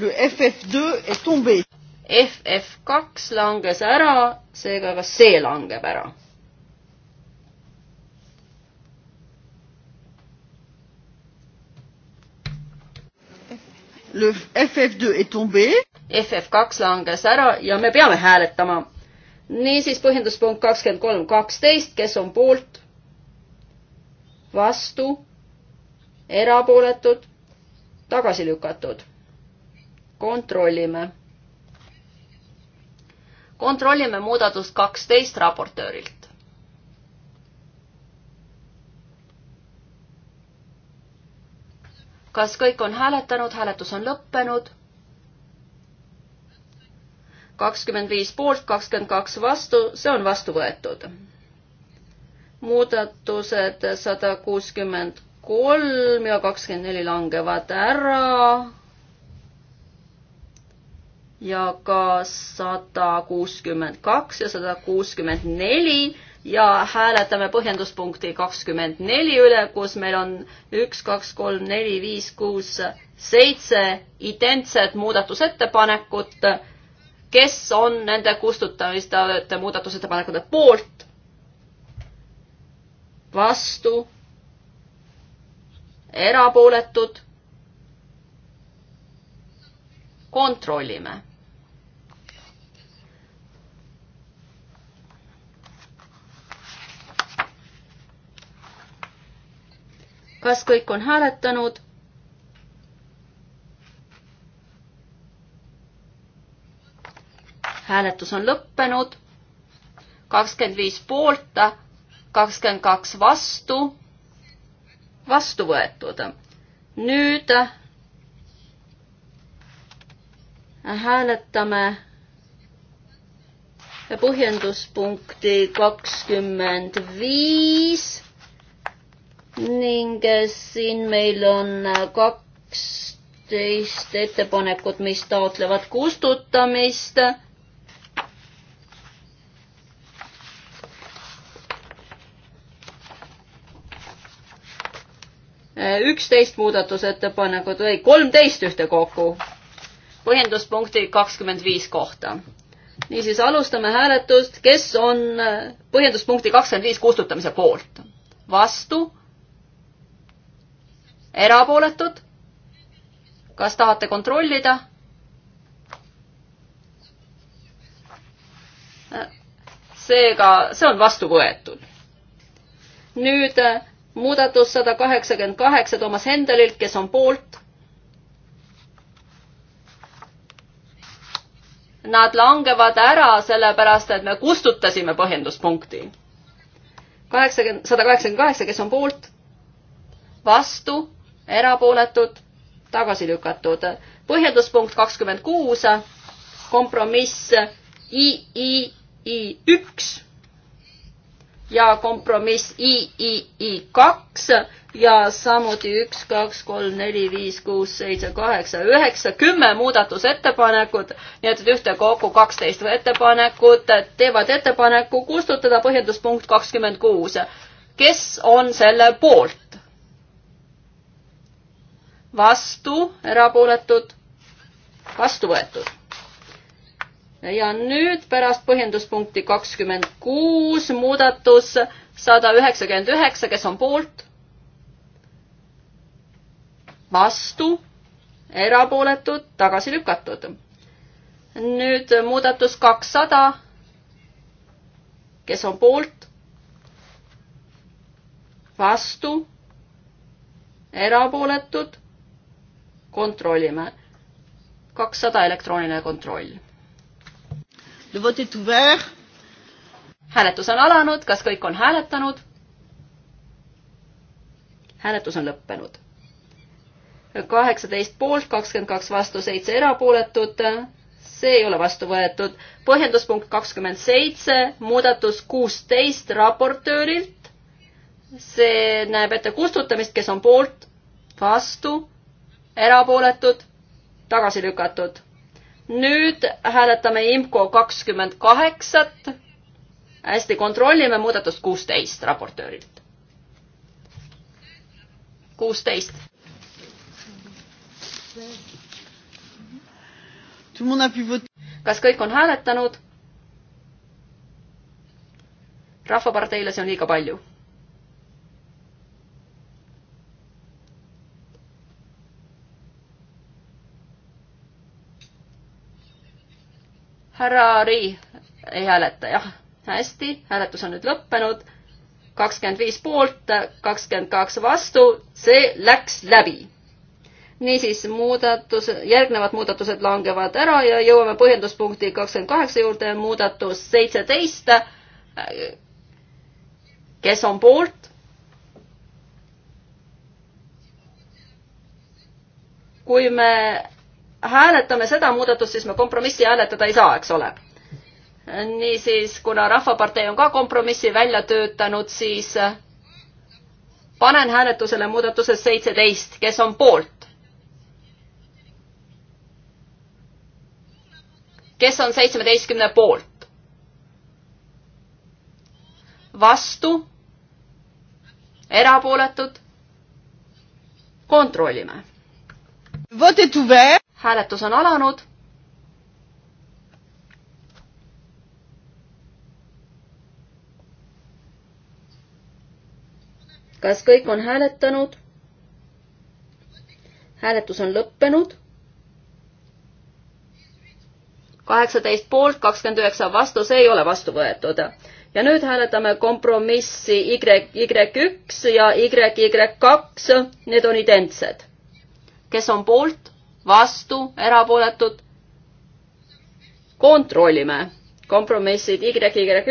le FF2 est tombé. FF2 langes ära, seega ka see langeb ära. Le FF2 est tombé. FF2 langes ära ja me peame hääletama. niisiis põhjenduspunkt kakskümmend kolm, kaksteist, kes on poolt? vastu, erapooletud, tagasi lükatud kontrollime. kontrollime muudatust kaksteist raportöörilt. kas kõik on hääletanud, hääletus on lõppenud. kakskümmend viis poolt, kakskümmend kaks vastu, see on vastu võetud. muudatused sada kuuskümmend kolm ja kakskümmend neli langevad ära ja ka sada kuuskümmend kaks ja sada kuuskümmend neli ja hääletame põhjenduspunkti kakskümmend neli üle, kus meil on üks, kaks, kolm, neli, viis, kuus, seitse identset muudatusettepanekut. kes on nende kustutamiste muudatusettepanekute poolt? vastu? erapooletud? kontrollime kas kõik on hääletanud? hääletus on lõppenud. kakskümmend viis poolt, kakskümmend kaks vastu, vastu võetud. nüüd hääletame põhjenduspunkti kakskümmend viis ning eh, siin meil on eh, kaksteist ettepanekut, mis taotlevad kustutamist. Eh, üksteist muudatusettepanekut või kolmteist ühtekokku põhjenduspunkti kakskümmend viis kohta. niisiis alustame hääletust, kes on põhjenduspunkti kakskümmend viis kustutamise poolt, vastu erapooletud? kas tahate kontrollida? seega, see on vastu võetud. nüüd eh, muudatus sada kaheksakümmend kaheksa Toomas Hendelilt, kes on poolt. Nad langevad ära sellepärast, et me kustutasime põhjenduspunkti. kaheksakümmend, sada kaheksakümmend kaheksa, kes on poolt, vastu erapooletud, tagasi lükatud. põhjenduspunkt kakskümmend kuus, kompromiss III üks ja kompromiss III kaks ja samuti üks, kaks, kolm, neli, viis, kuus, seitse, kaheksa, üheksa, kümme muudatusettepanekut, nii et ühtekokku kaksteist ettepanekut teevad ettepaneku kustutada põhjenduspunkt kakskümmend kuus. kes on selle poolt? vastu, erapooletud, vastu võetud. ja nüüd pärast põhjenduspunkti kakskümmend kuus muudatus sada üheksakümmend üheksa, kes on poolt, vastu, erapooletud, tagasi lükatud. nüüd muudatus kakssada, kes on poolt, vastu, erapooletud kontrollime. kakssada elektrooniline kontroll. hääletus on alanud, kas kõik on hääletanud? hääletus on lõppenud. kaheksateist poolt, kakskümmend kaks vastu, seitse erapooletut. see ei ole vastu võetud. põhjenduspunkt kakskümmend seitse, muudatus kuusteist raportöörilt. see näeb ette kustutamist, kes on poolt, vastu erapooletud, tagasi lükatud. nüüd hääletame IMCO kakskümmend kaheksat. hästi, kontrollime muudatust kuusteist raportöörilt. kuusteist. kas kõik on hääletanud? rahvaparteile see on liiga palju härra Rii ei hääleta, jah. hästi, hääletus on nüüd lõppenud. kakskümmend viis poolt, kakskümmend kaks vastu, see läks läbi. niisiis, muudatus, järgnevad muudatused langevad ära ja jõuame põhjenduspunkti kakskümmend kaheksa juurde, muudatus seitseteist. kes on poolt? kui me hääletame seda muudatust, siis me kompromissi hääletada ei saa, eks ole. niisiis, kuna Rahvapartei on ka kompromissi välja töötanud, siis panen hääletusele muudatuse seitseteist, kes on poolt? kes on seitsmeteistkümne poolt? vastu? erapooletud? kontrollime hääletus on alanud. kas kõik on hääletanud? hääletus on lõppenud. kaheksateist poolt, kakskümmend üheksa vastu, see ei ole vastu võetud. ja nüüd hääletame kompromissi Y, Y1 ja YY2, need on identsed. kes on poolt? vastu, erapooletud. kontrollime kompromissid YY1 ja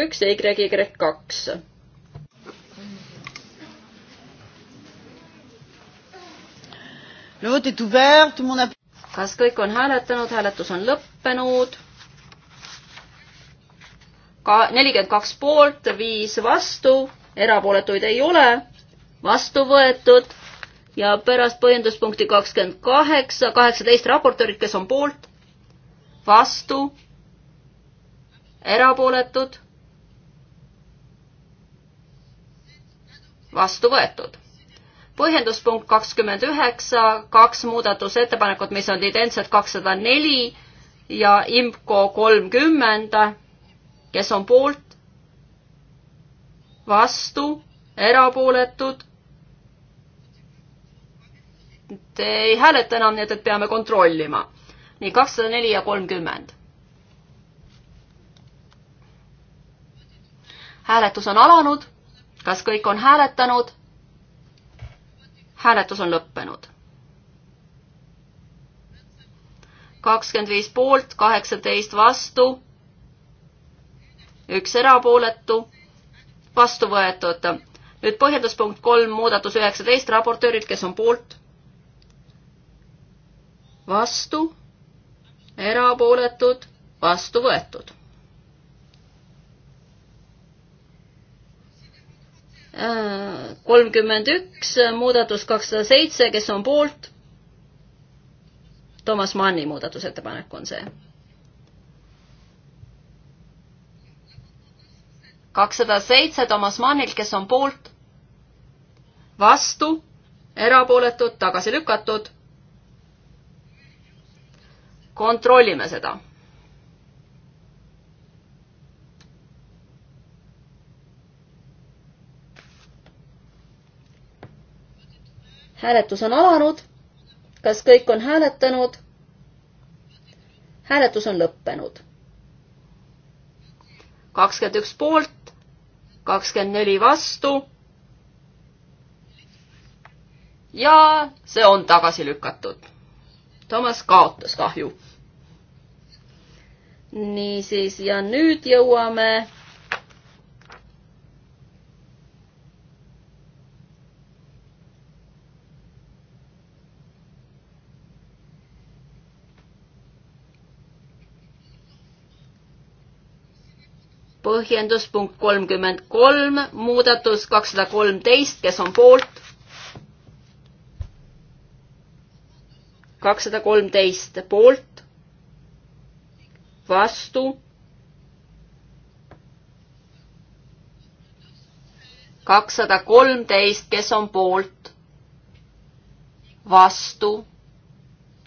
YY2. kas kõik on hääletanud, hääletus on lõppenud. ka nelikümmend kaks poolt, viis vastu, erapooletuid ei ole, vastu võetud ja pärast põhjenduspunkti kakskümmend kaheksa, kaheksateist raportöörid, kes on poolt, vastu, erapooletud, vastu võetud. põhjenduspunkt kakskümmend üheksa, kaks muudatusettepanekut, mis on identsed kakssada neli ja IMCO kolmkümmend, kes on poolt, vastu, erapooletud, Te ei hääleta enam, nii et, et peame kontrollima. nii, kakssada neli ja kolmkümmend. hääletus on alanud. kas kõik on hääletanud? hääletus on lõppenud. kakskümmend viis poolt, kaheksateist vastu, üks erapooletu, vastu võetud. nüüd põhjenduspunkt kolm, muudatus üheksateist, raportöörid, kes on poolt vastu, erapooletud, vastu võetud. kolmkümmend üks, muudatus kakssada seitse, kes on poolt? Toomas Manni muudatusettepanek on see. kakssada seitse Toomas Mannilt, kes on poolt? vastu, erapooletud, tagasi lükatud kontrollime seda. hääletus on alanud. kas kõik on hääletanud? hääletus on lõppenud. kakskümmend üks poolt, kakskümmend neli vastu. ja see on tagasi lükatud. Toomas kaotas kahju niisiis, ja nüüd jõuame põhjendus punkt kolmkümmend kolm, muudatus kakssada kolmteist, kes on poolt? kakssada kolmteist poolt vastu. kakssada kolmteist, kes on poolt, vastu,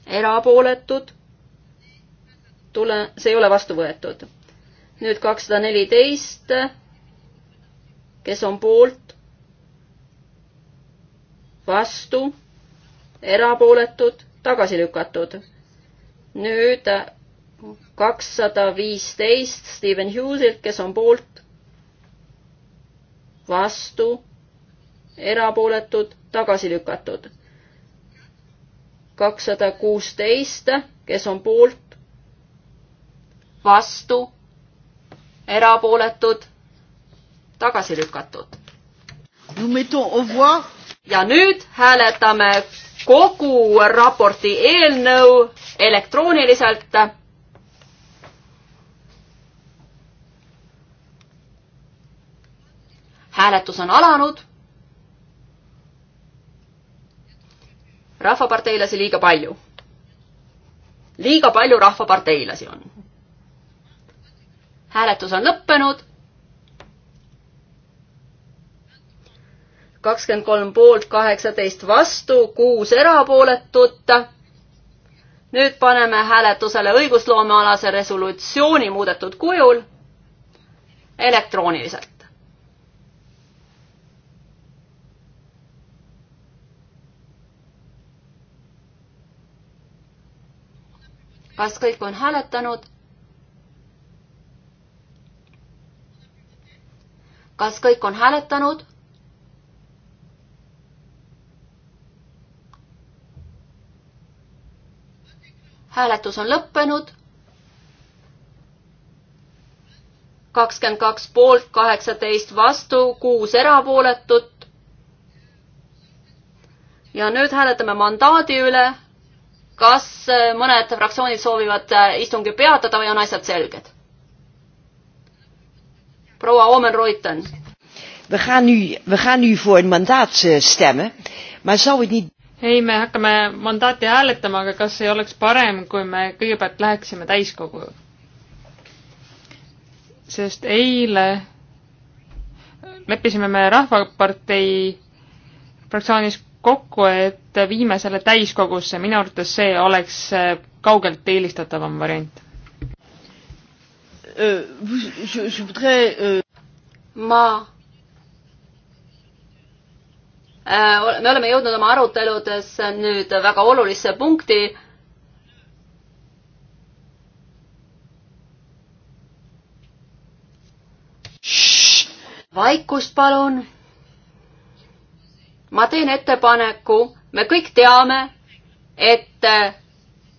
erapooletud, tule, see ei ole vastu võetud. nüüd kakssada neliteist, kes on poolt, vastu, erapooletud, tagasi lükatud. nüüd kakssada viisteist Steven Hughesilt, kes on poolt, vastu, erapooletud, tagasi lükatud. kakssada kuusteist, kes on poolt, vastu, erapooletud, tagasi lükatud. ja nüüd hääletame kogu raporti eelnõu elektrooniliselt hääletus on alanud. rahvaparteilasi liiga palju. liiga palju rahvaparteilasi on. hääletus on lõppenud. kakskümmend kolm poolt, kaheksateist vastu, kuus erapooletut nüüd paneme hääletusele õigusloomealase resolutsiooni muudetud kujul elektrooniliselt. kas kõik on hääletanud? kas kõik on hääletanud? hääletus on lõppenud. kakskümmend kaks poolt, kaheksateist vastu, kuus erapooletut. ja nüüd hääletame mandaadi üle kas äh, mõned fraktsioonid soovivad äh, istungi peatada või on asjad selged? proua Omen Reuten. We gaan nu, we gaan nu voor een mandaat eh, stemmen, maar zou het niet... ei, me hakkame mandaati hääletama, aga kas ei oleks parem, kui me kõigepealt läheksime täiskogu? sest eile leppisime me Rahvapartei fraktsioonis kokku, et et viime selle täiskogusse, minu arvates see oleks äh, kaugelt eelistatavam variant. Äh, äh, ma me oleme jõudnud oma aruteludes nüüd väga olulisse punkti vaikust palun. ma teen ettepaneku, me kõik teame, et äh,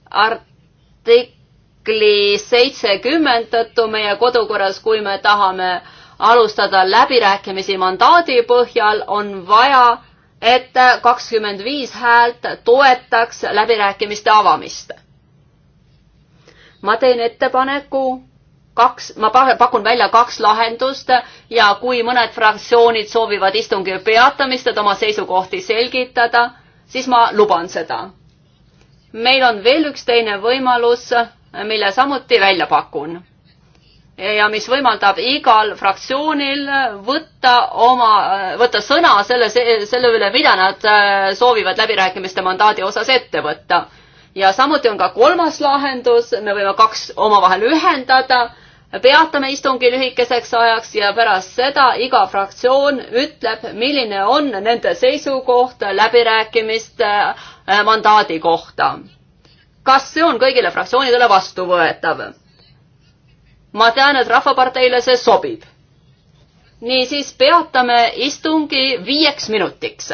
artikli seitsekümmend tõttu meie kodukorras, kui me tahame alustada läbirääkimisi mandaadi põhjal, on vaja, et äh, kakskümmend viis häält toetaks läbirääkimiste avamist. ma teen ettepaneku kaks, ma pakun välja kaks lahendust ja kui mõned fraktsioonid soovivad istungi peatamist, et oma seisukohti selgitada siis ma luban seda. meil on veel üks teine võimalus, mille samuti välja pakun ja mis võimaldab igal fraktsioonil võtta oma, võtta sõna selle, selle üle, mida nad äh, soovivad läbirääkimiste mandaadi osas ette võtta. ja samuti on ka kolmas lahendus, me võime kaks omavahel ühendada peatame istungi lühikeseks ajaks ja pärast seda iga fraktsioon ütleb, milline on nende seisukoht läbirääkimiste äh, mandaadi kohta. kas see on kõigile fraktsioonidele vastuvõetav? ma tean, et Rahvaparteile see sobib. niisiis peatame istungi viieks minutiks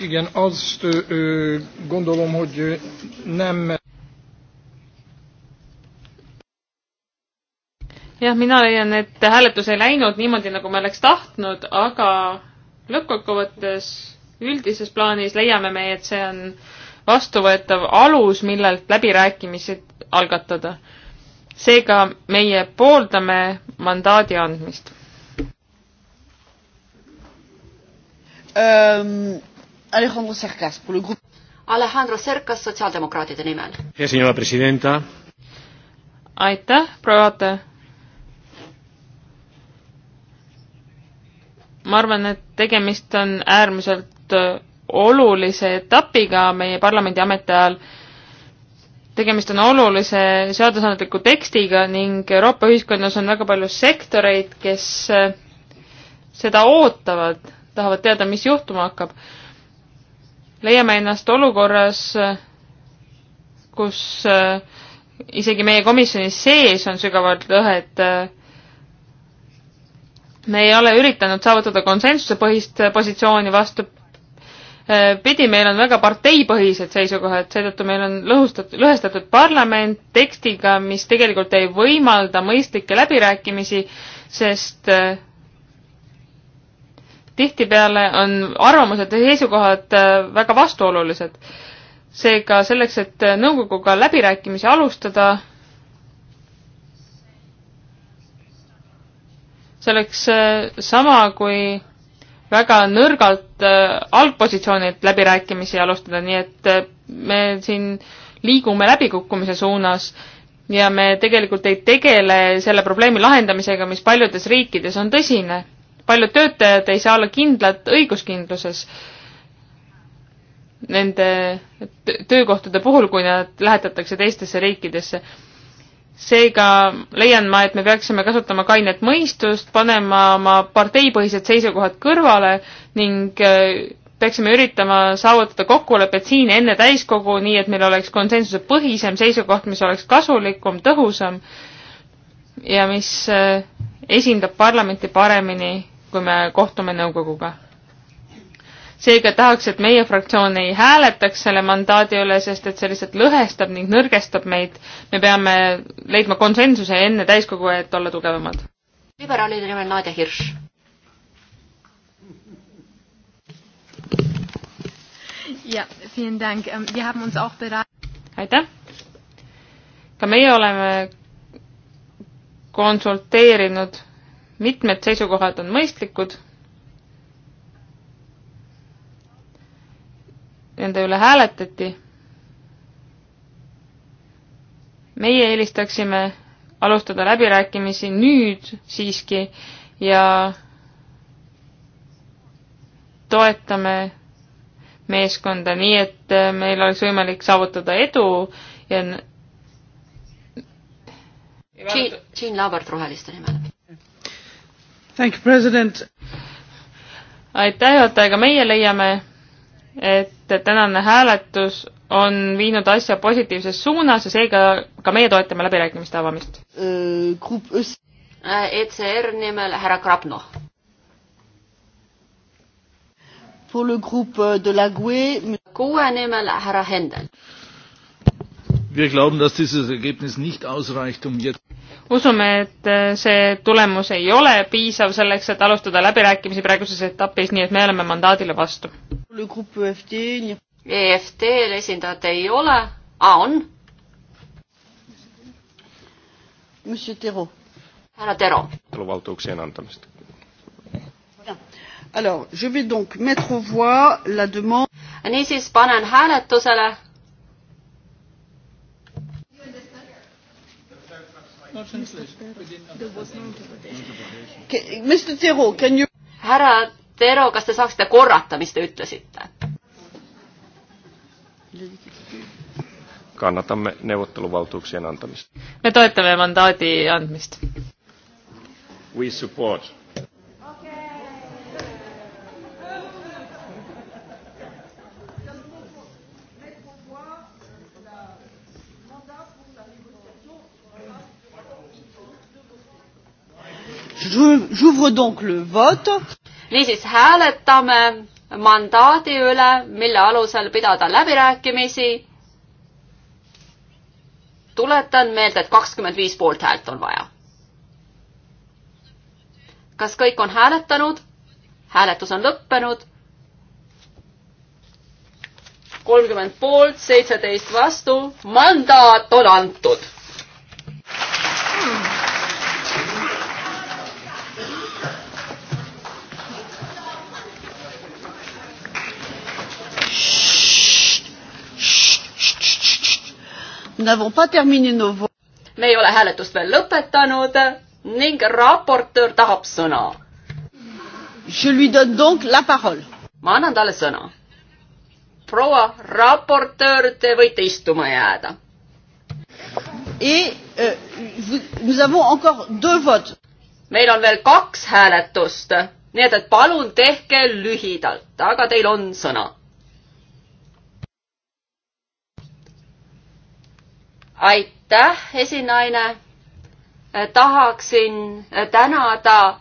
Igen, azt ö, gondolom, hogy nem... jah, mina leian, et hääletus ei läinud niimoodi, nagu ma oleks tahtnud, aga lõppkokkuvõttes üldises plaanis leiame me, et see on vastuvõetav alus, millelt läbirääkimised algatada. seega meie pooldame mandaadi andmist um,. Alejandro Cercas, pour le groupe. Alejandro Cercas sotsiaaldemokraatide nimel. aitäh, proua juhataja. ma arvan, et tegemist on äärmiselt äh, olulise etapiga meie parlamendi ametiajal. tegemist on olulise seadusandliku tekstiga ning Euroopa ühiskonnas on väga palju sektoreid, kes äh, seda ootavad, tahavad teada, mis juhtuma hakkab leiame ennast olukorras, kus äh, isegi meie komisjoni sees on sügavalt lõhed. Äh, me ei ole üritanud saavutada konsensusepõhist äh, positsiooni, vastupidi, meil on väga parteipõhised seisukohad, seetõttu meil on lõhustatud, lõhestatud parlament tekstiga, mis tegelikult ei võimalda mõistlikke läbirääkimisi, sest äh, tihtipeale on arvamused ja seisukohad äh, väga vastuolulised. seega selleks, et äh, nõukoguga läbirääkimisi alustada, see oleks äh, sama, kui väga nõrgalt algpositsioonilt läbirääkimisi alustada, nii et me siin liigume läbikukkumise suunas ja me tegelikult ei tegele selle probleemi lahendamisega, mis paljudes riikides on tõsine paljud töötajad ei saa olla kindlad õiguskindluses nende töökohtade puhul, kui nad lähetatakse teistesse riikidesse. seega leian ma, et me peaksime kasutama kainet mõistust, panema oma parteipõhised seisukohad kõrvale ning äh, peaksime üritama saavutada kokkulepet siin enne täiskogu, nii et meil oleks konsensuse põhisem seisukoht, mis oleks kasulikum, tõhusam ja mis äh, esindab parlamenti paremini kui me kohtume nõukoguga. seega tahaks, et meie fraktsioon ei hääletaks selle mandaadi üle, sest et see lihtsalt lõhestab ning nõrgestab meid. me peame leidma konsensuse enne täiskogu, et olla tugevamad. liberaalide nimel Nadia Hirš. ja, ähm, aitäh. ka meie oleme konsulteerinud mitmed seisukohad on mõistlikud. Nende üle hääletati. meie eelistaksime alustada läbirääkimisi nüüd siiski ja toetame meeskonda nii, et meil oleks võimalik saavutada edu ja Jean, Jean Labart roheliste nimel aitäh, juhataja, ka meie leiame, et tänane hääletus on viinud asja positiivses suunas ja seega ka meie toetame läbirääkimiste avamist. Äh, ECR nimel härra Krapno. E, kuue nimel härra Hendel Um usume, et äh, see tulemus ei ole piisav selleks, et alustada läbirääkimisi praeguses etapis, nii et me oleme mandaadile vastu. EFT-l e e esindajat ei ole ah,, on? härra Tero. valtuuksien antamist. niisiis panen hääletusele No Mr Tero, can you? härra Tero, kas te saaksite korrata, mis te ütlesite? kannatamme neuvotteluvaltuuksien antamist. me toetame mandaadi andmist. We support j'ouvre donc le vote. niisiis hääletame mandaadi üle, mille alusel pidada läbirääkimisi. tuletan meelde, et kakskümmend viis poolthäält on vaja. kas kõik on hääletanud? hääletus on lõppenud. kolmkümmend poolt, seitseteist vastu, mandaat on antud me ei ole hääletust veel lõpetanud ning raportöör tahab sõna. ma annan talle sõna. proua raportöör, te võite istuma jääda. Euh, meil on veel kaks hääletust, nii et, et palun tehke lühidalt, aga teil on sõna aitäh, esinaine. Eh, tahaksin eh, tänada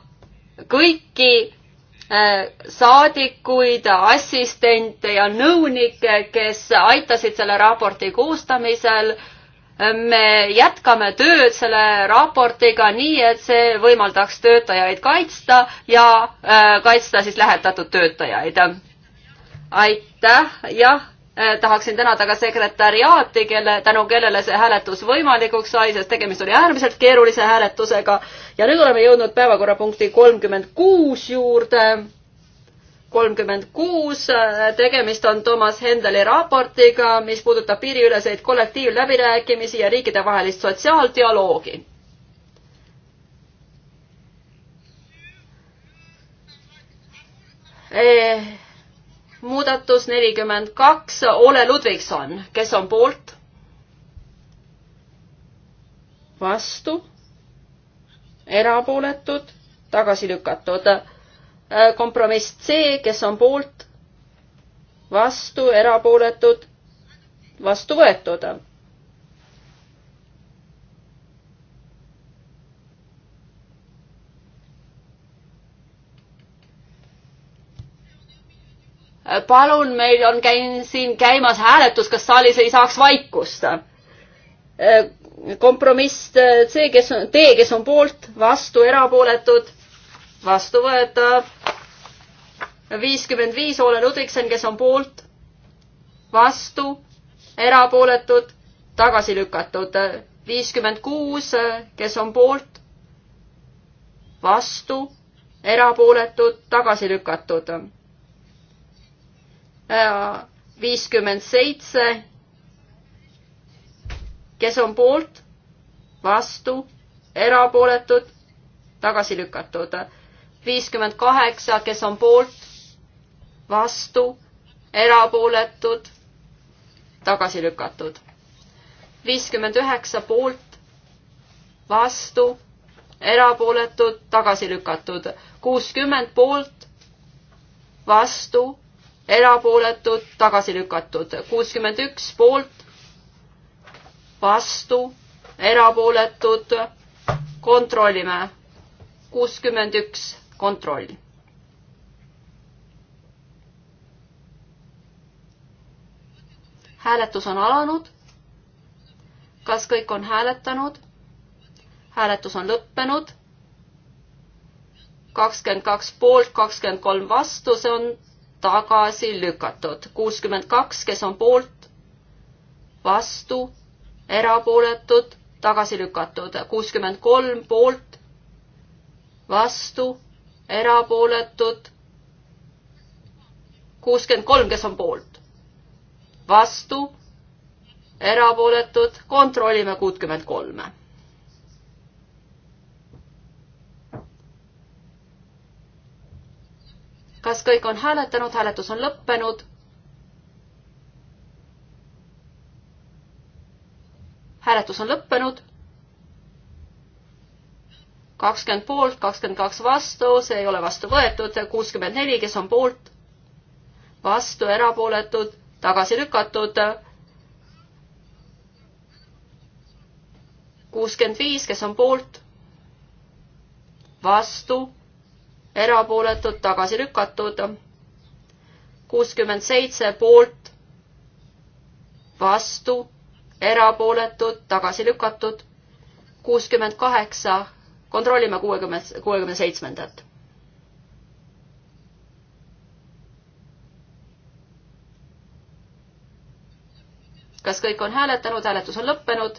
kõiki eh, saadikuid, assistente ja nõunikke, kes aitasid selle raporti koostamisel. me jätkame tööd selle raportiga nii, et see võimaldaks töötajaid kaitsta ja kaitsta siis lähetatud töötajaid. aitäh, jah Äh, tahaksin tänada ka sekretäriaati, kelle, tänu kellele see hääletus võimalikuks sai, sest tegemist oli äärmiselt keerulise hääletusega. ja nüüd oleme jõudnud päevakorrapunkti kolmkümmend kuus juurde. kolmkümmend kuus, äh, tegemist on Toomas Hendeli raportiga, mis puudutab piiriüleseid kollektiivläbirääkimisi ja riikidevahelist sotsiaaldialoogi. Eh, muudatus nelikümmend kaks, Ole Ludvigson, kes on poolt? vastu? erapooletud? tagasi lükatud? Äh, kompromiss C, kes on poolt? vastu, erapooletud? vastu võetud palun, meil on käin-, siin käimas hääletus, kas saalis ei saaks vaikust? kompromiss C, kes on, D, kes on poolt, vastu, erapooletud, vastu võetav. viiskümmend viis, Ole Ludvigsen, kes on poolt, vastu, erapooletud, tagasi lükatud. viiskümmend kuus, kes on poolt, vastu, erapooletud, tagasi lükatud viiskümmend seitse. kes on poolt, vastu, erapooletud, tagasi lükatud. viiskümmend kaheksa, kes on poolt, vastu, erapooletud, tagasi lükatud. viiskümmend üheksa poolt, vastu, erapooletud, tagasi lükatud. kuuskümmend poolt, vastu erapooletud, tagasi lükatud. kuuskümmend üks poolt, vastu, erapooletud, kontrollime. kuuskümmend üks, kontroll. hääletus on alanud. kas kõik on hääletanud? hääletus on lõppenud kakskümmend kaks poolt, kakskümmend kolm vastu, see on tagasi lükatud. kuuskümmend kaks, kes on poolt, vastu, erapooletud, tagasi lükatud. kuuskümmend kolm poolt, vastu, erapooletud. kuuskümmend kolm, kes on poolt, vastu, erapooletud, kontrollime kuutkümmend kolme kas kõik on hääletanud, hääletus on lõppenud? hääletus on lõppenud. kakskümmend poolt, kakskümmend kaks vastu, see ei ole vastu võetud, kuuskümmend neli, kes on poolt, vastu, erapooletud, tagasi lükatud. kuuskümmend viis, kes on poolt, vastu erapooletud, tagasi lükatud. kuuskümmend seitse poolt, vastu, erapooletud, tagasi lükatud. kuuskümmend kaheksa, kontrollime kuuekümne, kuuekümne seitsmendat. kas kõik on hääletanud, hääletus on lõppenud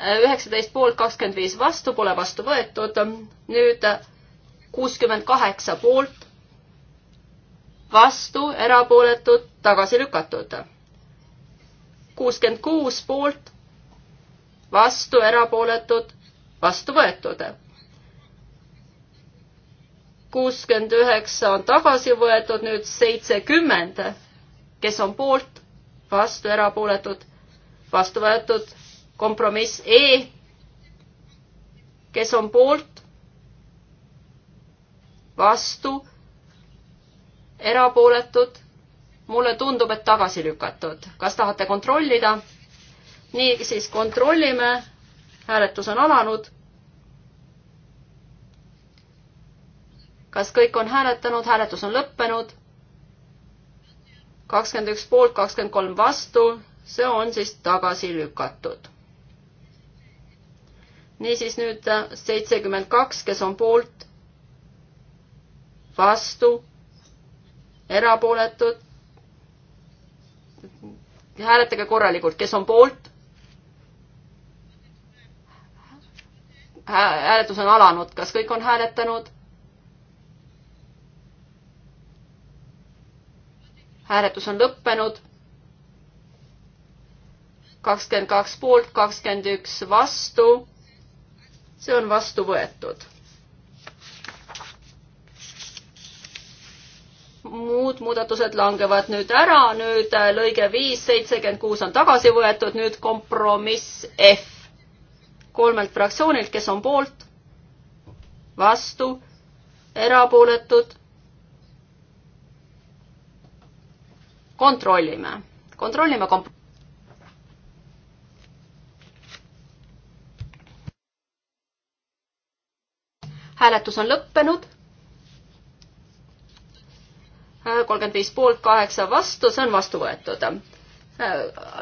üheksateist poolt, kakskümmend viis vastu, pole vastu võetud. nüüd kuuskümmend kaheksa poolt, vastu, erapooletud, tagasi lükatud. kuuskümmend kuus poolt, vastu, erapooletud, vastu võetud. kuuskümmend üheksa on tagasi võetud, nüüd seitsekümmend, kes on poolt, vastu, erapooletud, vastu võetud kompromiss E, kes on poolt, vastu, erapooletud, mulle tundub, et tagasi lükatud. kas tahate kontrollida? niisiis kontrollime, hääletus on alanud. kas kõik on hääletanud, hääletus on lõppenud? kakskümmend üks poolt, kakskümmend kolm vastu, see on siis tagasi lükatud niisiis nüüd äh, seitsekümmend kaks, kes on poolt, vastu, erapooletud. hääletage korralikult, kes on poolt. hääletus on alanud, kas kõik on hääletanud? hääletus on lõppenud. kakskümmend kaks poolt, kakskümmend üks vastu see on vastu võetud. muud muudatused langevad nüüd ära, nüüd äh, lõige viis, seitsekümmend kuus on tagasi võetud, nüüd kompromiss F kolmelt fraktsioonilt, kes on poolt, vastu, erapooletud. kontrollime, kontrollime komp-. hääletus on lõppenud. Äh, kolmkümmend viis poolt, kaheksa vastu, see on vastu võetud. Äh,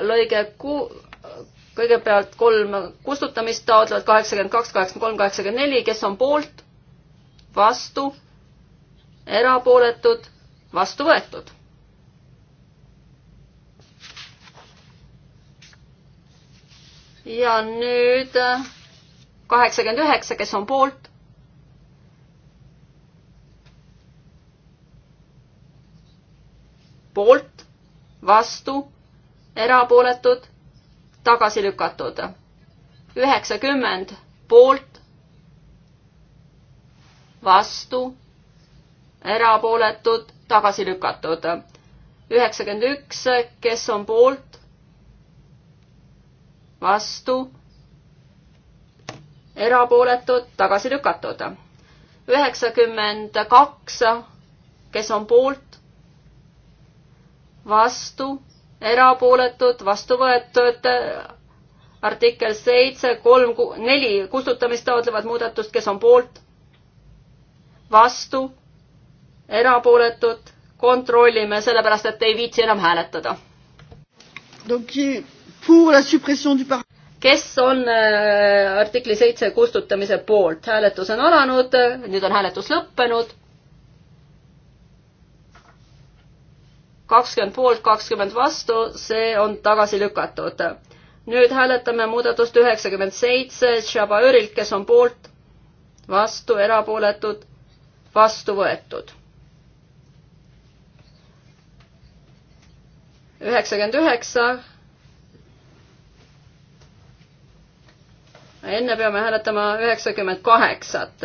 lõige ku-, kõigepealt kolm kustutamist taotlevad kaheksakümmend kaks, kaheksakümmend kolm, kaheksakümmend neli, kes on poolt, vastu, erapooletud, vastu võetud. ja nüüd äh, kaheksakümmend üheksa, kes on poolt, poolt, vastu, erapooletud, tagasi lükatud. üheksakümmend poolt, vastu, erapooletud, tagasi lükatud. üheksakümmend üks, kes on poolt, vastu, erapooletud, tagasi lükatud. üheksakümmend kaks, kes on poolt, vastu, erapooletud, vastu võetud. artikkel seitse, kolm, neli kustutamist taotlevad muudatust, kes on poolt, vastu, erapooletud, kontrollime, sellepärast et ei viitsi enam hääletada. kes on äh, artikli seitse kustutamise poolt? hääletus on alanud, nüüd on hääletus lõppenud kakskümmend poolt, kakskümmend vastu, see on tagasi lükatud. nüüd hääletame muudatust üheksakümmend seitse Shabaörilt, kes on poolt, vastu, erapooletud, vastu võetud. üheksakümmend üheksa. enne peame hääletama üheksakümmend kaheksat.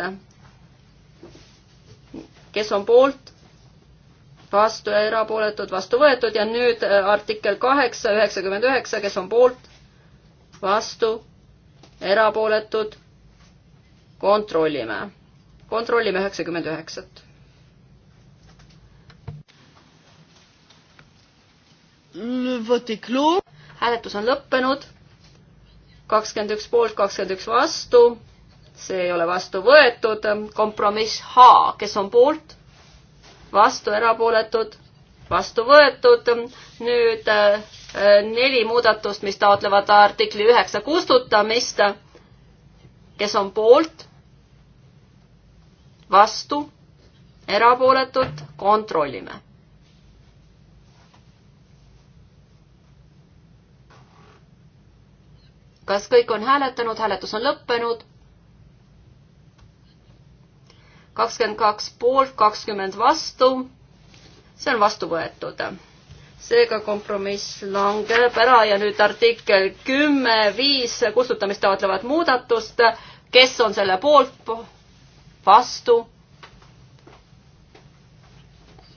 kes on poolt? vastu ja erapooletud, vastu võetud ja nüüd äh, artikkel kaheksa, üheksakümmend üheksa, kes on poolt, vastu, erapooletud, kontrollime. kontrollime üheksakümmend üheksat. hääletus on lõppenud, kakskümmend üks poolt, kakskümmend üks vastu, see ei ole vastu võetud, kompromiss H, kes on poolt vastu erapooletud, vastu võetud. nüüd äh, neli muudatust, mis taotlevad artikli üheksa kustutamist. kes on poolt? vastu, erapooletud, kontrollime kas kõik on hääletanud, hääletus on lõppenud kakskümmend kaks poolt, kakskümmend vastu. see on vastu võetud. seega kompromiss langeb ära ja nüüd artikkel kümme, viis kustutamist taotlevat muudatust. kes on selle poolt, vastu?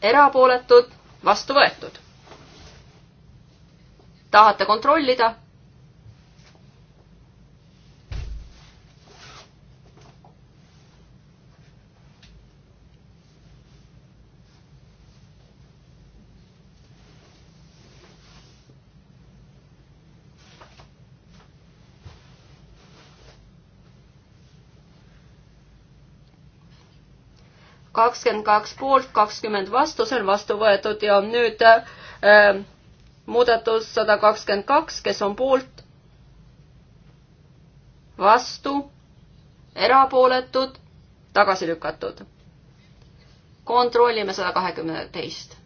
erapooletud, vastu võetud. tahate kontrollida? kakskümmend kaks poolt, kakskümmend vastu, see on vastu võetud ja nüüd äh, muudatus sada kakskümmend kaks, kes on poolt, vastu, erapooletud, tagasi lükatud. kontrollime sada kahekümne teist.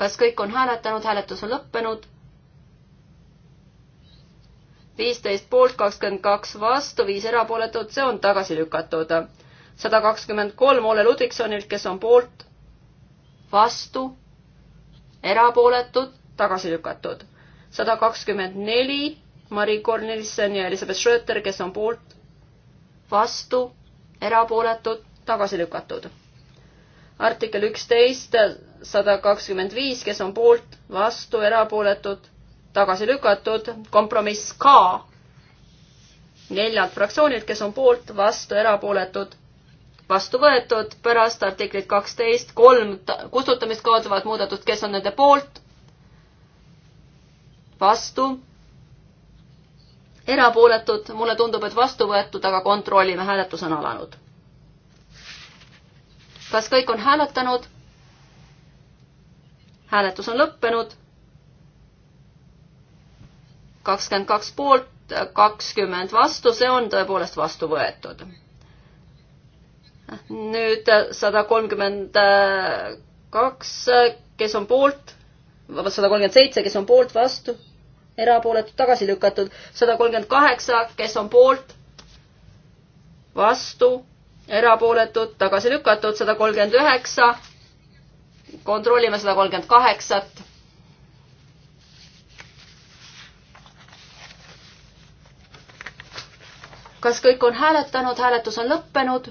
kas kõik on hääletanud, hääletus on lõppenud viisteist poolt, kakskümmend kaks vastu, viis erapooletut, see on tagasi lükatud. sada kakskümmend kolm Olle Ludvigsonilt, kes on poolt, vastu, erapooletud, tagasi lükatud. sada kakskümmend neli Mari Kornelsen ja Elizabeth Schröter, kes on poolt, vastu, erapooletud, tagasi lükatud. artikkel üksteist, sada kakskümmend viis, kes on poolt, vastu, erapooletud tagasi lükatud, kompromiss K. neljad fraktsioonid, kes on poolt, vastu, erapooletud, vastu võetud, pärast artiklit kaksteist kolm kustutamist kaotavad muudatud, kes on nende poolt, vastu, erapooletud, mulle tundub, et vastu võetud, aga kontrollime, hääletus on alanud. kas kõik on hääletanud? hääletus on lõppenud kakskümmend kaks poolt, kakskümmend vastu, see on tõepoolest vastu võetud. nüüd sada kolmkümmend kaks, kes on poolt, vabandust, sada kolmkümmend seitse, kes on poolt, vastu, erapooletud, tagasi lükatud, sada kolmkümmend kaheksa, kes on poolt, vastu, erapooletud, tagasi lükatud, sada kolmkümmend üheksa, kontrollime sada kolmkümmend kaheksat kas kõik on hääletanud, hääletus on lõppenud?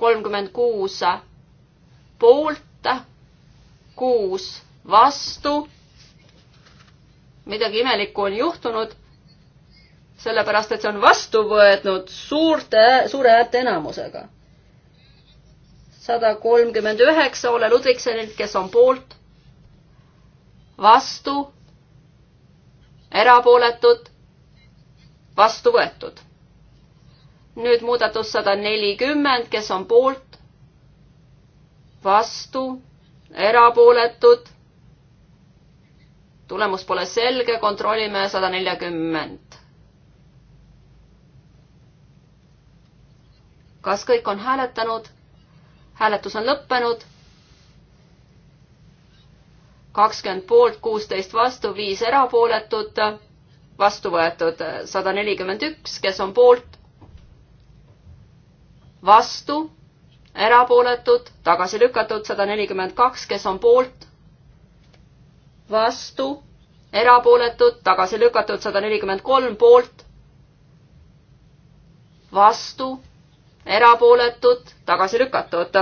kolmkümmend kuus poolt, kuus vastu. midagi imelikku on juhtunud, sellepärast et see on vastu võetud suurte, suure häälteenamusega. sada kolmkümmend üheksa Ole Ludvigsenilt, kes on poolt, vastu, erapooletud vastu võetud. nüüd muudatus sada nelikümmend, kes on poolt, vastu, erapooletud. tulemus pole selge, kontrollime sada neljakümmend. kas kõik on hääletanud? hääletus on lõppenud. kakskümmend poolt, kuusteist vastu, viis erapooletut vastu võetud sada nelikümmend üks, kes on poolt, vastu, erapooletud, tagasi lükatud sada nelikümmend kaks, kes on poolt, vastu, erapooletud, tagasi lükatud sada nelikümmend kolm, poolt, vastu, erapooletud, tagasi lükatud.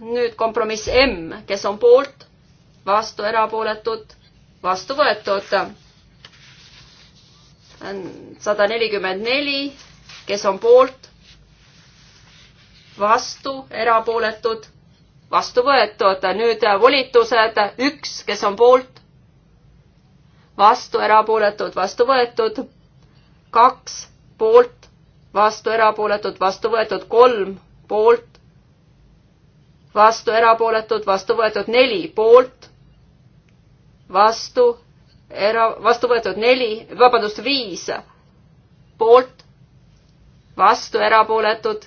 nüüd kompromiss M, kes on poolt, vastu, erapooletud, vastu võetud sada nelikümmend neli, kes on poolt, vastu, erapooletud, vastu võetud. nüüd volitused, üks, kes on poolt, vastu, erapooletud, vastu võetud, kaks, poolt, vastu, erapooletud, vastu võetud, kolm, poolt, vastu, erapooletud, vastu võetud, neli, poolt, vastu, era-, vastu võetud neli, vabandust, viis poolt, vastu erapooletud,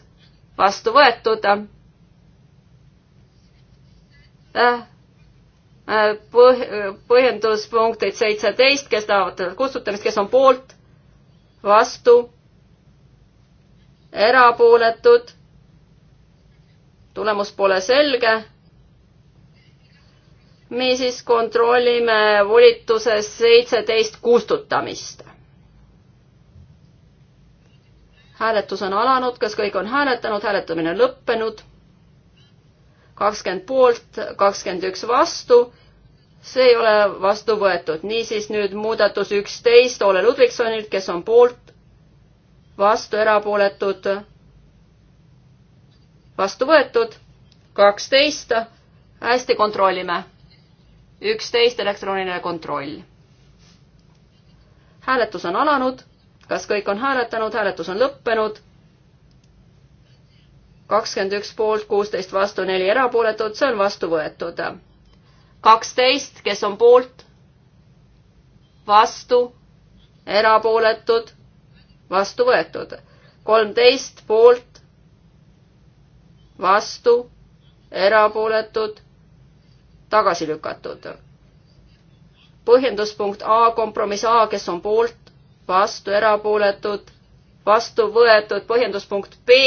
vastu võetud äh, äh,. Põh-, põhjenduspunktid seitseteist, kes tahavad kustutamist, kes on poolt, vastu, erapooletud, tulemus pole selge me siis kontrollime volituses seitseteist kustutamist. hääletus on alanud, kas kõik on hääletanud, hääletamine on lõppenud. kakskümmend poolt, kakskümmend üks vastu. see ei ole vastu võetud, niisiis nüüd muudatus üksteist Ole Ludvigsonilt, kes on poolt, vastu, erapooletud, vastu võetud, kaksteist. hästi, kontrollime üksteist elektrooniline kontroll. hääletus on alanud, kas kõik on hääletanud, hääletus on lõppenud. kakskümmend üks poolt, kuusteist vastu, neli erapooletut, see on vastu võetud. kaksteist, kes on poolt, vastu, erapooletud, vastu võetud. kolmteist poolt, vastu, erapooletud tagasi lükatud. põhjenduspunkt A, kompromiss A, kes on poolt, vastu, erapooletud, vastu võetud, põhjenduspunkt B,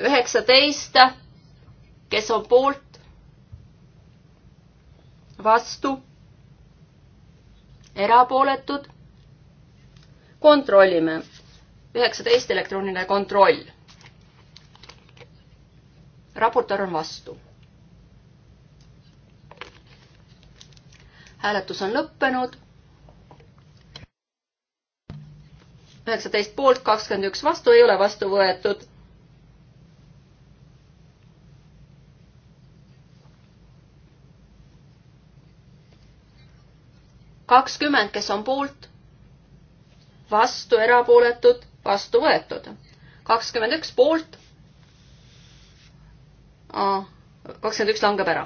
üheksateist, kes on poolt, vastu, erapooletud. kontrollime. üheksateist elektrooniline kontroll. raportöör on vastu. hääletus on lõppenud üheksateist poolt, kakskümmend üks vastu ei ole vastu võetud. kakskümmend, kes on poolt, vastu, erapooletud, vastu võetud. kakskümmend üks poolt. kakskümmend üks langeb ära.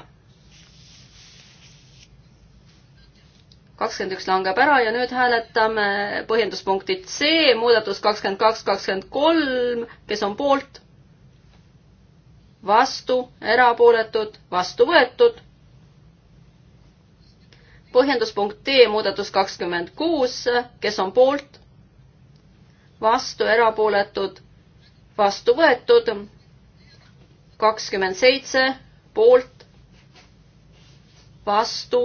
kakskümmend üks langeb ära ja nüüd hääletame põhjenduspunktid C, muudatus kakskümmend kaks, kakskümmend kolm, kes on poolt, vastu, erapooletud, vastu võetud põhjenduspunkt D, muudatus kakskümmend kuus, kes on poolt, vastu, erapooletud, vastu võetud, kakskümmend seitse, poolt, vastu,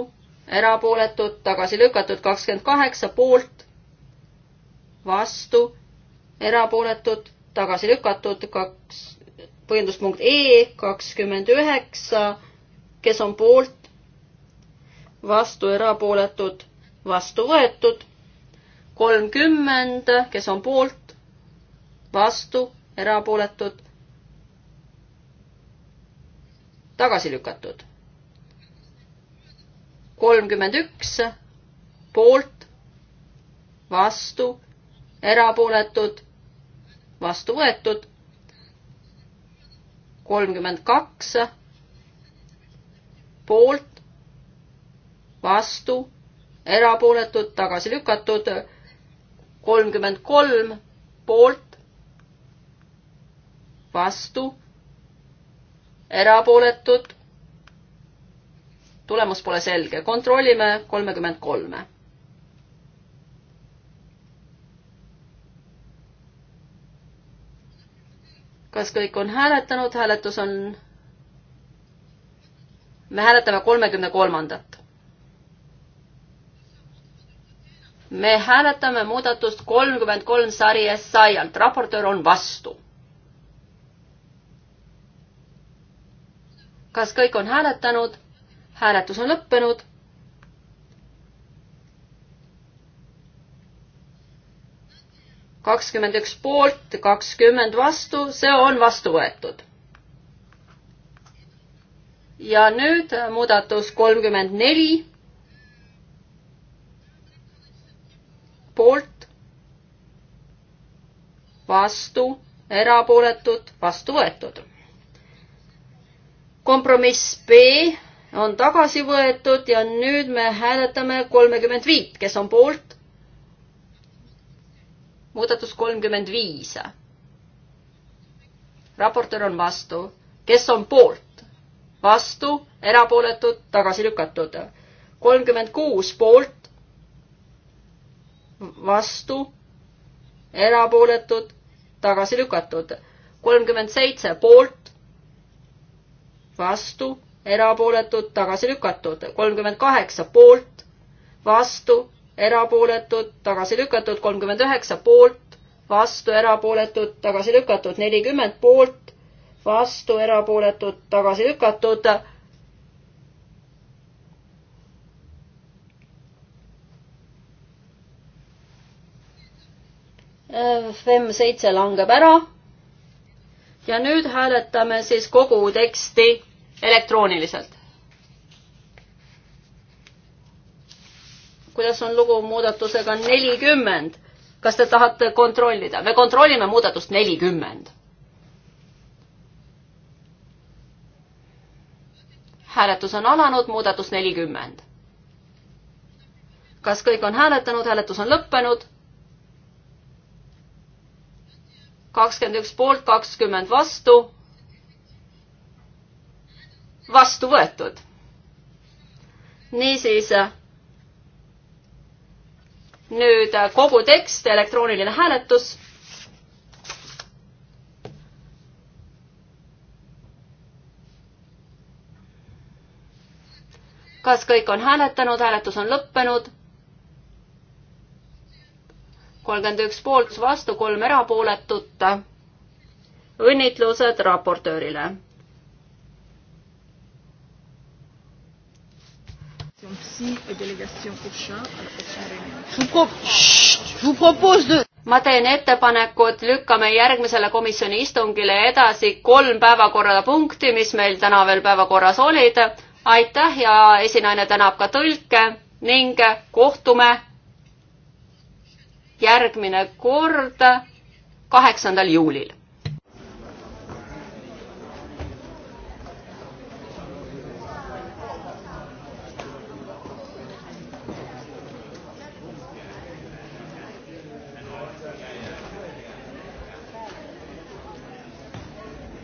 erapooletud, tagasi lükatud, kakskümmend kaheksa, poolt, vastu, erapooletud, tagasi lükatud, kaks, põhjenduspunkt E, kakskümmend üheksa, kes on poolt, vastu erapooletud, vastu võetud. kolmkümmend, kes on poolt, vastu erapooletud, tagasi lükatud. kolmkümmend üks, poolt, vastu, erapooletud, vastu võetud. kolmkümmend kaks, poolt, vastu, erapooletud, tagasi lükatud, kolmkümmend kolm poolt, vastu, erapooletud, tulemus pole selge, kontrollime kolmekümmend kolme. kas kõik on hääletanud, hääletus on me hääletame kolmekümne kolmandat. me hääletame muudatust kolmkümmend kolm sari SI-lt, raportöör on vastu. kas kõik on hääletanud? hääletus on lõppenud. kakskümmend üks poolt, kakskümmend vastu, see on vastu võetud. ja nüüd muudatus kolmkümmend neli poolt, vastu, erapooletud, vastu võetud. kompromiss B on tagasi võetud ja nüüd me hääletame kolmekümmend viit, kes on poolt? muudatus kolmkümmend viis. raportöör on vastu, kes on poolt? vastu, erapooletud, tagasi lükatud. kolmkümmend kuus poolt, vastu, erapooletud, tagasi lükatud. kolmkümmend seitse poolt, vastu, erapooletud, tagasi lükatud. kolmkümmend kaheksa poolt, vastu, erapooletud, tagasi lükatud. kolmkümmend üheksa poolt, vastu, erapooletud, tagasi lükatud. nelikümmend poolt, vastu, erapooletud, tagasi lükatud FEM seitse langeb ära. ja nüüd hääletame siis kogu teksti elektrooniliselt. kuidas on lugu muudatusega nelikümmend? kas te tahate kontrollida? me kontrollime muudatust nelikümmend. hääletus on alanud, muudatus nelikümmend. kas kõik on hääletanud, hääletus on lõppenud kakskümmend üks poolt, kakskümmend vastu. vastu võetud. niisiis nüüd kogu tekst, elektrooniline hääletus. kas kõik on hääletanud, hääletus on lõppenud kolmkümmend üks poolt, vastu kolm erapooletut. õnnitlused raportöörile. ma teen ettepaneku, et lükkame järgmisele komisjoni istungile edasi kolm päevakorrapunkti, mis meil täna veel päevakorras olid. aitäh ja esinaine tänab ka tõlke ning kohtume järgmine kord kaheksandal juulil.